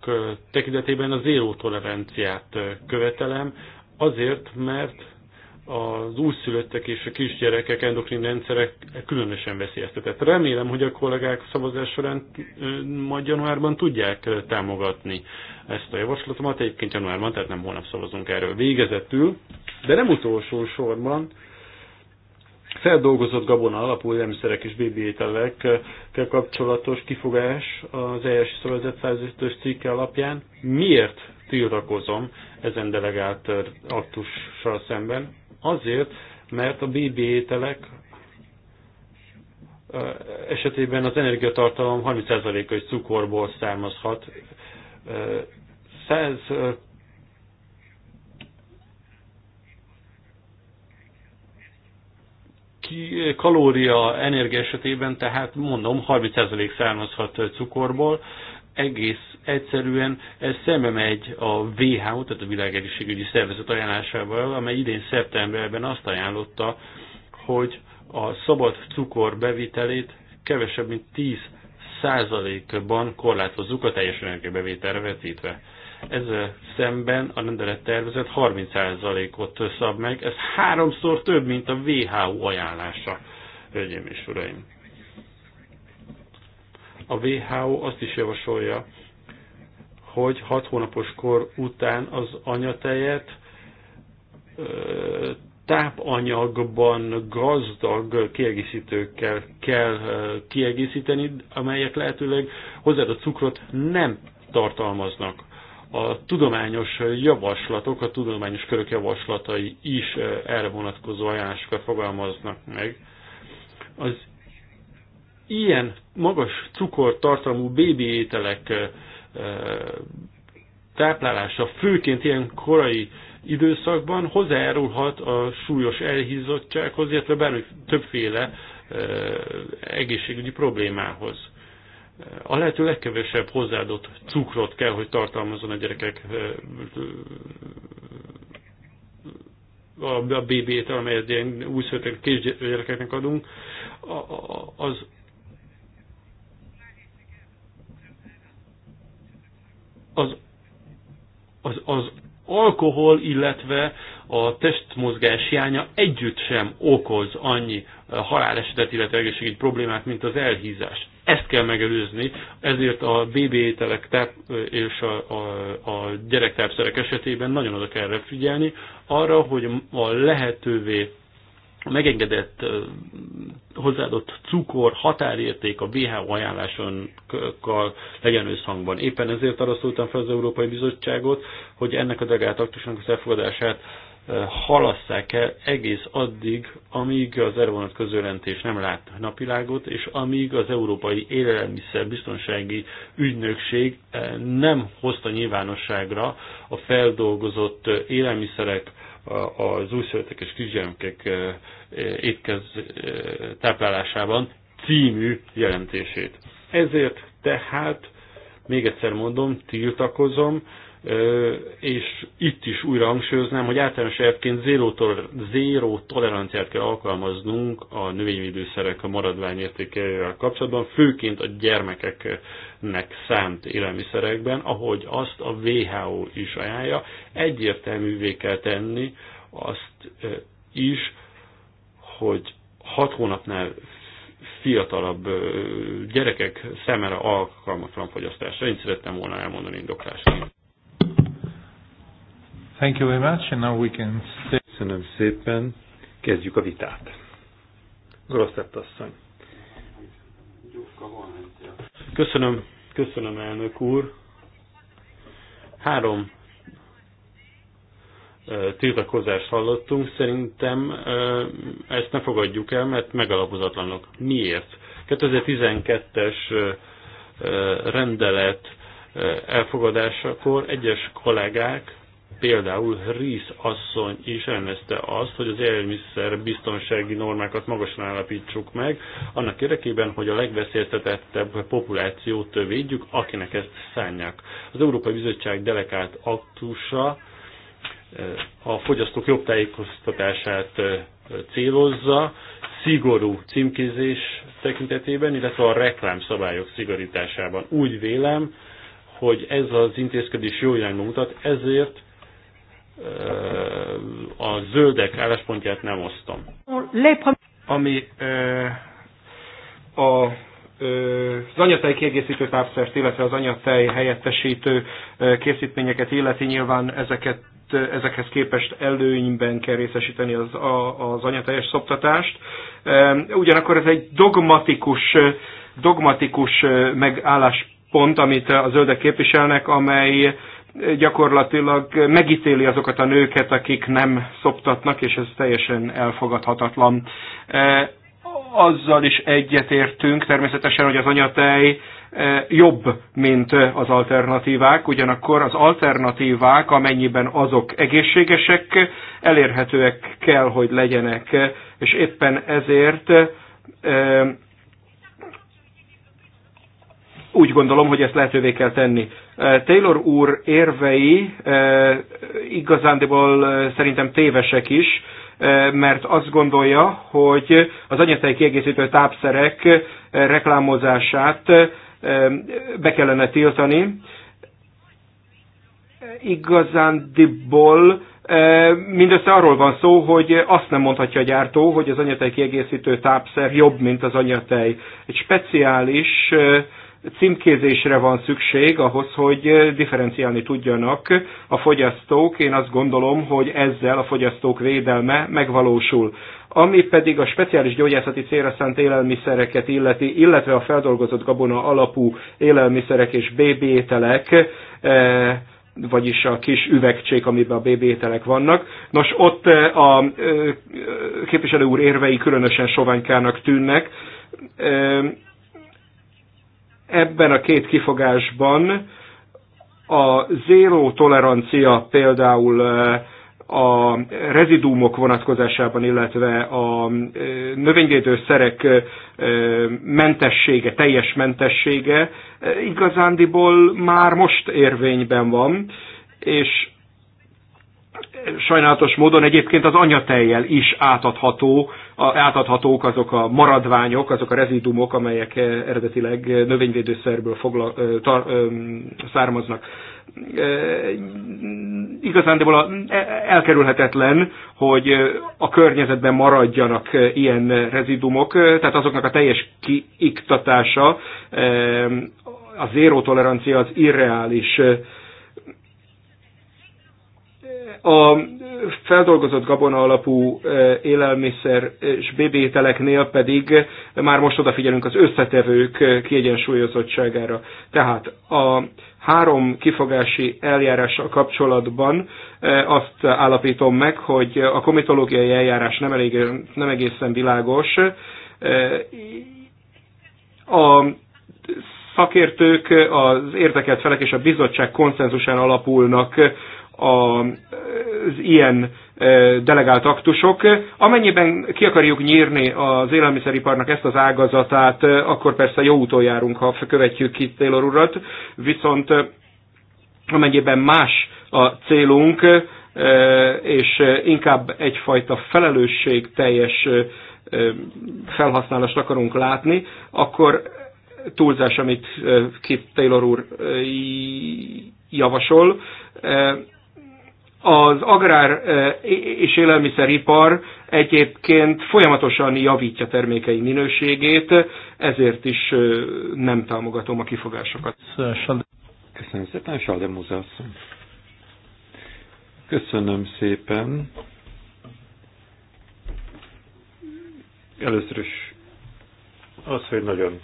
tekintetében a zéró toleranciát követelem, azért, mert az újszülöttek és a kisgyerekek endokrin rendszerek különösen veszélyeztetett. Remélem, hogy a kollégák szavazás során majd januárban tudják támogatni ezt a javaslatomat. Egyébként januárban, tehát nem holnap szavazunk erről végezetül, de nem utolsó sorban feldolgozott gabona alapú élelmiszerek és ételekkel kapcsolatos kifogás az ES szövezet 105-ös cikke alapján. Miért tiltakozom ezen delegált aktussal szemben? Azért, mert a BB ételek esetében az energiatartalom 30%-a is cukorból származhat. 100 kalória energia esetében, tehát mondom, 30% származhat cukorból, egész egyszerűen ez szembe megy a WHO, tehát a Világegészségügyi Szervezet ajánlásával, amely idén szeptemberben azt ajánlotta, hogy a szabad cukor bevitelét kevesebb mint 10 százalékban korlátozzuk a teljes energiabevételre vetítve. Ezzel szemben a rendelet tervezet 30 százalékot szab meg, ez háromszor több, mint a WHO ajánlása, hölgyeim és uraim a WHO azt is javasolja, hogy 6 hónapos kor után az anyatejet tápanyagban gazdag kiegészítőkkel kell kiegészíteni, amelyek lehetőleg hozzá a cukrot nem tartalmaznak. A tudományos javaslatok, a tudományos körök javaslatai is erre vonatkozó ajánlásokat fogalmaznak meg. Az ilyen magas cukortartalmú bébi ételek táplálása, főként ilyen korai időszakban hozzájárulhat a súlyos elhízottsághoz, illetve bármi többféle egészségügyi problémához. A lehető legkevesebb hozzáadott cukrot kell, hogy tartalmazzon a gyerekek a BB-t, amelyet ilyen újszülöttek kisgyerekeknek adunk, az az, az, az alkohol, illetve a testmozgás hiánya együtt sem okoz annyi eh, halálesetet, illetve egészségügyi problémát, mint az elhízás. Ezt kell megelőzni, ezért a BB ételek táp eh, és a, a, a gyerektápszerek esetében nagyon oda kell figyelni arra, hogy a lehetővé megengedett hozzáadott cukor határérték a WHO ajánlásokkal legyen összhangban. Éppen ezért arra szóltam fel az Európai Bizottságot, hogy ennek a delegált aktusnak az elfogadását halasszák el egész addig, amíg az erre vonatkozó jelentés nem lát napvilágot, és amíg az Európai biztonsági Ügynökség nem hozta nyilvánosságra a feldolgozott élelmiszerek az újszövetek és kisgyermekek e, e, étkez e, táplálásában című jelentését. Ezért tehát, még egyszer mondom, tiltakozom, és itt is újra hangsúlyoznám, hogy általános elvként zéró, tol zéró toleranciát kell alkalmaznunk a növényvédőszerek a maradványértékeivel kapcsolatban, főként a gyermekeknek szánt élelmiszerekben, ahogy azt a WHO is ajánlja, egyértelművé kell tenni azt is, hogy hat hónapnál fiatalabb gyerekek szemére alkalmatlan fogyasztásra. Én szerettem volna elmondani indoklásra. Thank you very much, and now we can stay. Köszönöm szépen. Kezdjük a vitát. Grosszett asszony. Köszönöm, köszönöm elnök úr. Három tiltakozást hallottunk, szerintem ezt ne fogadjuk el, mert megalapozatlanok. Miért? 2012-es rendelet elfogadásakor egyes kollégák Például Rész asszony is elnezte azt, hogy az élelmiszer biztonsági normákat magasan állapítsuk meg, annak érdekében, hogy a legveszélyeztetettebb populációt védjük, akinek ezt szánják. Az Európai Bizottság delegált aktusa eh, a fogyasztók jobb tájékoztatását eh, célozza, szigorú címkézés tekintetében, illetve a reklámszabályok szigorításában. Úgy vélem, hogy ez az intézkedés jó irányba mutat, ezért a zöldek álláspontját nem osztom. Ami a az anyatej kiegészítő tápszert, illetve az anyatej helyettesítő készítményeket illeti nyilván ezeket ezekhez képest előnyben kell részesíteni az, az anyateljes szoptatást. Ugyanakkor ez egy dogmatikus, dogmatikus megállás pont, amit a zöldek képviselnek, amely gyakorlatilag megítéli azokat a nőket, akik nem szoptatnak, és ez teljesen elfogadhatatlan. E, azzal is egyetértünk természetesen, hogy az anyatej e, jobb, mint az alternatívák, ugyanakkor az alternatívák, amennyiben azok egészségesek, elérhetőek kell, hogy legyenek, és éppen ezért e, úgy gondolom, hogy ezt lehetővé kell tenni Eh, Taylor úr érvei eh, igazándiból eh, szerintem tévesek is, mert azt gondolja, hogy az anyatej kiegészítő tápszerek reklámozását be kellene tiltani. Igazándiból mindössze arról van szó, hogy azt nem mondhatja a gyártó, hogy az anyatej kiegészítő tápszer jobb, mint az anyatej. Egy speciális címkézésre van szükség ahhoz, hogy differenciálni tudjanak a fogyasztók. Én azt gondolom, hogy ezzel a fogyasztók védelme megvalósul. Ami pedig a speciális gyógyászati célra szánt élelmiszereket illeti, illetve a feldolgozott gabona alapú élelmiszerek és bébételek, vagyis a kis üvegcsék, amiben a BB vannak. Nos, ott a képviselő úr érvei különösen soványkának tűnnek ebben a két kifogásban a zéró tolerancia például eh, a rezidúmok vonatkozásában, illetve a eh, növényvédőszerek eh, mentessége, teljes mentessége igazándiból már most érvényben van, és sajnálatos módon egyébként az anyatejjel is átadható, átadhatók azok a maradványok, azok a rezidumok, amelyek eh, eredetileg növényvédőszerből fogla, eh, tar, eh, származnak. Igazándiból e, elkerülhetetlen, hogy a környezetben maradjanak ilyen rezidumok, tehát azoknak a teljes kiiktatása, a zéró tolerancia az irreális a feldolgozott gabona alapú e, élelmiszer és bébételeknél pedig már most odafigyelünk az összetevők kiegyensúlyozottságára. Tehát a három kifogási eljárással kapcsolatban e, azt állapítom meg, hogy a komitológiai eljárás nem, elég, nem egészen világos. E, a szakértők, az érdekelt felek és a bizottság konszenzusán alapulnak az ilyen e, delegált aktusok. Amennyiben ki akarjuk nyírni az élelmiszeriparnak ezt az ágazatát, e, akkor persze jó úton járunk, ha követjük itt Taylor urat, viszont e, amennyiben más a célunk, és inkább egyfajta felelősség teljes felhasználást akarunk látni, akkor túlzás, amit Kip Taylor úr javasol, az agrár e, és élelmiszeripar egyébként folyamatosan javítja termékei minőségét, ezért is e, nem támogatom a kifogásokat. Köszönöm szépen, Saldemúza asszony. Köszönöm szépen. Először is az, hogy nagyon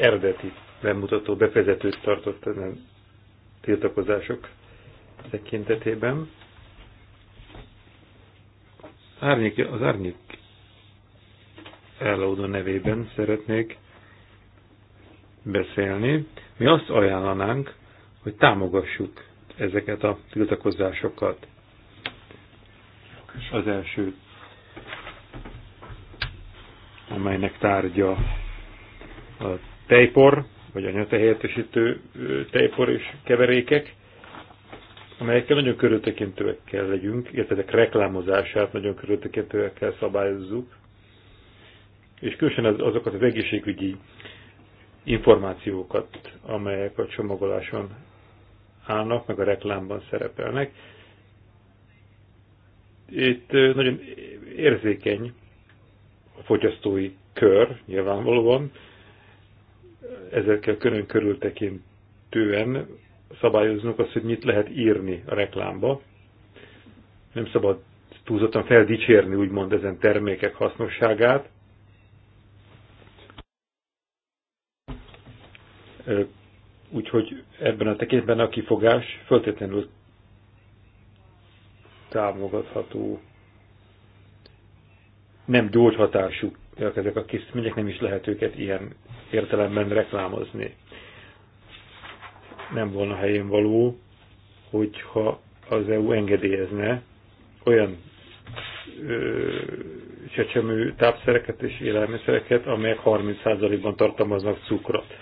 eredeti bemutató, befezetőt tartott ezen tiltakozások tekintetében. Árnyék, az árnyék ellódó nevében szeretnék beszélni. Mi azt ajánlanánk, hogy támogassuk ezeket a tiltakozásokat. Az első, amelynek tárgya a tejpor, vagy anyatehelyettesítő tejpor és keverékek, amelyekkel nagyon körültekintőek kell legyünk, illetve reklámozását nagyon körültekintőek kell szabályozzuk, és különösen azokat az egészségügyi információkat, amelyek a csomagoláson állnak, meg a reklámban szerepelnek. Itt nagyon érzékeny a fogyasztói kör, nyilvánvalóan, ezekkel külön körültekintően szabályoznunk azt, hogy mit lehet írni a reklámba. Nem szabad túlzottan feldicsérni úgymond ezen termékek hasznosságát. Úgyhogy ebben a tekintetben a kifogás föltétlenül támogatható. Nem gyógyhatású ezek a készítmények, nem is lehet őket ilyen értelemben reklámozni nem volna helyén való, hogyha az EU engedélyezne olyan ö, csecsemő tápszereket és élelmiszereket, amelyek 30%-ban tartalmaznak cukrot.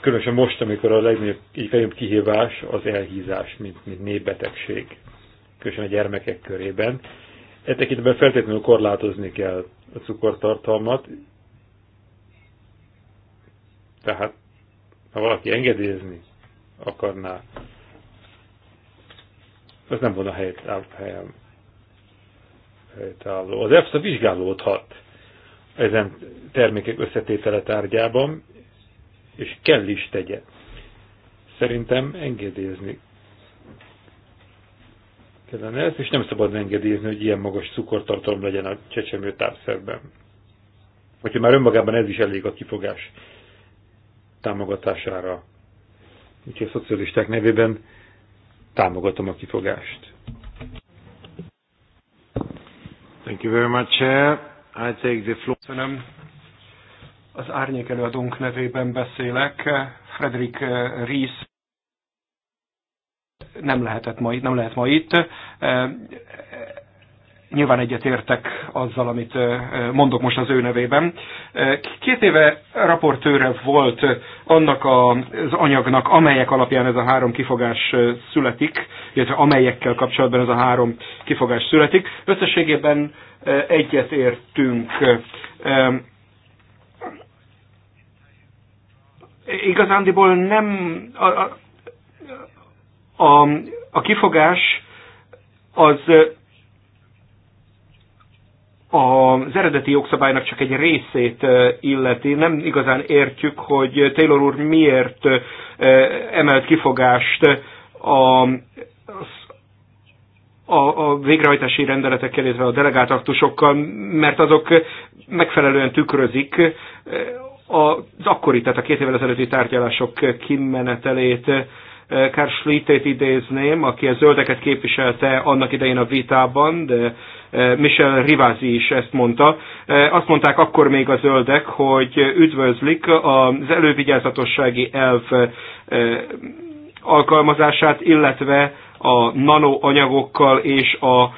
Különösen most, amikor a legnagyobb, legnagyobb kihívás az elhízás, mint, mint népbetegség, különösen a gyermekek körében. E tekintetben feltétlenül korlátozni kell a cukortartalmat, tehát ha valaki engedélyezni akarná, az nem volna helyt, helyet helytálló. Az EFSA vizsgálódhat ezen termékek összetétele tárgyában, és kell is tegye. Szerintem engedélyezni kellene ezt, és nem szabad engedélyezni, hogy ilyen magas cukortartalom legyen a csecsemő tápszerben. Hogyha már önmagában ez is elég a kifogás támogatására. Úgyhogy a szocialisták nevében támogatom a kifogást. Thank you very much, I take the floor. Köszönöm. Az árnyék előadónk nevében beszélek. Frederick eh, Rees nem lehetett ma, nem lehet ma itt. Eh, nyilván egyetértek azzal, amit mondok most az ő nevében. Két éve raportőre volt annak az anyagnak, amelyek alapján ez a három kifogás születik, illetve amelyekkel kapcsolatban ez a három kifogás születik. Összességében egyetértünk. Igazándiból nem a, a, a, a kifogás az az eredeti jogszabálynak csak egy részét illeti. Nem igazán értjük, hogy Taylor úr miért emelt kifogást a, a, a végrehajtási rendeletekkel, illetve a delegált aktusokkal, mert azok megfelelően tükrözik az akkori, tehát a két évvel ezelőtti tárgyalások kimenetelét Karl Schlittét idézném, aki a zöldeket képviselte annak idején a vitában, de e, Michel Rivázi is ezt mondta. E, azt mondták akkor még a zöldek, hogy üdvözlik az elővigyázatossági elv e, alkalmazását, illetve a nanoanyagokkal és a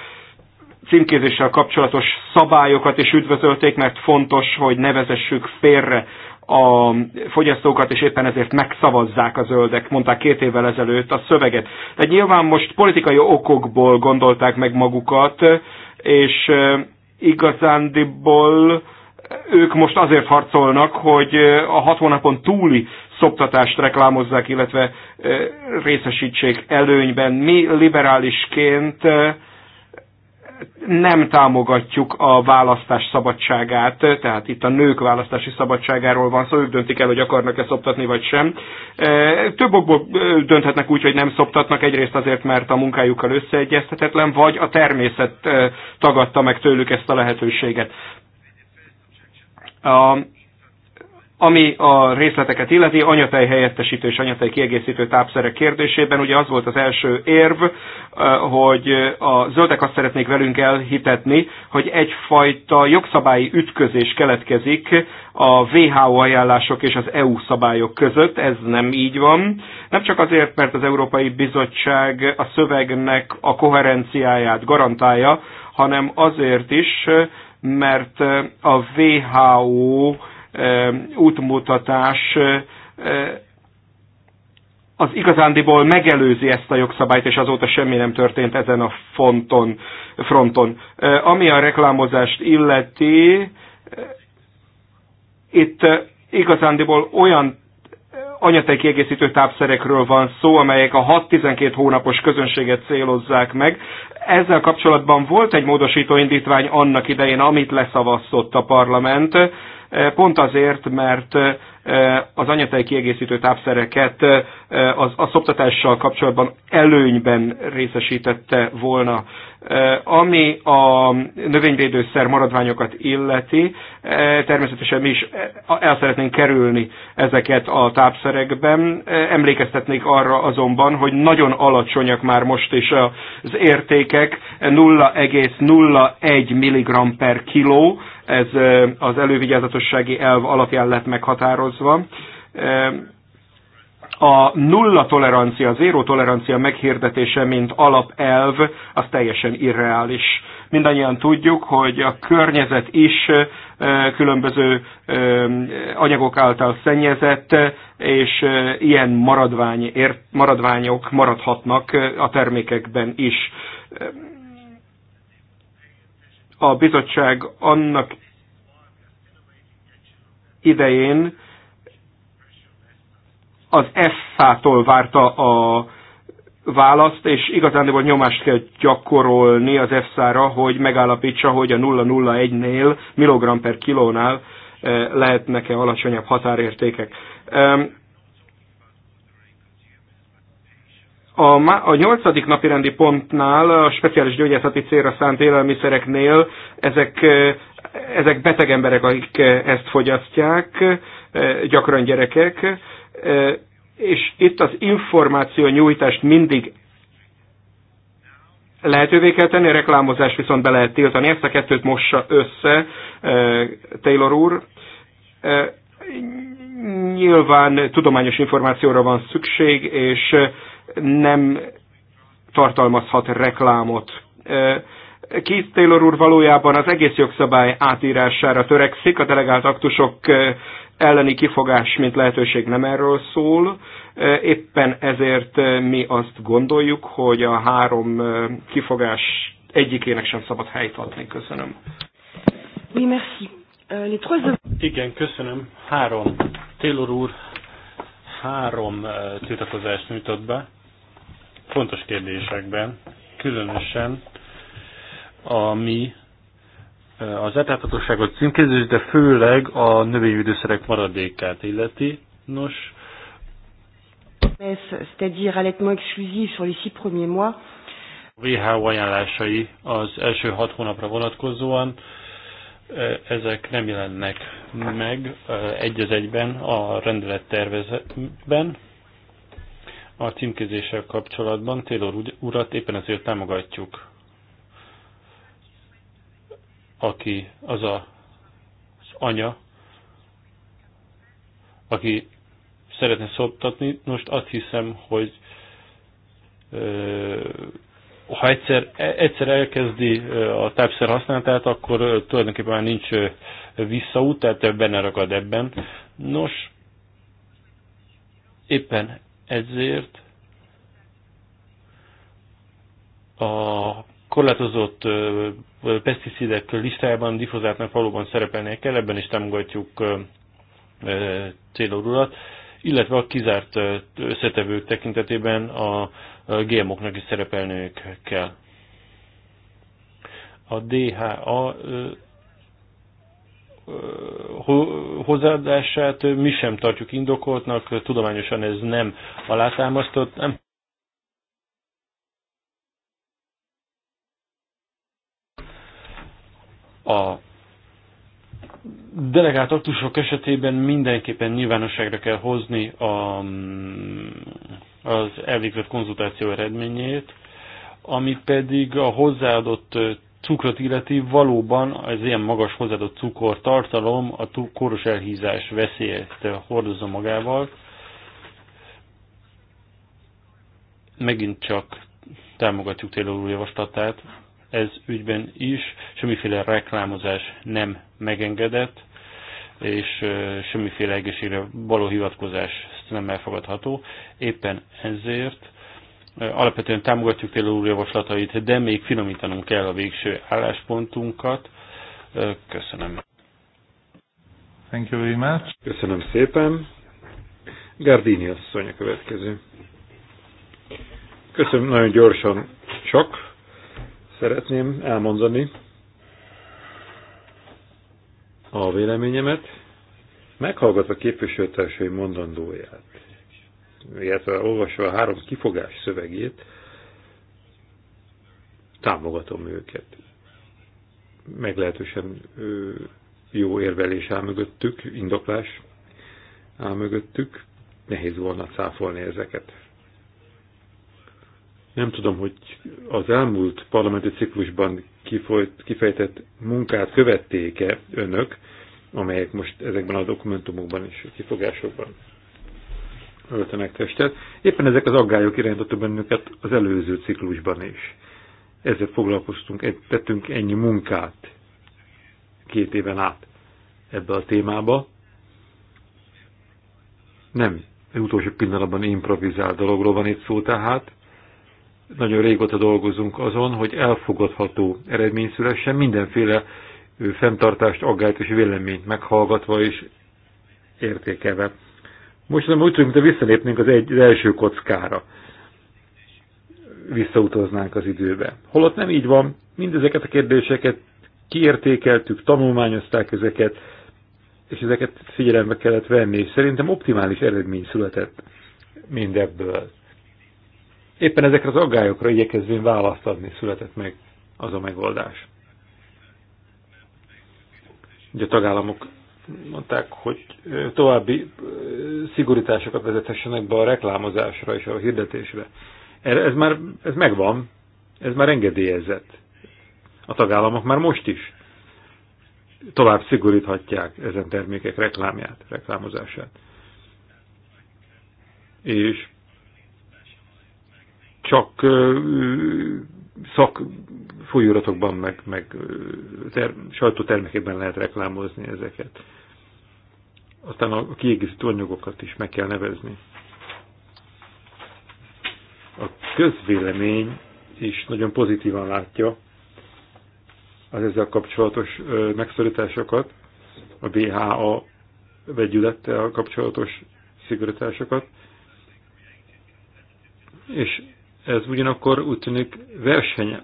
címkézéssel kapcsolatos szabályokat is üdvözölték, mert fontos, hogy nevezessük félre a fogyasztókat, és éppen ezért megszavazzák a zöldek, mondták két évvel ezelőtt a szöveget. De nyilván most politikai okokból gondolták meg magukat, és igazándiból ők most azért harcolnak, hogy a hat hónapon túli szoptatást reklámozzák, illetve részesítsék előnyben. Mi liberálisként nem támogatjuk a választás szabadságát, tehát itt a nők választási szabadságáról van szó, szóval ők döntik el, hogy akarnak-e szoptatni vagy sem. E, több okból e, dönthetnek úgy, hogy nem szoptatnak, egyrészt azért, mert a munkájukkal összeegyeztetetlen, vagy a természet e, tagadta meg tőlük ezt a lehetőséget. A ami a részleteket illeti, anyatej helyettesítő és anyatej kiegészítő tápszerek kérdésében, ugye az volt az első érv, eh, hogy a zöldek azt szeretnék velünk elhitetni, hogy egyfajta jogszabályi ütközés keletkezik a WHO ajánlások és az EU szabályok között, ez nem így van. Nem csak azért, mert az Európai Bizottság a szövegnek a koherenciáját garantálja, hanem azért is, mert a WHO útmutatás az igazándiból megelőzi ezt a jogszabályt, és azóta semmi nem történt ezen a fonton, fronton. Ami a reklámozást illeti, itt igazándiból olyan anyatej kiegészítő tápszerekről van szó, amelyek a 6-12 hónapos közönséget célozzák meg. Ezzel kapcsolatban volt egy módosító indítvány annak idején, amit leszavazott a parlament, pont azért, mert az anyatej kiegészítő tápszereket az, a szoptatással kapcsolatban előnyben részesítette volna. Ami a növényvédőszer maradványokat illeti, természetesen mi is el szeretnénk kerülni ezeket a tápszerekben. Emlékeztetnék arra azonban, hogy nagyon alacsonyak már most is az értékek, 0,01 mg per kiló, ez az elővigyázatossági elv alapján lett meghatározva. A nulla tolerancia, a zéró tolerancia meghirdetése, mint alapelv, az teljesen irreális. Mindannyian tudjuk, hogy a környezet is különböző anyagok által szennyezett, és ilyen maradvány, maradványok maradhatnak a termékekben is a bizottság annak idején az EFSA-tól várta a választ, és igazán hogy nyomást kell gyakorolni az EFSA-ra, hogy megállapítsa, hogy a 001-nél, milligram per kilónál eh, lehetnek-e alacsonyabb határértékek. A, a nyolcadik napi rendi pontnál, a speciális gyógyászati célra szánt élelmiszereknél ezek, ezek beteg emberek, akik ezt fogyasztják, gyakran gyerekek, és itt az információ nyújtást mindig lehetővé kell tenni, a reklámozást viszont be lehet tiltani. Ezt a kettőt mossa össze Taylor úr. Nyilván tudományos információra van szükség, és nem tartalmazhat reklámot. Keith Taylor úr valójában az egész jogszabály átírására törekszik, a delegált aktusok elleni kifogás, mint lehetőség nem erről szól. Éppen ezért mi azt gondoljuk, hogy a három kifogás egyikének sem szabad helyt adni. Köszönöm. Euh, Igen, köszönöm. Három. Taylor úr három tiltakozást nyújtott be fontos kérdésekben, különösen ami e, az átláthatóságot címkézés, de főleg a növényvédőszerek maradékát illeti. Nos, c'est-à-dire allaitement exclusif sur les six premiers mois. WHO ajánlásai az első hat hónapra vonatkozóan, e, ezek nem jelennek meg e, egy az egyben a rendelettervezetben a címkézéssel kapcsolatban. Taylor urat éppen ezért támogatjuk, aki az a, az anya, aki szeretne szoptatni. Most azt hiszem, hogy ö, ha egyszer, e- egyszer elkezdi a tápszer használatát, akkor tulajdonképpen már nincs visszaút, tehát benne ragad ebben. Nos, éppen ezért a korlátozott peszticidek listájában difozátnak valóban szerepelnie kell, ebben is támogatjuk célorulat, illetve a kizárt összetevők tekintetében a GMO-knak is szerepelniük kell. A DHA hozzáadását mi sem tartjuk indokoltnak, tudományosan ez nem alátámasztott, nem a delegált aktusok esetében mindenképpen nyilvánosságra kell hozni a, az elvégzett konzultáció eredményét, ami pedig a hozzáadott cukrot illeti, valóban az ilyen magas hozzáadott cukortartalom a kóros elhízás veszélyt hordozza magával. Megint csak támogatjuk Taylor úr javaslatát, ez ügyben is semmiféle reklámozás nem megengedett, és semmiféle egészségre való hivatkozás nem elfogadható. Éppen ezért Alapvetően támogatjuk Taylor úr javaslatait, de még finomítanunk kell a végső álláspontunkat. Köszönöm. Thank you very much. Köszönöm szépen. Gardini asszony a következő. Köszönöm nagyon gyorsan csak. Szeretném elmondani a véleményemet. Meghallgatva képviselőtársai mondandóját, illetve olvasva a három kifogás szövegét, támogatom őket. Meglehetősen jó érvelés áll mögöttük, indoklás áll mögöttük, nehéz volna cáfolni ezeket. Nem tudom, hogy az elmúlt parlamenti ciklusban kifolyt, kifejtett munkát követték-e önök, amelyek most ezekben a dokumentumokban és kifogásokban öltenek testet. Éppen ezek az aggályok irányítottak bennünket az előző ciklusban is. Ezért foglalkoztunk, tettünk ennyi munkát két éven át ebbe a témába. Nem utolsó pillanatban improvizált dologról van itt szó tehát. Nagyon régóta dolgozunk azon, hogy elfogadható eredmény szülessen, mindenféle fenntartást, aggályt és véleményt meghallgatva és értékelve most nem úgy tűnik, mintha visszalépnénk az, egy, az első kockára. Visszautaznánk az időbe. Holott nem így van. Mindezeket a kérdéseket kiértékeltük, tanulmányozták ezeket, és ezeket figyelembe kellett venni, és szerintem optimális eredmény született mindebből. Éppen ezekre az aggályokra igyekezvén választ adni született meg az a megoldás. Ugye a tagállamok mondták, hogy további szigorításokat vezethessenek be a reklámozásra és a hirdetésre. Er, ez már ez megvan, ez már engedélyezett. A tagállamok már most is tovább szigoríthatják ezen termékek reklámját, reklámozását. És csak szak folyóratokban, meg, meg ter, sajtótermékekben lehet reklámozni ezeket. Aztán a kiegészítő anyagokat is meg kell nevezni. A közvélemény is nagyon pozitívan látja az ezzel kapcsolatos megszorításokat, a BHA vegyülettel kapcsolatos szigorításokat, és ez ugyanakkor úgy tűnik verseny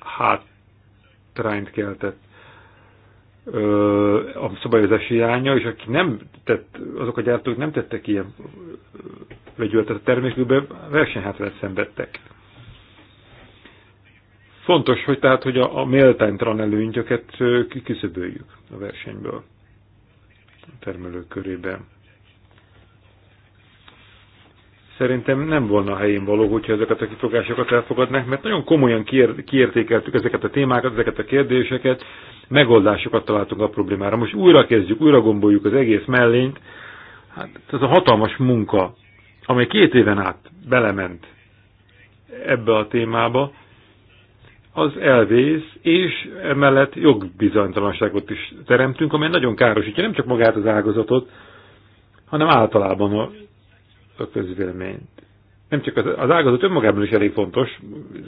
hátrányt keltett a szabályozási hiánya, és aki nem tett, azok a gyártók nem tettek ilyen vegyületet a termékükbe, versenyhátrányt szenvedtek. Fontos, hogy tehát, hogy a, a méltánytalan előnyöket kiküszöböljük a versenyből a termelők körében. Szerintem nem volna helyén való, hogyha ezeket a kifogásokat elfogadnánk, mert nagyon komolyan kiértékeltük ezeket a témákat, ezeket a kérdéseket, megoldásokat találtunk a problémára. Most újra kezdjük, újra gomboljuk az egész mellényt. Hát ez a hatalmas munka, amely két éven át belement ebbe a témába, az elvész, és emellett jogbizonytalanságot is teremtünk, amely nagyon károsítja nem csak magát az ágazatot, hanem általában a a közvéleményt. Nem csak az, az ágazat önmagában is elég fontos,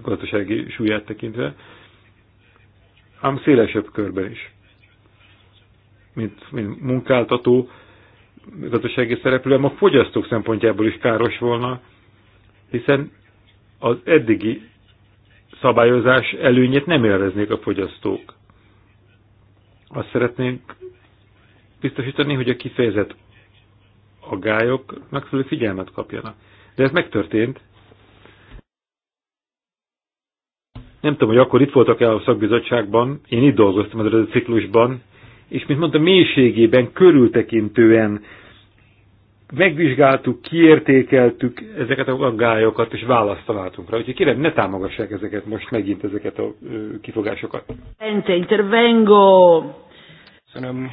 gazdasági súlyát tekintve, ám szélesebb körben is. Mint, mint munkáltató, gazdasági szereplő, a fogyasztók szempontjából is káros volna, hiszen az eddigi szabályozás előnyét nem élveznék a fogyasztók. Azt szeretnénk biztosítani, hogy a kifejezett aggályok megfelelő figyelmet kapjanak. De ez megtörtént. Nem tudom, hogy akkor itt voltak el a szakbizottságban, én itt dolgoztam az a ciklusban, és mint mondtam, mélységében, körültekintően megvizsgáltuk, kiértékeltük ezeket a gályokat, és választ találtunk rá. Úgyhogy kérem, ne támogassák ezeket most megint, ezeket a kifogásokat. Intervengo. Köszönöm.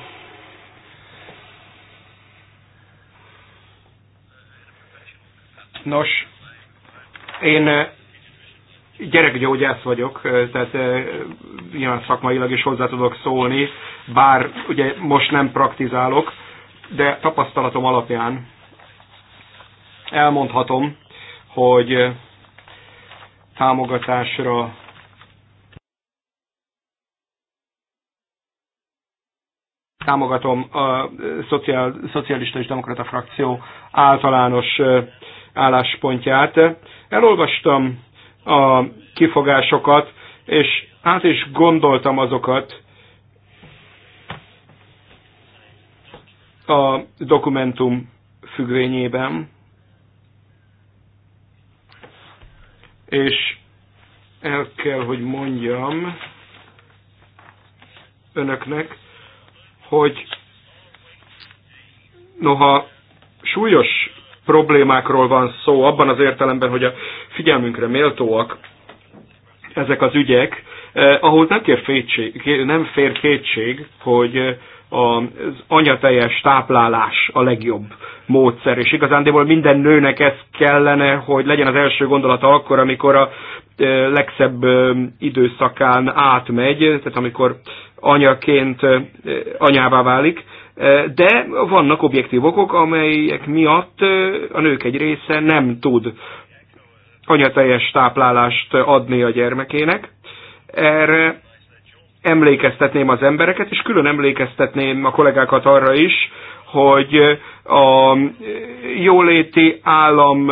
Nos, én gyerekgyógyász vagyok, tehát ilyen szakmailag is hozzá tudok szólni, bár ugye most nem praktizálok, de tapasztalatom alapján elmondhatom, hogy támogatásra támogatom a szociál, szocialista és demokrata frakció általános álláspontját. Elolvastam a kifogásokat, és át is gondoltam azokat a dokumentum függvényében, és el kell, hogy mondjam önöknek, hogy noha súlyos problémákról van szó, abban az értelemben, hogy a figyelmünkre méltóak ezek az ügyek, eh, ahhoz nem, kér fétség, nem fér kétség, hogy eh, az anyateljes táplálás a legjobb módszer, és igazándiból minden nőnek ez kellene, hogy legyen az első gondolata akkor, amikor a eh, legszebb eh, időszakán átmegy, tehát amikor anyaként anyává válik, de vannak objektív okok, amelyek miatt a nők egy része nem tud anyateljes táplálást adni a gyermekének. Erre emlékeztetném az embereket, és külön emlékeztetném a kollégákat arra is, hogy a jóléti állam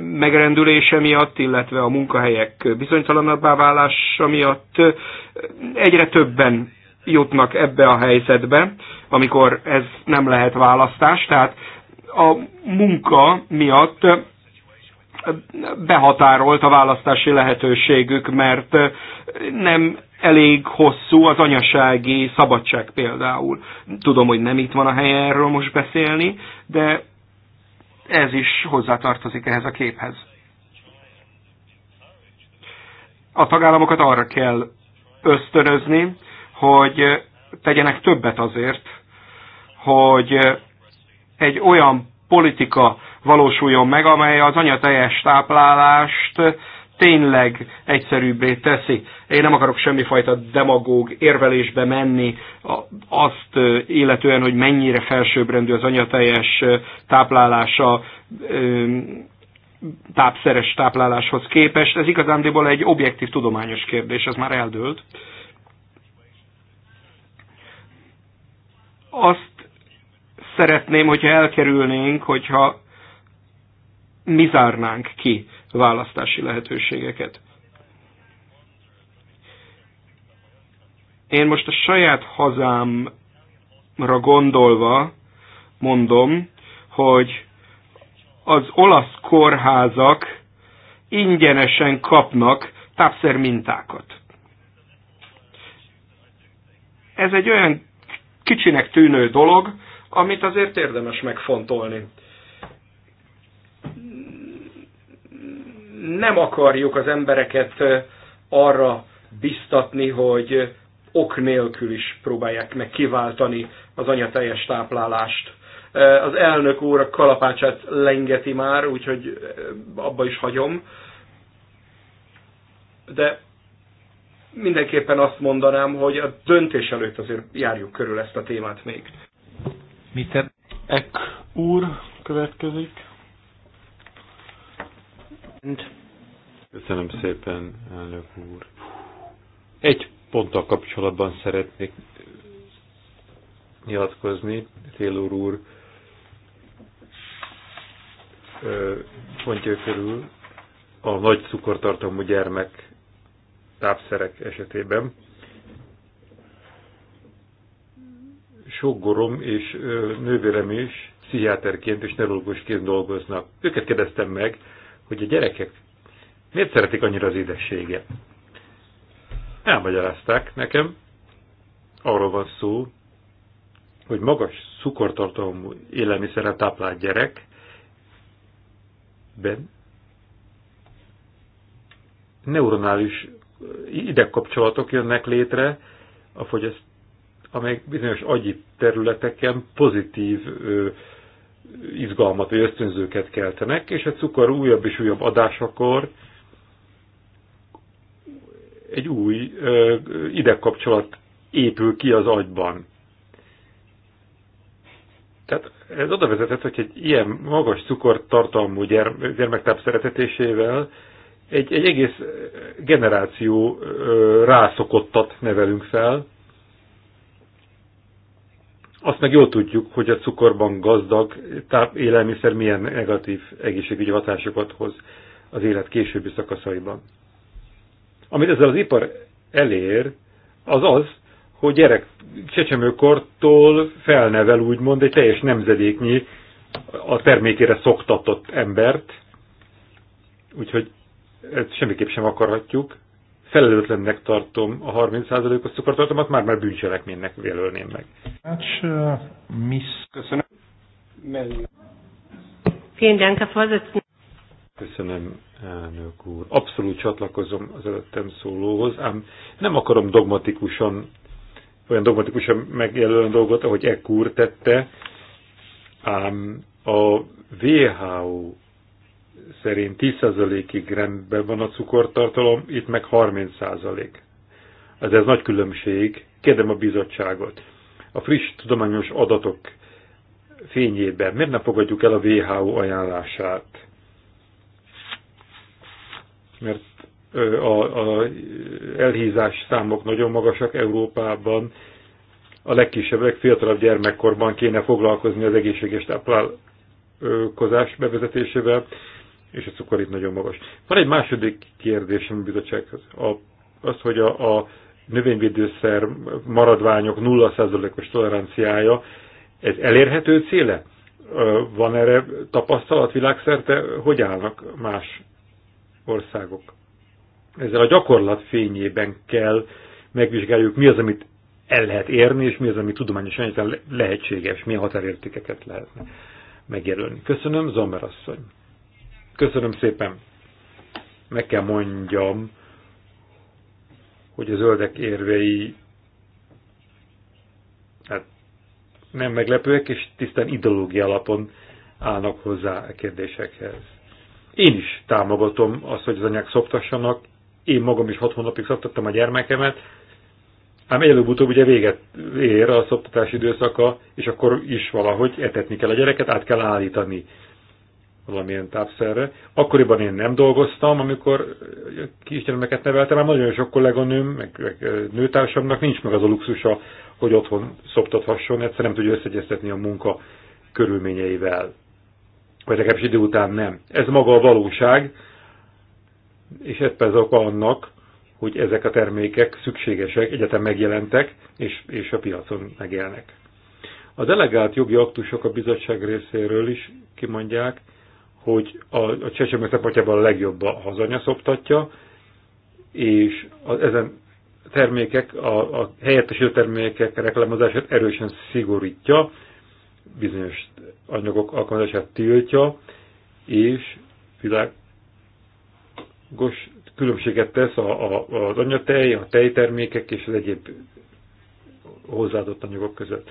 megrendülése miatt, illetve a munkahelyek bizonytalanabbá válása miatt egyre többen jutnak ebbe a helyzetbe, amikor ez nem lehet választás, tehát a munka miatt behatárolt a választási lehetőségük, mert nem elég hosszú az anyasági szabadság például. Tudom, hogy nem itt van a helye erről most beszélni, de ez is hozzátartozik ehhez a képhez. A tagállamokat arra kell ösztönözni, hogy tegyenek többet azért, hogy eh, egy olyan politika valósuljon meg, amely az anyatejes táplálást eh, tényleg egyszerűbbé teszi. Én nem akarok semmifajta demagóg érvelésbe menni azt eh, illetően, hogy mennyire felsőbbrendű az anyatejes táplálása tápszeres tápláláshoz képest. Ez igazándiból egy objektív tudományos kérdés, ez már eldőlt. Azt szeretném, hogyha elkerülnénk, hogyha mi zárnánk ki választási lehetőségeket. Én most a saját hazámra gondolva mondom, hogy az olasz kórházak ingyenesen kapnak mintákat. Ez egy olyan kicsinek tűnő dolog, amit azért érdemes megfontolni. Nem akarjuk az embereket arra biztatni, hogy ok nélkül is próbálják meg kiváltani az teljes táplálást. Az elnök úr a kalapácsát lengeti már, úgyhogy abba is hagyom. De mindenképpen azt mondanám, hogy a döntés előtt azért járjuk körül ezt a témát még. Mr. Eck úr következik. Köszönöm szépen, elnök úr. Egy ponttal kapcsolatban szeretnék nyilatkozni. Télor úr pontja körül a nagy cukortartalmú gyermek tápszerek esetében sógorom és nővérem is pszichiáterként és neurológusként dolgoznak. Őket kérdeztem meg, hogy a gyerekek miért szeretik annyira az édességet. Elmagyarázták nekem, arról van szó, hogy magas cukortartalmú élelmiszerrel táplált gyerekben neuronális idegkapcsolatok jönnek létre a fogyaszt amelyek bizonyos agyi területeken pozitív ö, izgalmat vagy ösztönzőket keltenek, és a cukor újabb és újabb adásakor egy új ö, idegkapcsolat épül ki az agyban. Tehát ez oda vezetett, hogy egy ilyen magas cukortartalmú gyerm gyermektáp szeretetésével egy, egy egész generáció ö, rászokottat nevelünk fel, azt meg jól tudjuk, hogy a cukorban gazdag táp élelmiszer milyen negatív egészségügyi hatásokat hoz az élet későbbi szakaszaiban. Amit ezzel az ipar elér, az az, hogy gyerek csecsemőkortól felnevel úgymond egy teljes nemzedéknyi a termékére szoktatott embert, úgyhogy ezt semmiképp sem akarhatjuk felelőtlennek tartom a 30%-os cukortartalmat, már már bűncselekménynek jelölném meg. Hát, miss. Köszönöm. Köszönöm, elnök úr. Abszolút csatlakozom az előttem szólóhoz, ám nem akarom dogmatikusan, olyan dogmatikusan megjelölni a dolgot, ahogy Ekkur tette, ám a WHO szerint 10%-ig rendben van a cukortartalom, itt meg 30%. Ez, ez nagy különbség. Kérdem a bizottságot. A friss tudományos adatok fényében miért nem fogadjuk el a WHO ajánlását? Mert a, a elhízás számok nagyon magasak Európában, a legkisebb, legfiatalabb gyermekkorban kéne foglalkozni az egészséges táplálkozás bevezetésével, és a cukor itt nagyon magas. Van egy második kérdésem a bizottsághoz. az, hogy a, a növényvédőszer maradványok 0%-os toleranciája, ez elérhető céle? Van erre tapasztalat világszerte? Hogy állnak más országok? Ezzel a gyakorlat fényében kell megvizsgáljuk, mi az, amit el lehet érni, és mi az, ami tudományosan lehetséges, milyen határértékeket lehetne megjelölni. Köszönöm, Zomer asszony. Köszönöm szépen. Meg kell mondjam, hogy a zöldek érvei hát nem meglepőek, és tisztán ideológia alapon állnak hozzá a kérdésekhez. Én is támogatom azt, hogy az anyák szoptassanak, én magam is hat hónapig szoptattam a gyermekemet, ám előbb-utóbb ugye véget ér a szoptatás időszaka, és akkor is valahogy etetni kell a gyereket, át kell állítani valamilyen tápszerre. Akkoriban én nem dolgoztam, amikor kisgyermeket neveltem, már nagyon sok kolléganőm, meg, meg nőtársamnak nincs meg az a luxusa, hogy otthon szoptathasson, egyszerűen nem tudja összegyeztetni a munka körülményeivel. Vagy legalábbis idő után nem. Ez maga a valóság, és ez az oka annak, hogy ezek a termékek szükségesek, egyetem megjelentek, és, és a piacon megélnek. A delegált jogi aktusok a bizottság részéről is kimondják, hogy a, a csecsemő szempontjában a legjobb a hazanya szoptatja, és az, ezen termékek, a, a helyettesítő termékek reklámozását erősen szigorítja, bizonyos anyagok alkalmazását tiltja, és világos különbséget tesz a, a, az anyatej, a tejtermékek és az egyéb hozzáadott anyagok között.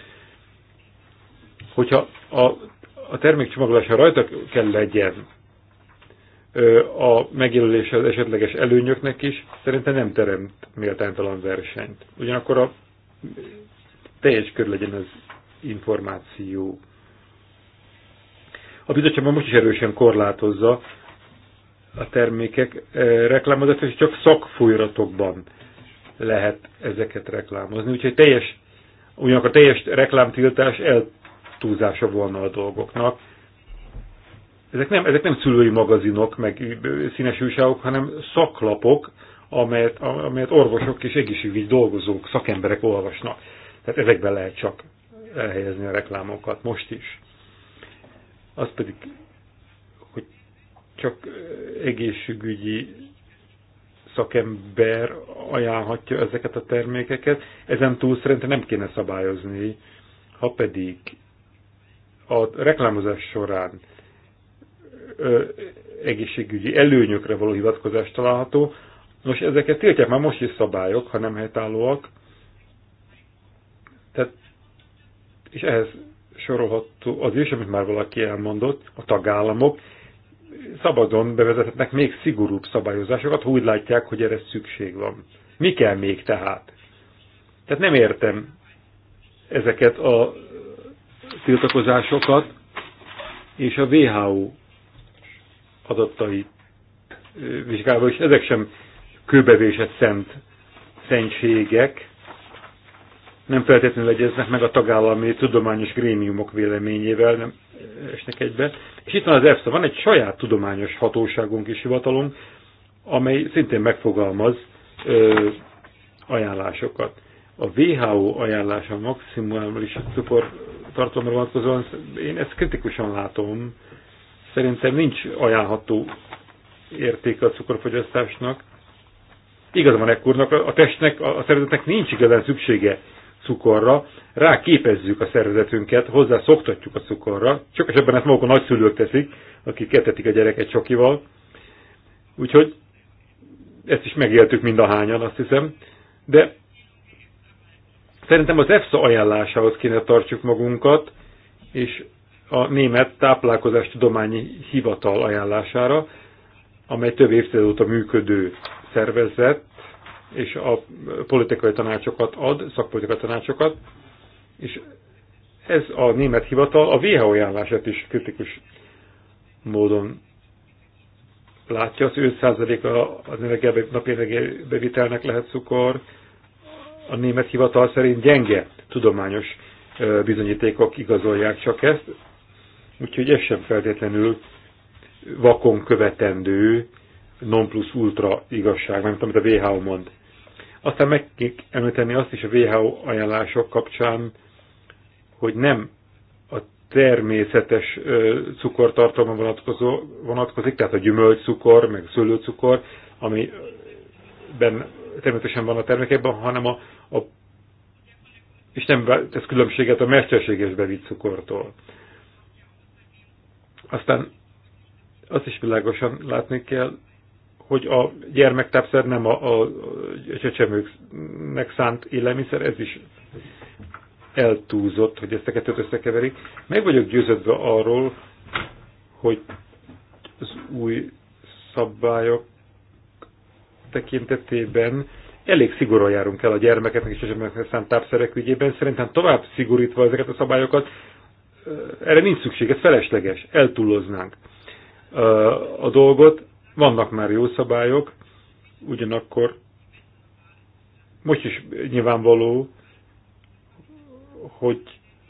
Hogyha a a termékcsomagolás, ha rajta kell legyen a megjelölése az esetleges előnyöknek is, szerintem nem teremt méltánytalan versenyt. Ugyanakkor a teljes kör legyen az információ. A bizottságban most is erősen korlátozza a termékek reklámozását, és csak szakfolyratokban lehet ezeket reklámozni. Úgyhogy teljes, ugyanakkor a teljes reklámtiltás el túlzása volna a dolgoknak. Ezek nem, ezek nem szülői magazinok, meg színes újságok, hanem szaklapok, amelyet, amelyet orvosok és egészségügyi dolgozók, szakemberek olvasnak. Tehát ezekben lehet csak elhelyezni a reklámokat, most is. Az pedig, hogy csak egészségügyi szakember ajánlhatja ezeket a termékeket, ezen túl szerintem nem kéne szabályozni, ha pedig a reklámozás során ö, egészségügyi előnyökre való hivatkozás található. Nos, ezeket tiltják már most is szabályok, ha nem helytállóak. Tehát, és ehhez sorolható az is, amit már valaki elmondott, a tagállamok szabadon bevezetnek még szigorúbb szabályozásokat, ha úgy látják, hogy erre szükség van. Mi kell még tehát? Tehát nem értem ezeket a tiltakozásokat és a WHO adatait vizsgálva, és ezek sem kőbevésett szent szentségek, nem feltétlenül egyeznek meg a tagállami tudományos grémiumok véleményével, nem esnek egybe. És itt van az EFSA, van egy saját tudományos hatóságunk és hivatalunk, amely szintén megfogalmaz ö, ajánlásokat. A WHO ajánlása maximális cukor tartalomra vonatkozóan én ezt kritikusan látom. Szerintem nincs ajánlható értéke a cukorfogyasztásnak. Igaz van ekkornak, a testnek, a szervezetnek nincs igazán szüksége cukorra, Rá képezzük a szervezetünket, hozzá szoktatjuk a cukorra, csak esetben ezt maguk a nagyszülők teszik, akik etetik a gyereket csokival. Úgyhogy ezt is megéltük mind a hányan, azt hiszem. De Szerintem az EFSA ajánlásához kéne tartsuk magunkat, és a német táplálkozás tudományi hivatal ajánlására, amely több évtized óta működő szervezet, és a politikai tanácsokat ad, szakpolitikai tanácsokat, és ez a német hivatal a WHO ajánlását is kritikus módon látja, az 5%-a az napi energiabevitelnek lehet cukor, a német hivatal szerint gyenge tudományos bizonyítékok igazolják csak ezt, úgyhogy ez sem feltétlenül vakon követendő non plus ultra igazság, mert amit a WHO mond. Aztán meg kell említeni azt is a WHO ajánlások kapcsán, hogy nem a természetes cukortartalma vonatkozó, vonatkozik, tehát a gyümölcscukor, meg szőlőcukor, ami ben természetesen van a termékekben, hanem a a, és nem tesz különbséget a mesterséges bevitt cukortól. Aztán azt is világosan látni kell, hogy a gyermektápszer nem a, a csecsemőknek szánt élelmiszer, ez is eltúzott, hogy ezt a kettőt összekeverik. Meg vagyok győződve arról, hogy az új szabályok tekintetében elég szigorúan járunk el a gyermekeknek és a gyermekeknek szánt tápszerek ügyében. Szerintem tovább szigorítva ezeket a szabályokat, erre nincs szükség, ez felesleges, eltúloznánk a dolgot. Vannak már jó szabályok, ugyanakkor most is nyilvánvaló, hogy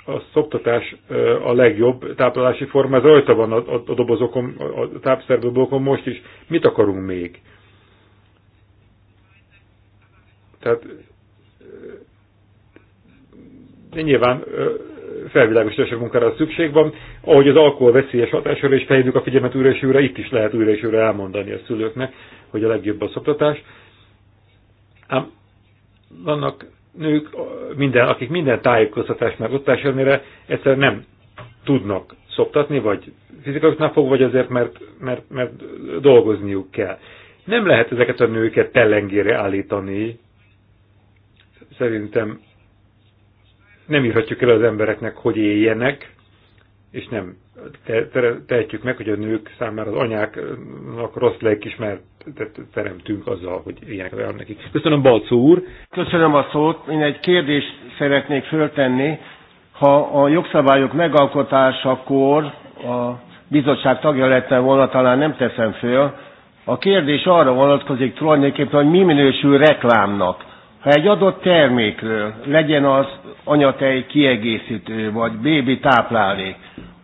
a szoptatás a legjobb táplálási forma, ez rajta van a, a, a dobozokon, a tápszerdobokon most is. Mit akarunk még? Tehát de nyilván felvilágosításabb munkára szükség van. Ahogy az alkohol veszélyes hatásra is fejlődik a figyelmet újra és újra, itt is lehet újra és újra elmondani a szülőknek, hogy a legjobb a szoptatás. Ám vannak nők, minden, akik minden tájékoztatás megosztás ellenére egyszerűen nem tudnak szoptatni, vagy fizikai fog, vagy azért, mert, mert, mert dolgozniuk kell. Nem lehet ezeket a nőket tellengére állítani, Szerintem nem írhatjuk el az embereknek, hogy éljenek, és nem tehetjük meg, hogy a nők számára az anyáknak rossz lelkismert teremtünk azzal, hogy ilyenek olyan nekik. Köszönöm, Balcó úr! Köszönöm a szót. Én egy kérdést szeretnék föltenni. Ha a jogszabályok megalkotásakor a bizottság tagja lettem volna, talán nem teszem föl. A kérdés arra vonatkozik tulajdonképpen, hogy mi minősül reklámnak. Ha egy adott termékről legyen az anyatej kiegészítő vagy bébi táplálék,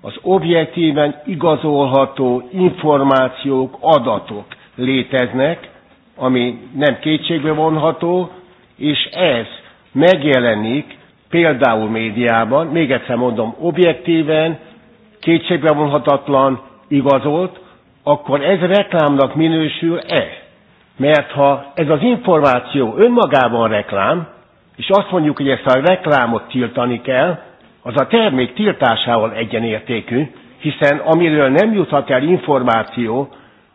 az objektíven igazolható információk, adatok léteznek, ami nem kétségbe vonható, és ez megjelenik például médiában, még egyszer mondom, objektíven, kétségbe vonhatatlan, igazolt, akkor ez reklámnak minősül-e? Mert ha ez az információ önmagában reklám, és azt mondjuk, hogy ezt a reklámot tiltani kell, az a termék tiltásával egyenértékű, hiszen amiről nem juthat el információ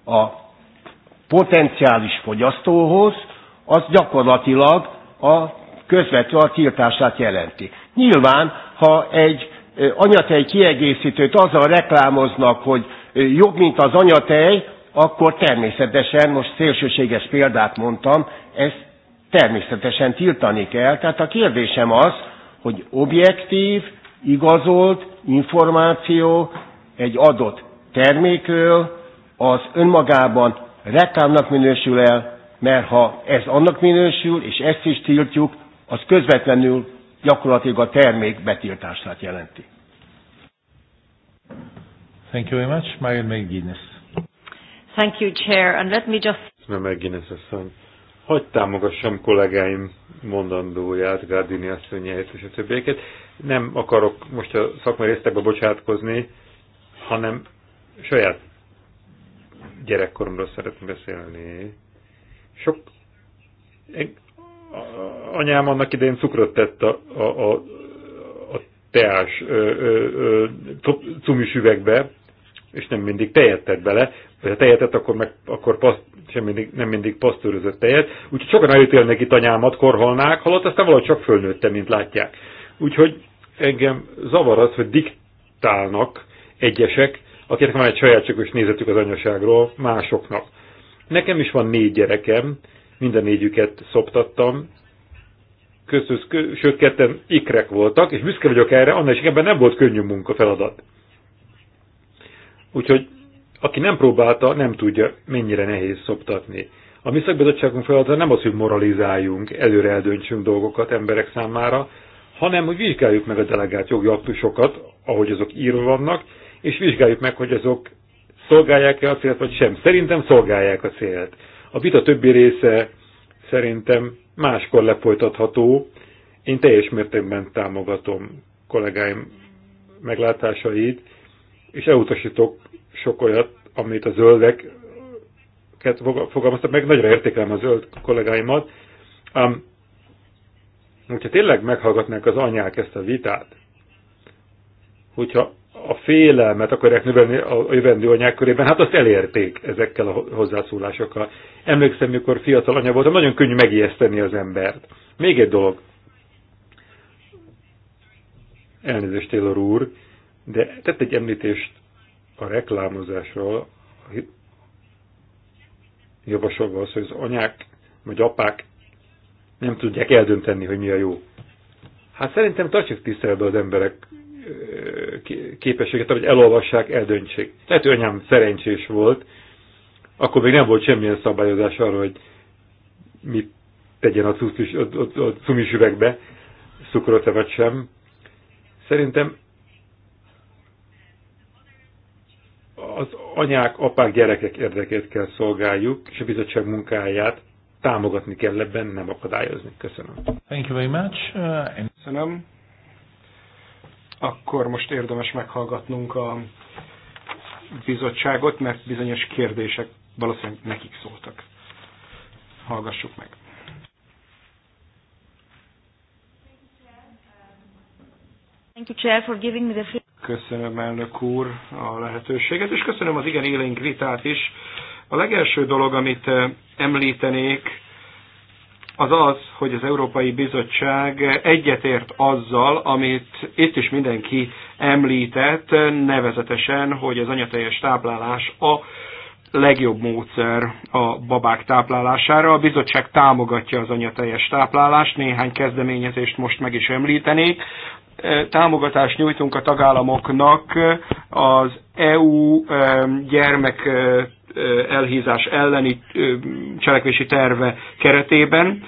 a potenciális fogyasztóhoz, az gyakorlatilag a közvető a tiltását jelenti. Nyilván, ha egy anyatej kiegészítőt azzal reklámoznak, hogy jobb, mint az anyatej, akkor természetesen, most szélsőséges példát mondtam, ezt természetesen tiltani kell. Tehát a kérdésem az, hogy objektív, igazolt információ egy adott termékről az önmagában reklámnak minősül el, mert ha ez annak minősül, és ezt is tiltjuk, az közvetlenül gyakorlatilag a termék betiltását jelenti. Thank you very much. Marian McGuinness. Thank you, Chair, and let me just... Hogy támogassam kollégáim mondandóját, Gárdini asszonyáit és a többieket. Nem akarok most a szakmai résztekbe bocsátkozni, hanem saját gyerekkoromról szeretném beszélni. Sok anyám annak idején cukrot tett a, a, a, a teás ö, ö, ö, cumis üvegbe, és nem mindig tejet tett bele, vagy a tejet akkor, meg, akkor paszt, sem mindig, nem mindig pasztőrözött tejet. Úgyhogy sokan elítélnek itt anyámat, korholnák, halott, aztán valahogy csak fölnőtte, mint látják. Úgyhogy engem zavar az, hogy diktálnak egyesek, akiknek van egy sajátságos nézetük az anyaságról másoknak. Nekem is van négy gyerekem, minden négyüket szoptattam, kö, sőt, ketten ikrek voltak, és büszke vagyok erre, annál is ebben nem volt könnyű munka feladat. Úgyhogy aki nem próbálta, nem tudja, mennyire nehéz szoptatni. A mi szakbizottságunk feladata nem az, hogy moralizáljunk, előre eldöntsünk dolgokat emberek számára, hanem hogy vizsgáljuk meg a delegált jogi aktusokat, ahogy azok írva vannak, és vizsgáljuk meg, hogy azok szolgálják-e a célt, vagy sem. Szerintem szolgálják a célt. A vita többi része szerintem máskor lefolytatható. Én teljes mértékben támogatom kollégáim meglátásait, és elutasítok sok olyat, amit a zöldek fogalmaztak meg, nagyra értékelem a zöld kollégáimat, Um, hogyha tényleg meghallgatnák az anyák ezt a vitát, hogyha a félelmet akarják növelni a jövendő anyák körében, hát azt elérték ezekkel a hozzászólásokkal. Emlékszem, mikor fiatal anya voltam, nagyon könnyű megijeszteni az embert. Még egy dolog. Elnézést, Taylor úr, de tett egy említést a reklámozásról javasolva az, hogy az anyák vagy apák nem tudják eldönteni, hogy mi a jó. Hát szerintem tartsuk tiszteletbe az emberek képességet, hogy elolvassák, eldöntsék. Lehet, hogy anyám szerencsés volt, akkor még nem volt semmilyen szabályozás arra, hogy mit tegyen a, cumis, a, a, a üvegbe, vagy sem. Szerintem az anyák, apák, gyerekek érdekét kell szolgáljuk, és a bizottság munkáját támogatni kell ebben, nem akadályozni. Köszönöm. Thank you very much. Uh, Köszönöm. Akkor most érdemes meghallgatnunk a bizottságot, mert bizonyos kérdések valószínűleg nekik szóltak. Hallgassuk meg. Thank you, Chair, for giving me the Köszönöm, elnök úr, a lehetőséget, és köszönöm az igen élénk vitát is. A legelső dolog, amit eh, említenék, az az, hogy az Európai Bizottság egyetért azzal, amit itt is mindenki említett, nevezetesen, hogy az anyateljes táplálás a legjobb módszer a babák táplálására. A bizottság támogatja az anyateljes táplálást, néhány kezdeményezést most meg is említenék támogatást nyújtunk a tagállamoknak az EU gyermek elhízás elleni cselekvési terve keretében.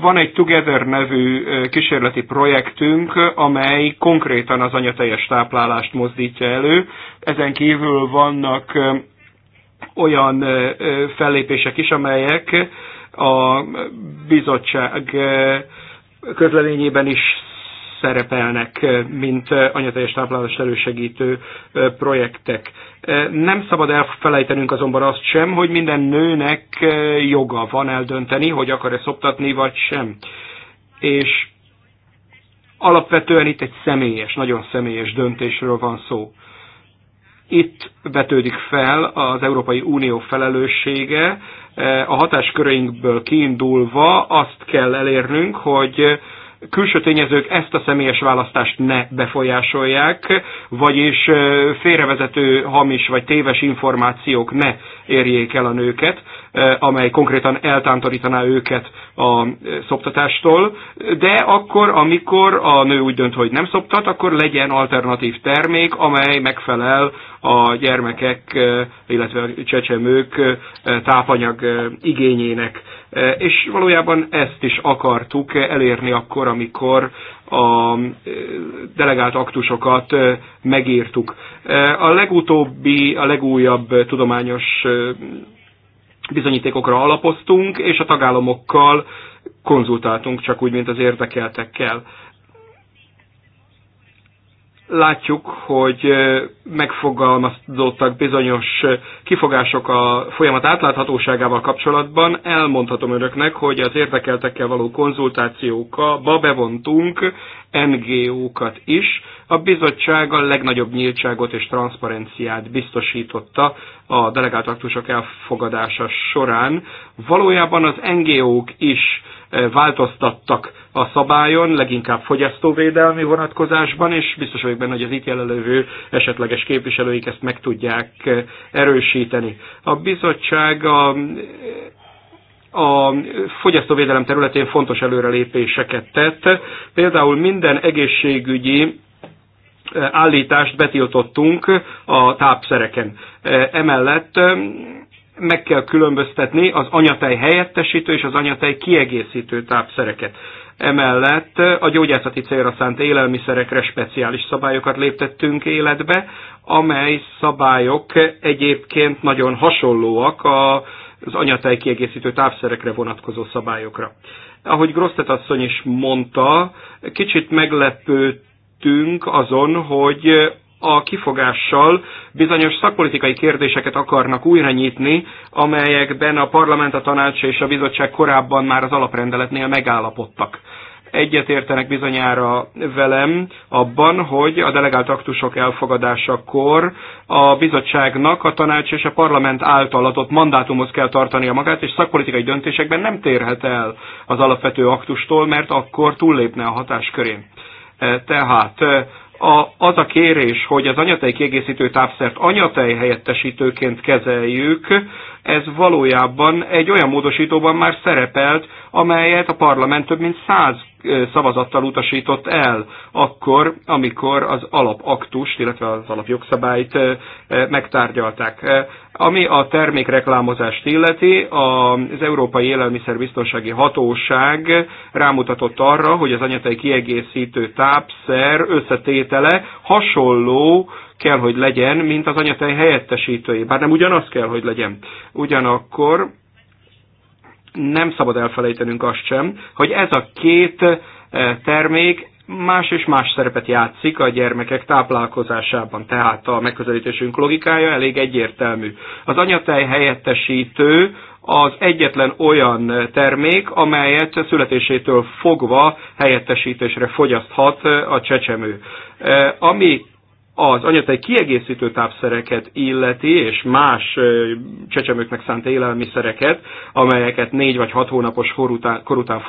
Van egy Together nevű kísérleti projektünk, amely konkrétan az anyateljes táplálást mozdítja elő. Ezen kívül vannak olyan fellépések is, amelyek a bizottság közleményében is szerepelnek, mint anyateljes táplálás elősegítő projektek. Nem szabad elfelejtenünk azonban azt sem, hogy minden nőnek joga van eldönteni, hogy akar-e szoptatni vagy sem. És alapvetően itt egy személyes, nagyon személyes döntésről van szó. Itt vetődik fel az Európai Unió felelőssége, a hatásköreinkből kiindulva azt kell elérnünk, hogy külső tényezők ezt a személyes választást ne befolyásolják, vagyis félrevezető, hamis vagy téves információk ne érjék el a nőket, amely konkrétan eltántorítaná őket a szoptatástól, de akkor, amikor a nő úgy dönt, hogy nem szoptat, akkor legyen alternatív termék, amely megfelel a gyermekek, illetve a csecsemők tápanyag igényének Eh, és valójában ezt is akartuk elérni akkor, amikor a eh, delegált aktusokat eh, megírtuk. A legutóbbi, a legújabb tudományos bizonyítékokra alapoztunk, és a tagállamokkal konzultáltunk, csak úgy, mint az érdekeltekkel látjuk, hogy megfogalmazódtak bizonyos kifogások a folyamat átláthatóságával kapcsolatban. Elmondhatom önöknek, hogy az érdekeltekkel való konzultációkba bevontunk NGO-kat is, a bizottság a legnagyobb nyíltságot és transzparenciát biztosította a delegált aktusok elfogadása során. Valójában az NGO-k is eh, változtattak a szabályon, leginkább fogyasztóvédelmi vonatkozásban, és biztos vagyok benne, hogy az itt jelenlévő esetleges képviselőik ezt meg tudják eh, erősíteni. A bizottság a a fogyasztóvédelem területén fontos előrelépéseket tett. Például minden egészségügyi állítást betiltottunk a tápszereken. E, emellett e, meg kell különböztetni az anyatej helyettesítő és az anyatej kiegészítő tápszereket. Emellett a gyógyászati célra szánt élelmiszerekre speciális szabályokat léptettünk életbe, amely szabályok egyébként nagyon hasonlóak az anyatej kiegészítő tápszerekre vonatkozó szabályokra. Ahogy Grosztet asszony is mondta, kicsit meglepőt segítettünk azon, hogy a kifogással bizonyos szakpolitikai kérdéseket akarnak újra nyitni, amelyekben a parlament, a tanács és a bizottság korábban már az alaprendeletnél megállapodtak. Egyetértenek bizonyára velem abban, hogy a delegált aktusok elfogadásakor a bizottságnak a tanács és a parlament által adott mandátumhoz kell tartania magát, és szakpolitikai döntésekben nem térhet el az alapvető aktustól, mert akkor túllépne a hatáskörén. E, tehát e, a, az a kérés, hogy az anyatej kiegészítő tápszert anyatej helyettesítőként kezeljük, ez valójában egy olyan módosítóban már szerepelt, amelyet a parlament több mint száz szavazattal utasított el, akkor, amikor az alapaktust, illetve az alapjogszabályt megtárgyalták. Ami a termékreklámozást illeti, az Európai Élelmiszerbiztonsági Hatóság rámutatott arra, hogy az anyatej kiegészítő tápszer összetétele hasonló kell, hogy legyen, mint az anyatej helyettesítői. Bár nem ugyanaz kell, hogy legyen. Ugyanakkor nem szabad elfelejtenünk azt sem, hogy ez a két eh, termék más és más szerepet játszik a gyermekek táplálkozásában, tehát a megközelítésünk logikája elég egyértelmű. Az anyatej helyettesítő az egyetlen olyan termék, amelyet születésétől fogva helyettesítésre fogyaszthat eh, a csecsemő. Eh, ami az anyatej kiegészítő tápszereket illeti, és más csecsemőknek szánt élelmiszereket, amelyeket négy vagy hat hónapos kor után, kor után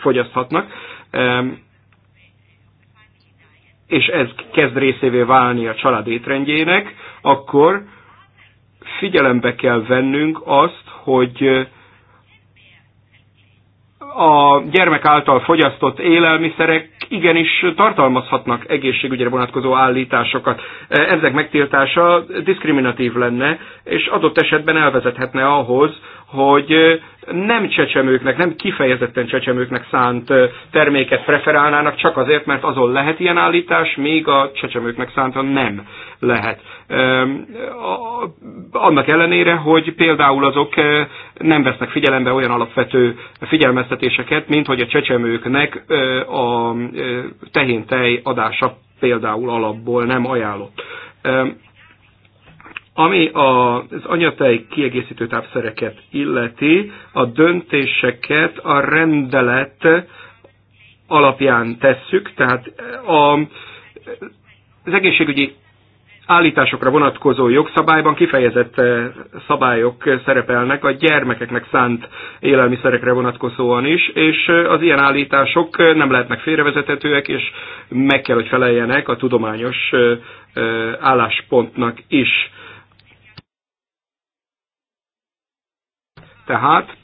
fogyaszthatnak, és ez kezd részévé válni a család étrendjének, akkor figyelembe kell vennünk azt, hogy a gyermek által fogyasztott élelmiszerek igenis tartalmazhatnak egészségügyre vonatkozó állításokat. E, Ezek megtiltása diszkriminatív lenne, és adott esetben elvezethetne ahhoz, hogy nem csecsemőknek, nem kifejezetten csecsemőknek szánt terméket preferálnának, csak azért, mert azon lehet ilyen állítás, még a csecsemőknek szánta nem lehet. Annak ellenére, hogy például azok eh, nem vesznek figyelembe olyan alapvető figyelmeztetéseket, mint hogy a csecsemőknek eh, a eh, tehen-tej adása például alapból nem ajánlott. Ami az anyatej kiegészítő tápszereket illeti, a döntéseket a rendelet alapján tesszük, tehát a, az egészségügyi állításokra vonatkozó jogszabályban kifejezett eh, szabályok szerepelnek a gyermekeknek szánt élelmiszerekre vonatkozóan is, és eh, az ilyen állítások eh, nem lehetnek félrevezetetőek, és meg kell, hogy feleljenek a tudományos álláspontnak is. Tehát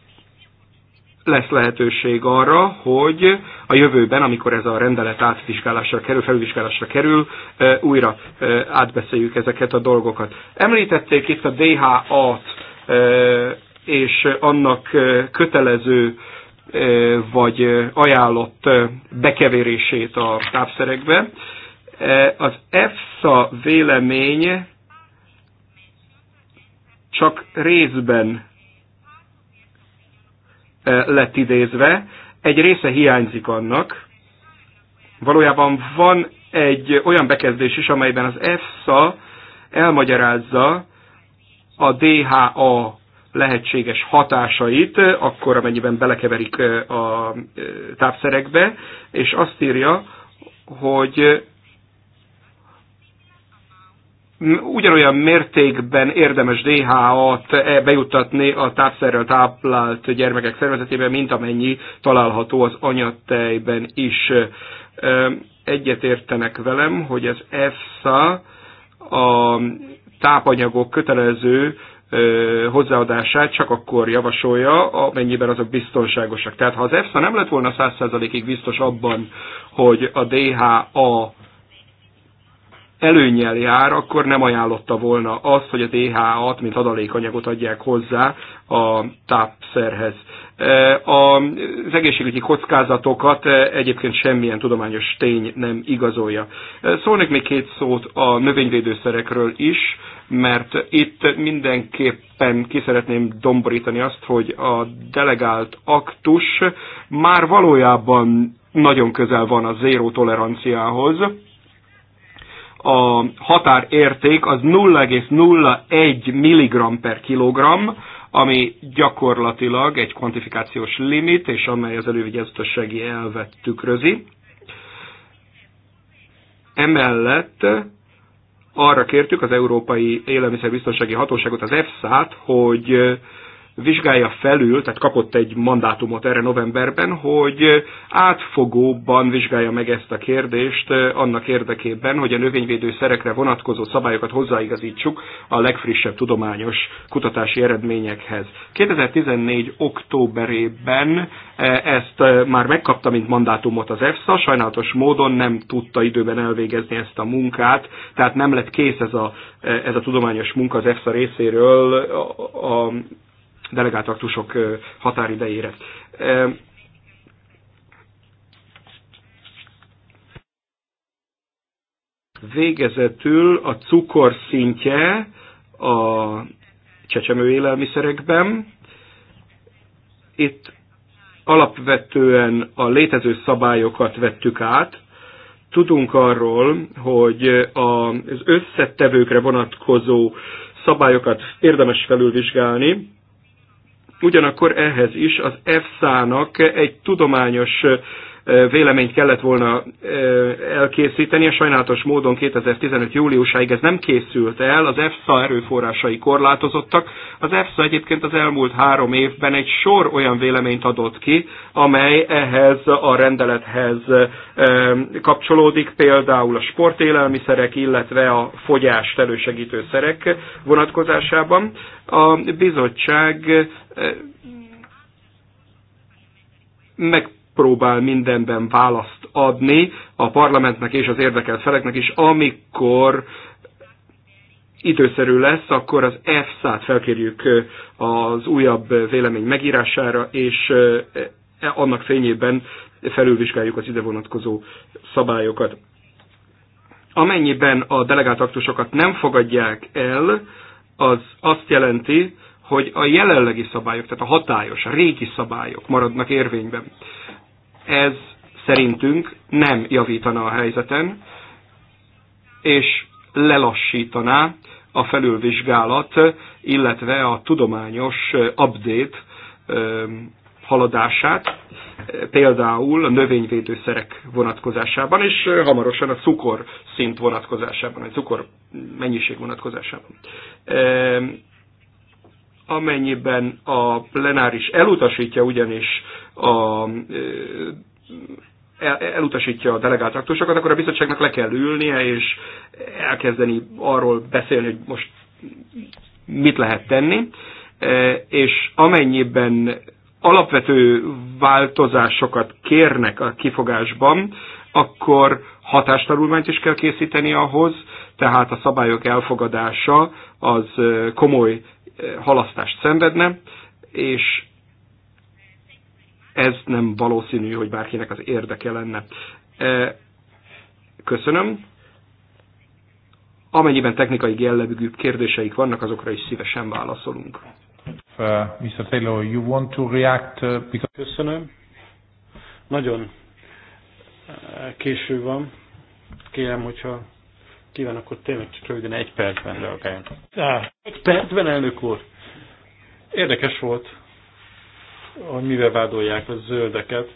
lesz lehetőség arra, hogy a jövőben, amikor ez a rendelet átvizsgálásra kerül, felvizsgálásra kerül, újra átbeszéljük ezeket a dolgokat. Említették itt a DHA-t és annak kötelező vagy ajánlott bekevérését a tápszerekbe. Az EFSA vélemény csak részben lett idézve. Egy része hiányzik annak. Valójában van egy olyan bekezdés is, amelyben az EFSA elmagyarázza a DHA lehetséges hatásait, akkor amennyiben belekeverik a tápszerekbe, és azt írja, hogy ugyanolyan mértékben érdemes DHA-t e bejuttatni a tápszerrel táplált gyermekek szervezetébe, mint amennyi található az anyatejben is. Egyetértenek velem, hogy az EFSA a tápanyagok kötelező hozzáadását csak akkor javasolja, amennyiben azok biztonságosak. Tehát ha az EFSA nem lett volna 100%-ig biztos abban, hogy a DHA előnyel jár, akkor nem ajánlotta volna azt, hogy a DHA-t, e mint adalékanyagot adják hozzá a tápszerhez. E, az egészségügyi kockázatokat e, egyébként semmilyen tudományos tény nem igazolja. Szólnék még két szót a növényvédőszerekről is, mert itt mindenképpen ki szeretném domborítani azt, hogy a delegált aktus már valójában nagyon közel van a zéró toleranciához, a határérték az 0,01 mg per kilogramm, ami gyakorlatilag egy kvantifikációs limit, és amely az elővigyázatossági elvet tükrözi. Emellett arra kértük az Európai Élelmiszerbiztonsági Hatóságot, az EFSA-t, hogy vizsgálja felül, tehát kapott egy mandátumot erre novemberben, hogy átfogóbban vizsgálja meg ezt a kérdést eh, annak érdekében, hogy a növényvédő szerekre vonatkozó szabályokat hozzáigazítsuk a legfrissebb tudományos kutatási eredményekhez. 2014. októberében eh, ezt eh, már megkapta, mint mandátumot az EFSA, sajnálatos módon nem tudta időben elvégezni ezt a munkát, tehát nem lett kész ez a, ez a tudományos munka az EFSA részéről a, a delegált aktusok határidejére. Végezetül a cukor szintje a csecsemő élelmiszerekben. Itt alapvetően a létező szabályokat vettük át. Tudunk arról, hogy az összetevőkre vonatkozó szabályokat érdemes felülvizsgálni, Ugyanakkor ehhez is az EFSA-nak egy tudományos véleményt kellett volna elkészíteni, a sajnálatos módon 2015. júliusáig ez nem készült el, az EFSA erőforrásai korlátozottak. Az EFSA egyébként az elmúlt három évben egy sor olyan véleményt adott ki, amely ehhez a rendelethez kapcsolódik, például a sportélelmiszerek, illetve a fogyást elősegítő szerek vonatkozásában. A bizottság meg próbál mindenben választ adni a parlamentnek és az érdekelt feleknek is, amikor időszerű lesz, akkor az EFSA-t felkérjük az újabb vélemény megírására, és e, e, annak fényében felülvizsgáljuk az ide vonatkozó szabályokat. Amennyiben a delegált aktusokat nem fogadják el, az azt jelenti, hogy a jelenlegi szabályok, tehát a hatályos, a régi szabályok maradnak érvényben. Ez szerintünk nem javítana a helyzeten, és lelassítaná a felülvizsgálat, illetve a tudományos update haladását, például a növényvédőszerek vonatkozásában, és hamarosan a cukor szint vonatkozásában, a cukor mennyiség vonatkozásában amennyiben a plenáris elutasítja ugyanis a e, e, elutasítja a delegált aktusokat, akkor a bizottságnak le kell ülnie, és elkezdeni arról beszélni, hogy most mit lehet tenni, e, és amennyiben alapvető változásokat kérnek a kifogásban, akkor hatástanulmányt is kell készíteni ahhoz, tehát a szabályok elfogadása az komoly halasztást szenvedne, és ez nem valószínű, hogy bárkinek az érdeke lenne. E, köszönöm. Amennyiben technikai jellegű kérdéseik vannak, azokra is szívesen válaszolunk. Uh, Mr. Taylor, you want to react? Uh, because... Köszönöm. Nagyon uh, késő van. Kérem, hogyha kíván, akkor tényleg csak röviden egy percben reagáljon. Egy percben, elnök úr! Érdekes volt, hogy mivel vádolják a zöldeket.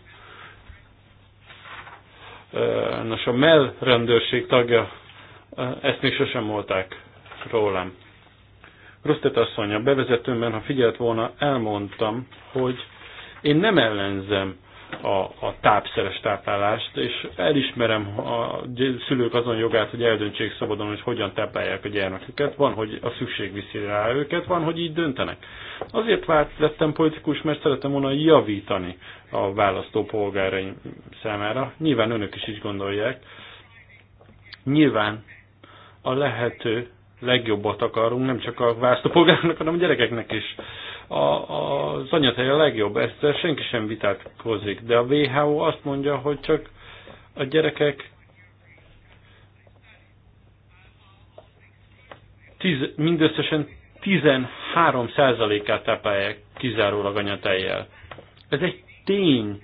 Nos, a MEL rendőrség tagja, ezt még sosem volták rólam. Rusztet asszony, a bevezetőmben, ha figyelt volna, elmondtam, hogy én nem ellenzem a, a tápszeres táplálást, és elismerem a szülők azon jogát, hogy eldöntsék szabadon, hogy hogyan táplálják a gyermeküket, van, hogy a szükség viszi rá őket, van, hogy így döntenek. Azért vált, lettem politikus, mert szeretem volna javítani a választópolgáraim számára. Nyilván önök is így gondolják. Nyilván a lehető legjobbat akarunk, nem csak a választópolgárnak, hanem a gyerekeknek is a, az anyatej a legjobb, ezt senki sem vitatkozik, de a WHO azt mondja, hogy csak a gyerekek 10, mindösszesen 13%-át tápálják kizárólag anyatejjel. Ez egy tény.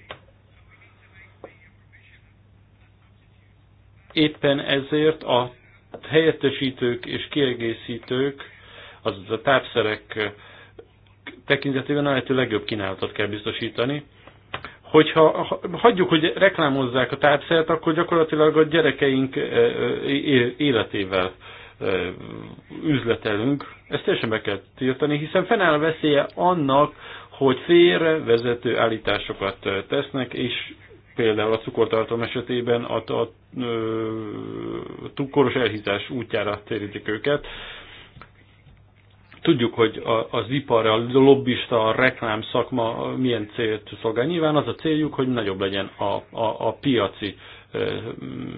Éppen ezért a helyettesítők és kiegészítők, azaz a tápszerek tekintetében a lehető legjobb kínálatot kell biztosítani. Hogyha hagyjuk, hogy reklámozzák a tápszert, akkor gyakorlatilag a gyerekeink e, e, életével e, üzletelünk. Ezt teljesen be kell tiltani, hiszen fennáll a veszélye annak, hogy vezető állításokat tesznek, és például a cukortartalom esetében a, a, a, a, a tukoros elhízás útjára térítik őket. Tudjuk, hogy az ipar, a lobbista, a reklám szakma milyen célt szolgál. Nyilván az a céljuk, hogy nagyobb legyen a, a, a piaci mm,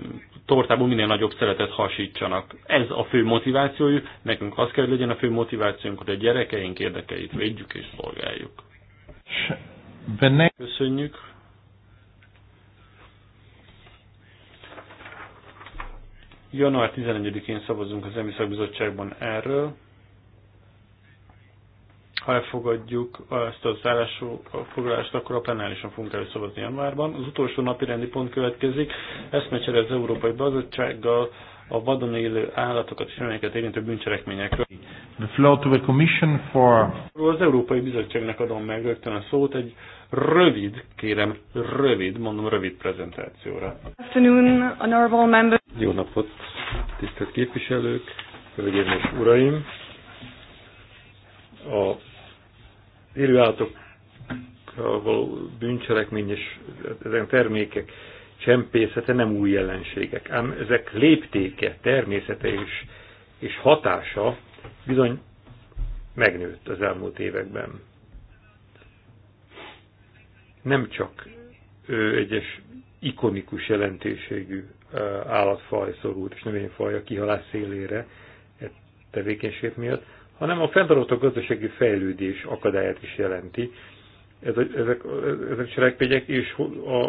tortából minél nagyobb szeretet hasítsanak. Ez a fő motivációjuk, nekünk az kell, hogy legyen a fő motivációnk, hogy a gyerekeink érdekeit védjük és szolgáljuk. Benne. Köszönjük. Január 11-én szavazunk az Emiszakbizottságban erről ha elfogadjuk ezt az állásfoglalást, akkor a plenárisan fogunk előszavazni januárban. Az utolsó napi rendi pont következik, eszmecsere az Európai Bizottsággal a vadon élő állatokat és embereket érintő bűncselekményekről. The flow to the commission for... Az Európai Bizottságnak adom meg rögtön a szót egy rövid, kérem, rövid, mondom rövid prezentációra. Afternoon, honorable Jó napot, tisztelt képviselők, hölgyeim és uraim! a élőállatokkal való bűncselekmény és ezen termékek csempészete nem új jelenségek, ám ezek léptéke, természete és, és hatása bizony megnőtt az elmúlt években. Nem csak ő egyes ikonikus jelentőségű állatfaj szorult és növényfaj a kihalás szélére e, tevékenység miatt, hanem a fenntartható gazdasági fejlődés akadályát is jelenti. Ez, ezek, ezek cselekmények és a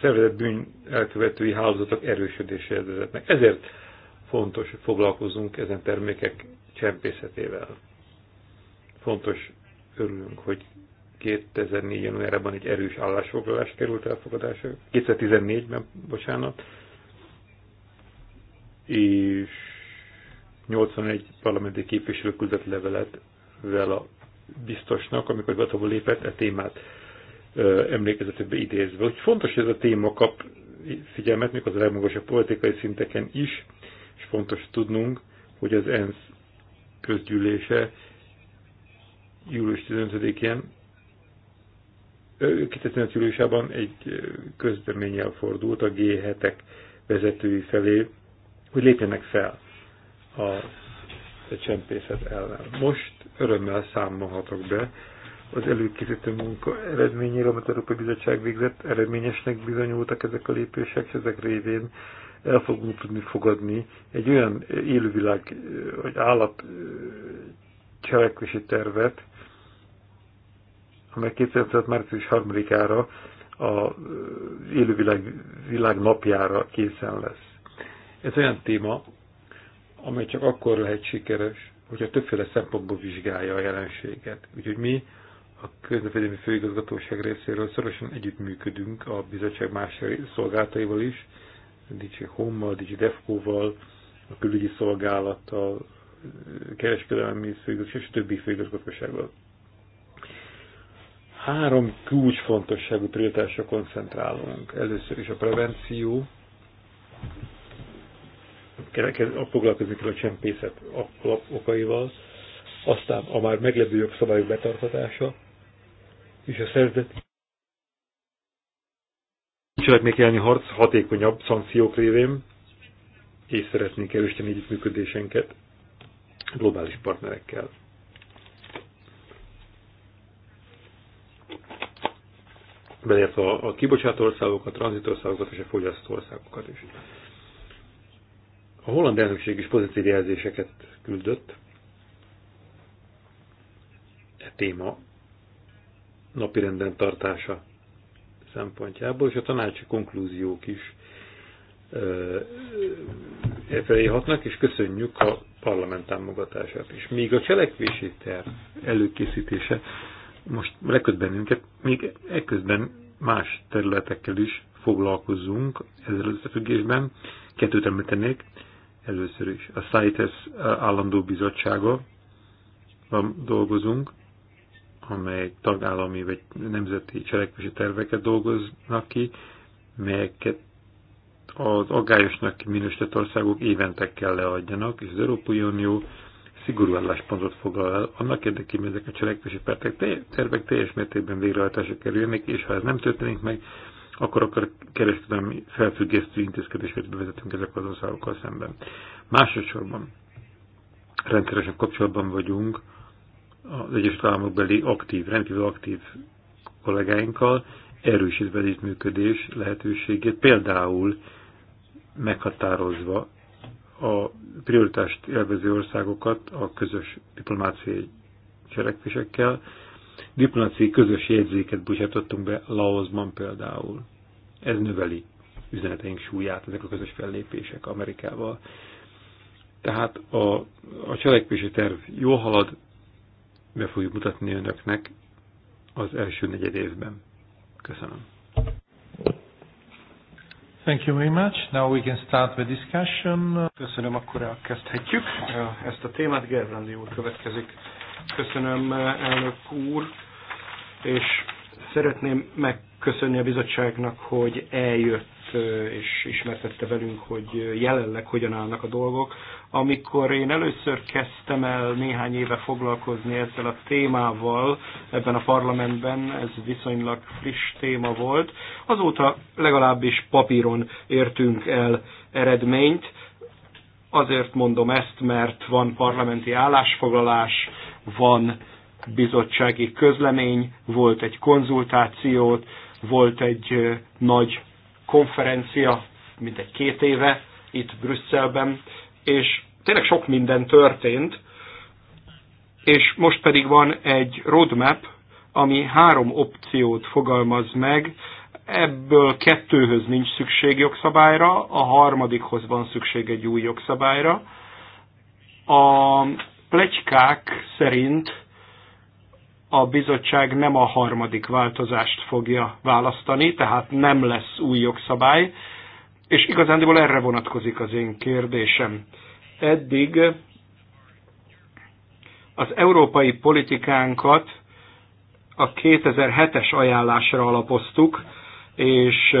szervezett bűn elkövetői hálózatok erősödéséhez vezetnek. Ezért fontos, hogy foglalkozunk ezen termékek csempészetével. Fontos, örülünk, hogy 2004. januárban egy erős állásfoglalás került elfogadásra, 2014-ben, bocsánat, és 81 parlamenti képviselő küldött levelet vele biztosnak, amikor Vatova lépett a e témát emlékezetbe idézve. Úgy fontos, hogy ez a téma kap figyelmet, még az a legmagasabb politikai szinteken is, és fontos tudnunk, hogy az ENSZ közgyűlése július 15-én 2015 júliusában egy közleménnyel fordult a G7-ek vezetői felé, hogy lépjenek fel a csempészet ellen. Most örömmel számolhatok be az előkészítő munka eredményére, amit a Európai Bizottság végzett, eredményesnek bizonyultak ezek a lépések, és ezek révén el fogunk tudni fogadni egy olyan élővilág, vagy állat cselekvési tervet, amely 2005. március 3-ára a élővilág világ napjára készen lesz. Ez olyan téma, amely csak akkor lehet sikeres, hogyha többféle szempontból vizsgálja a jelenséget. Úgyhogy mi a közlekedési főigazgatóság részéről szorosan együttműködünk a bizottság más szolgáltaival is, a DJ Home-mal, DJ Defco-val, a külügyi szolgálattal, kereskedelmi főigazgatóság és a többi főigazgatósággal. Három kulcsfontosságú prioritásra koncentrálunk. Először is a prevenció, foglalkozik el a csempészet okaival, aztán a már meglepő jogszabályok betartatása, és a szerzett cselekmény elleni harc hatékonyabb szankciók révén, és szeretnék erősíteni együttműködésenket globális partnerekkel. Beleértve a, a kibocsátó országokat, tranzitországokat és a fogyasztó országokat is. A holland elnökség is pozitív jelzéseket küldött. E téma napirenden tartása szempontjából, és a tanácsi konklúziók is e felé hatnak, és köszönjük a parlament támogatását is. Míg a cselekvési terv előkészítése most leköt bennünket, még ekközben más területekkel is foglalkozunk ezzel összefüggésben. Kettőt említenék. Először is a CITES állandó bizottsága dolgozunk, amely tagállami vagy nemzeti cselekvési terveket dolgoznak ki, melyeket az aggályosnak minősített országok évente kell leadjanak, és az Európai Unió szigorú álláspontot foglal el, annak érdekében ezek a cselekvési tervek teljes mértékben végrehajtásra kerüljenek, és ha ez nem történik meg, akkor akár kereskedelmi felfüggesztő intézkedéseket bevezetünk ezek az országokkal szemben. Másodszorban rendszeresen kapcsolatban vagyunk az Egyesült Államok belé aktív, rendkívül aktív kollégáinkkal, erősítve az működés lehetőségét, például meghatározva a prioritást élvező országokat a közös diplomáciai cselekvésekkel, diplomáciai közös jegyzéket bocsátottunk be Laosban például. Ez növeli üzeneteink súlyát, ezek a közös fellépések Amerikával. Tehát a, a cselekvési terv jól halad, be fogjuk mutatni önöknek az első negyed évben. Köszönöm. Thank you very much. Now we can start the discussion. Köszönöm, akkor elkezdhetjük eh, ezt a témát. Gerrandi úr következik. Köszönöm, elnök úr, és szeretném megköszönni a bizottságnak, hogy eljött és ismertette velünk, hogy jelenleg hogyan állnak a dolgok. Amikor én először kezdtem el néhány éve foglalkozni ezzel a témával ebben a parlamentben, ez viszonylag friss téma volt, azóta legalábbis papíron értünk el eredményt. Azért mondom ezt, mert van parlamenti állásfoglalás, van bizottsági közlemény, volt egy konzultációt, volt egy nagy konferencia, mint egy két éve itt Brüsszelben, és tényleg sok minden történt, és most pedig van egy roadmap, ami három opciót fogalmaz meg, ebből kettőhöz nincs szükség jogszabályra, a harmadikhoz van szükség egy új jogszabályra. A plegykák szerint a bizottság nem a harmadik változást fogja választani, tehát nem lesz új jogszabály, és igazándiból erre vonatkozik az én kérdésem. Eddig az európai politikánkat a 2007-es ajánlásra alapoztuk, és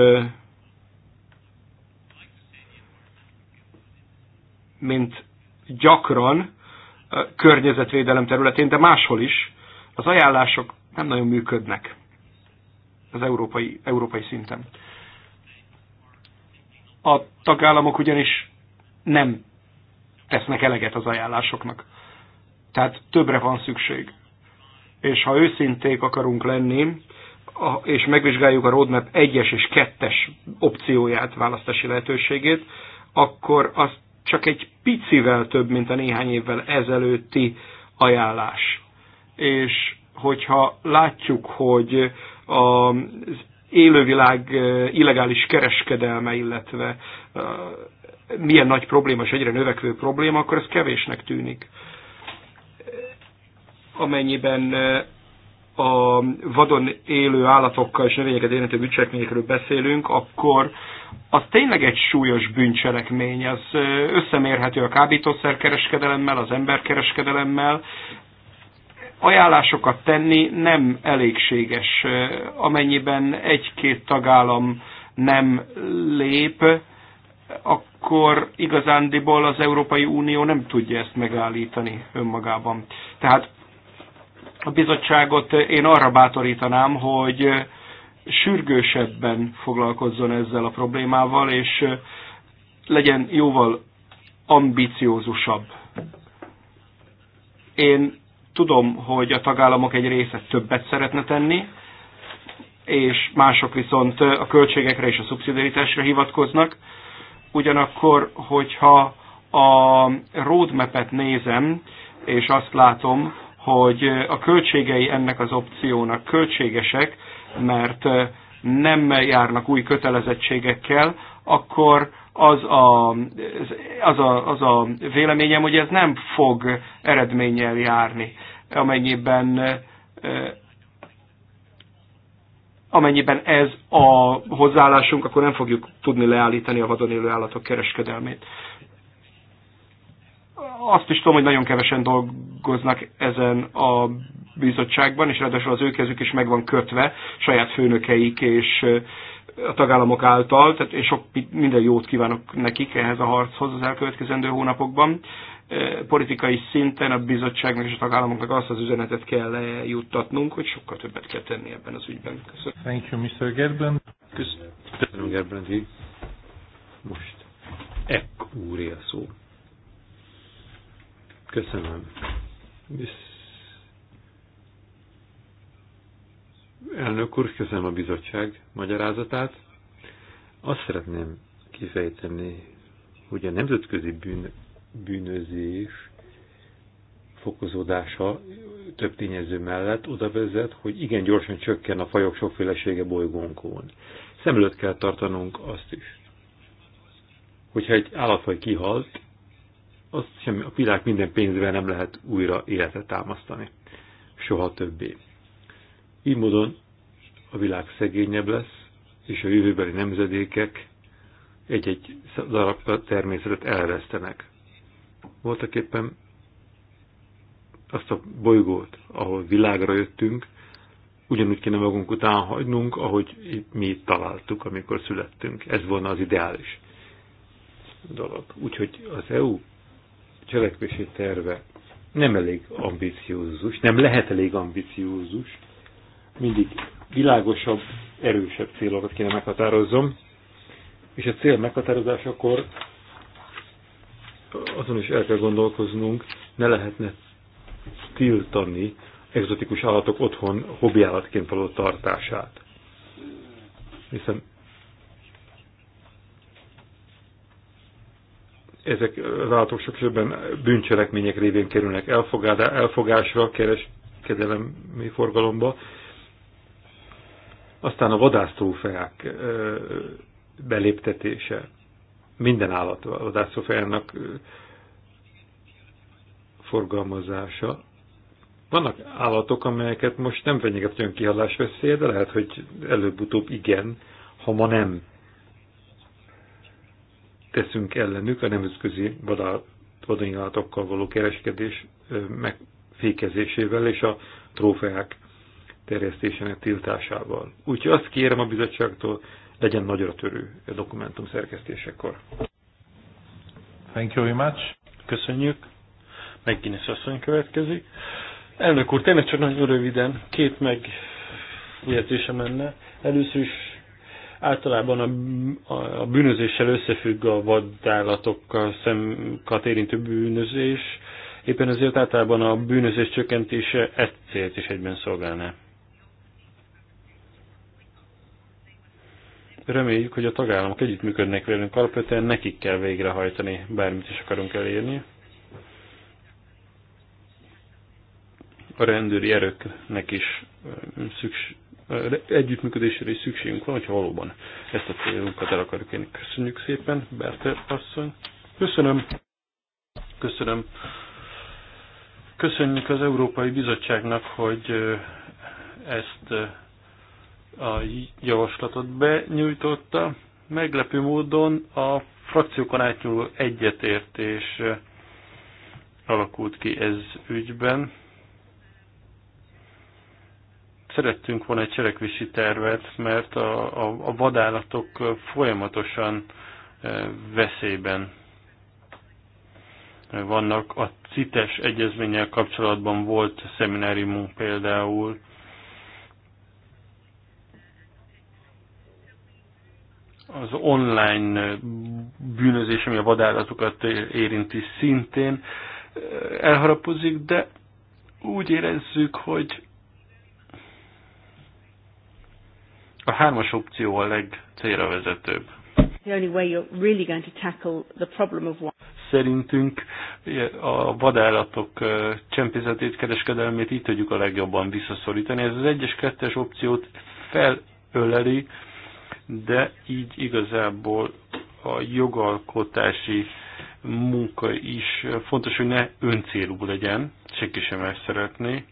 mint gyakran környezetvédelem területén, de máshol is, az ajánlások nem nagyon működnek az európai, európai szinten. A tagállamok ugyanis nem tesznek eleget az ajánlásoknak. Tehát többre van szükség. És ha őszinték akarunk lenni, és megvizsgáljuk a roadmap egyes és kettes opcióját, választási lehetőségét, akkor azt csak egy picivel több, mint a néhány évvel ezelőtti ajánlás. És hogyha látjuk, hogy az élővilág eh, illegális kereskedelme, illetve eh, milyen nagy probléma, és egyre növekvő probléma, akkor ez kevésnek tűnik. Amennyiben eh, a vadon élő állatokkal és növényeket érintő bűncselekményekről beszélünk, akkor az tényleg egy súlyos bűncselekmény. Ez összemérhető a kábítószerkereskedelemmel, az emberkereskedelemmel. Ajánlásokat tenni nem elégséges, amennyiben egy-két tagállam nem lép, akkor igazándiból az Európai Unió nem tudja ezt megállítani önmagában. Tehát a bizottságot én arra bátorítanám, hogy sürgősebben foglalkozzon ezzel a problémával, és legyen jóval ambiciózusabb. Én tudom, hogy a tagállamok egy része többet szeretne tenni, és mások viszont a költségekre és a szubszidiaritásra hivatkoznak. Ugyanakkor, hogyha a roadmap-et nézem, és azt látom, hogy a költségei ennek az opciónak költségesek, mert nem járnak új kötelezettségekkel, akkor az a, az, a, az a véleményem, hogy ez nem fog eredménnyel járni, amennyiben amennyiben ez a hozzáállásunk, akkor nem fogjuk tudni leállítani a vadon élő állatok kereskedelmét. Azt is tudom, hogy nagyon kevesen dolgoznak ezen a bizottságban, és ráadásul az ő kezük is meg van kötve saját főnökeik és a tagállamok által, tehát én sok minden jót kívánok nekik ehhez a harchoz az elkövetkezendő hónapokban. Politikai szinten a bizottságnak és a tagállamoknak azt az üzenetet kell juttatnunk, hogy sokkal többet kell tenni ebben az ügyben. Köszönöm. Thank you, Mr. Gerben. Köszönöm, Gerben. Most Ekk úré a szó. Köszönöm. Elnök úr, köszönöm a bizottság magyarázatát. Azt szeretném kifejteni, hogy a nemzetközi bűn, bűnözés fokozódása több tényező mellett oda vezet, hogy igen gyorsan csökken a fajok sokfélesége bolygónkon. Szem előtt kell tartanunk azt is, hogyha egy állatfaj kihalt, azt sem a világ minden pénzével nem lehet újra életet támasztani. Soha többé. Így módon a világ szegényebb lesz, és a jövőbeli nemzedékek egy-egy darabka természetet elvesztenek. Voltak éppen azt a bolygót, ahol világra jöttünk, ugyanúgy kéne magunk után hagynunk, ahogy mi itt találtuk, amikor születtünk. Ez volna az ideális dolog. Úgyhogy az EU cselekvési terve nem elég ambiciózus, nem lehet elég ambiciózus, mindig világosabb, erősebb célokat kéne meghatározzon, és a cél meghatározásakor azon is el kell gondolkoznunk, ne lehetne tiltani egzotikus állatok otthon hobbiállatként állatként való tartását. Hiszen ezek az állatok sok esetben bűncselekmények révén kerülnek elfogásra, kereskedelemi forgalomba. Aztán a vadásztrófeák beléptetése. Minden állat vadásztrófeának forgalmazása. Vannak állatok, amelyeket most nem fenyeget olyan kihallás veszélye, de lehet, hogy előbb-utóbb igen, ha ma nem teszünk ellenük a nemzetközi vadonyalatokkal való kereskedés megfékezésével és a trófeák terjesztésének tiltásával. Úgyhogy azt kérem a bizottságtól, legyen nagyra törő a dokumentum szerkesztésekor. Thank you very much. Köszönjük. Megint asszony következik. Elnök úr, tényleg csak nagyon röviden, két megjegyzésem lenne. Először is Általában a, a bűnözéssel összefügg a vadállatokkal szemkat érintő bűnözés, éppen ezért általában a bűnözés csökkentése ezt célt is egyben szolgálná. Reméljük, hogy a tagállamok együttműködnek velünk, alapvetően nekik kell végrehajtani, bármit is akarunk elérni. A rendőri erőknek is szükség együttműködésére is szükségünk van, hogyha valóban ezt a célunkat el akarjuk élni Köszönjük szépen, Berter asszony. Köszönöm. Köszönöm. Köszönjük az Európai Bizottságnak, hogy ezt a javaslatot benyújtotta. Meglepő módon a frakciókon átnyúló egyetértés alakult ki ez ügyben. Szerettünk volna egy cselekvési tervet, mert a, a, a vadállatok folyamatosan e, veszélyben vannak. A CITES egyezménnyel kapcsolatban volt szemináriumunk például, az online bűnözés, ami a vadállatokat érinti szintén e, elharapozik, de úgy érezzük, hogy A hármas opció a legcélra vezetőbb. The only way you're really going to tackle the problem of Szerintünk a vadállatok csempészetét, kereskedelmét így tudjuk a legjobban visszaszorítani. Ez az egyes kettes opciót felöleli, de így igazából a jogalkotási munka is fontos, hogy ne öncélú legyen, senki sem ezt szeretné,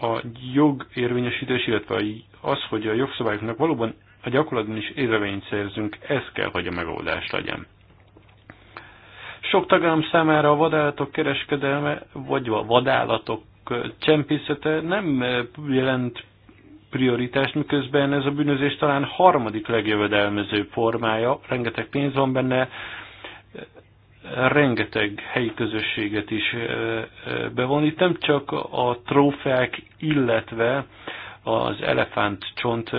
a jog érvényesítés, illetve az, hogy a jogszabályoknak valóban a gyakorlatban is érvényt szerzünk, ez kell, hogy a megoldás legyen. Sok tagállam számára a vadállatok kereskedelme, vagy a vadállatok csempészete nem jelent prioritást, miközben ez a bűnözés talán harmadik legjövedelmező formája, rengeteg pénz van benne, rengeteg helyi közösséget is bevon. Itt nem csak a trófeák, illetve az elefántcsont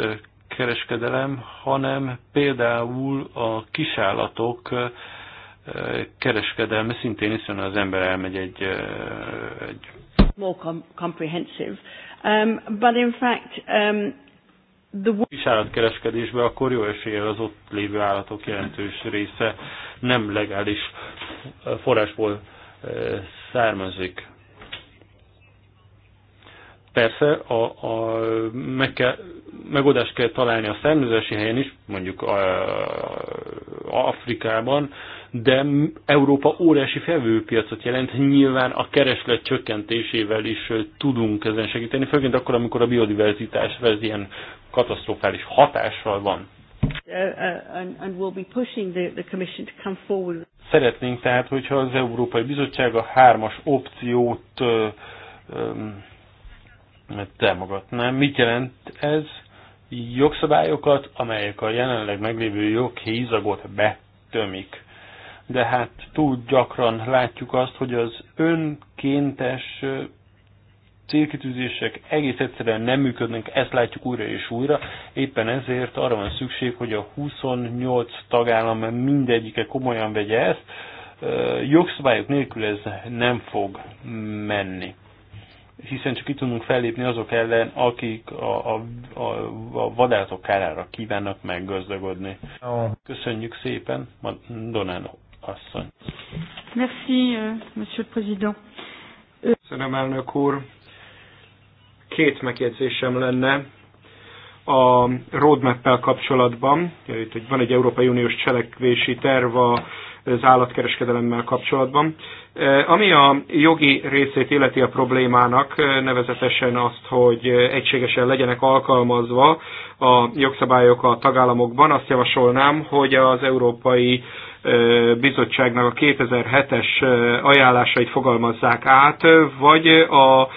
kereskedelem, hanem például a kisállatok kereskedelme szintén, hiszen az ember elmegy egy... egy more com comprehensive. Um, but in fact, um, állatkereskedésben, akkor jó eséllyel az ott lévő állatok jelentős része nem legális forrásból eh, származik. Persze a, a, meg kell, megoldást kell találni a származási helyen is, mondjuk a, a Afrikában, de Európa óriási felvőpiacot jelent, nyilván a kereslet csökkentésével is eh, tudunk ezen segíteni, főként akkor, amikor a biodiverzitás vez ilyen katasztrofális hatással van. Uh, uh, Szeretnénk tehát, hogyha az Európai Bizottság a hármas opciót támogatná. Mit jelent ez? Jogszabályokat, amelyek a jelenleg meglévő joghézagot betömik. De hát túl gyakran látjuk azt, hogy az önkéntes célkitűzések egész egyszerűen nem működnek, ezt látjuk újra és újra. Éppen ezért arra van szükség, hogy a 28 tagállam mindegyike komolyan vegye ezt, jogszabályok nélkül ez nem fog menni hiszen csak itt tudunk fellépni azok ellen, akik a, a, a, a vadátok kárára kívánnak meggazdagodni. Köszönjük szépen, Donán asszony. Merci, euh, monsieur le président. Köszönöm, elnök úr. Két megjegyzésem lenne a roadmap-pel kapcsolatban, itt, hogy van egy Európai Uniós cselekvési terv az állatkereskedelemmel kapcsolatban. E, ami a jogi részét illeti a problémának, e, nevezetesen azt, hogy egységesen legyenek alkalmazva a jogszabályok a tagállamokban, azt javasolnám, hogy az Európai bizottságnak a 2007-es ajánlásait fogalmazzák át, vagy a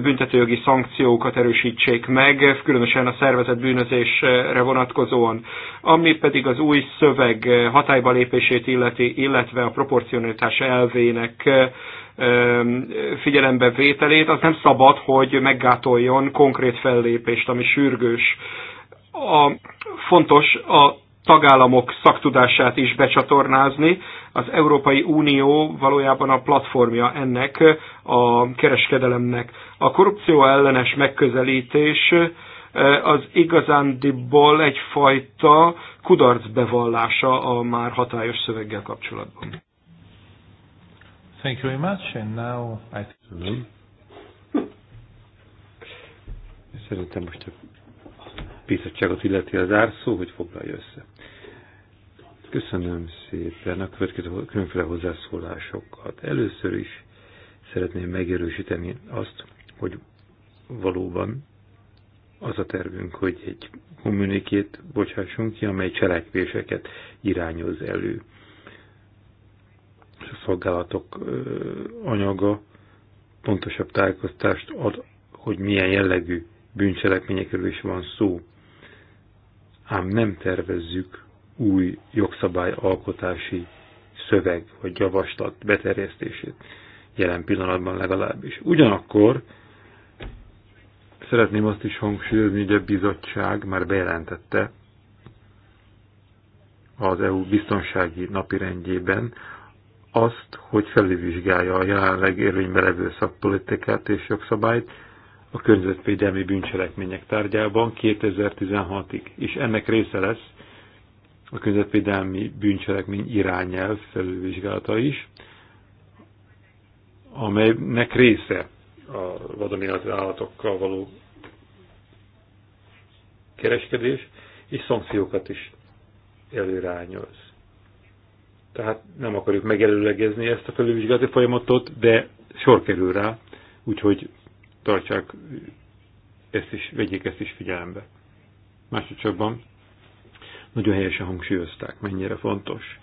büntetőjogi szankciókat erősítsék meg, különösen a szervezet bűnözésre vonatkozóan. Ami pedig az új szöveg hatályba lépését illeti, illetve a proporcionalitás elvének figyelembe vételét, az nem szabad, hogy meggátoljon konkrét fellépést, ami sürgős. A, fontos a tagállamok szaktudását is becsatornázni. Az Európai Unió valójában a platformja ennek a kereskedelemnek. A korrupció ellenes megközelítés eh, az igazándiból egyfajta kudarc bevallása a már hatályos szöveggel kapcsolatban. Thank you very much, and now I... Szerintem most a bizottságot illeti az árszó, hogy foglalja össze. Köszönöm szépen a következő különféle hozzászólásokat. Először is szeretném megerősíteni azt, hogy valóban az a tervünk, hogy egy kommunikét bocsássunk ki, amely cselekvéseket irányoz elő. És a szolgálatok anyaga pontosabb tájékoztást ad, hogy milyen jellegű bűncselekményekről is van szó ám nem tervezzük új jogszabályalkotási szöveg vagy javaslat beterjesztését, jelen pillanatban legalábbis. Ugyanakkor szeretném azt is hangsúlyozni, hogy a bizottság már bejelentette az EU biztonsági napirendjében azt, hogy felülvizsgálja a jelenleg érvénybe levő szakpolitikát és jogszabályt, a környezetvédelmi bűncselekmények tárgyában 2016-ig, és ennek része lesz a környezetvédelmi bűncselekmény irányelv felülvizsgálata is, amelynek része a vadonéleti állatokkal való kereskedés, és szankciókat is előrányoz. Tehát nem akarjuk megelőlegezni ezt a felülvizsgálati folyamatot, de sor kerül rá, úgyhogy tartsák, ezt is, vegyék ezt is figyelembe. Másodszorban nagyon helyesen hangsúlyozták, mennyire fontos,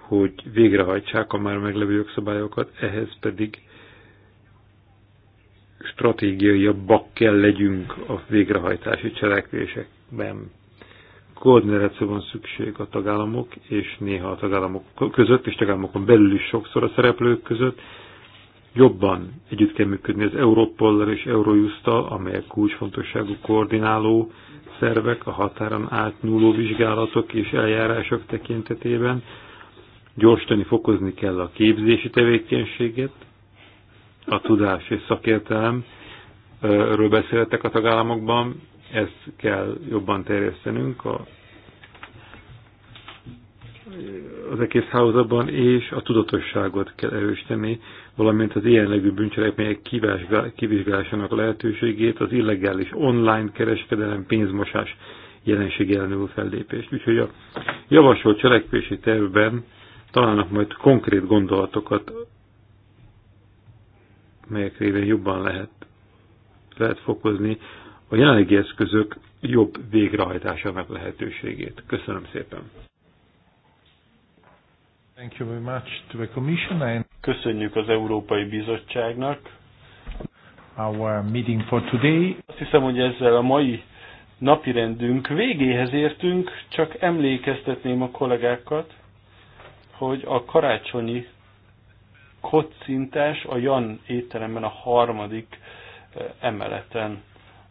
hogy végrehajtsák a már meglevő jogszabályokat, ehhez pedig stratégiaiabbak kell legyünk a végrehajtási cselekvésekben. Koordinációban van szükség a tagállamok, és néha a tagállamok között, és tagállamokon belül is sokszor a szereplők között, jobban együtt kell működni az Európollal és Eurojusttal, amelyek kulcsfontosságú koordináló szervek a határon átnyúló vizsgálatok és eljárások tekintetében. Gyorsítani, fokozni kell a képzési tevékenységet, a tudás és szakértelem, erről beszéltek a tagállamokban, ezt kell jobban terjesztenünk a az egész hálózatban, és a tudatosságot kell erősíteni, valamint az ilyen legű bűncselekmények kivizsgálásának lehetőségét, az illegális online kereskedelem, pénzmosás jelenség ellenül fellépést. Úgyhogy a javasolt cselekvési tervben találnak majd konkrét gondolatokat, melyek révén jobban lehet, lehet fokozni a jelenlegi eszközök jobb végrehajtásának lehetőségét. Köszönöm szépen! Thank you very much to the Commission and Köszönjük az Európai Bizottságnak. Our meeting for today. Azt hiszem, hogy ezzel a mai napirendünk végéhez értünk, csak emlékeztetném a kollégákat, hogy a karácsonyi kocintás a Jan étteremben a harmadik eh, emeleten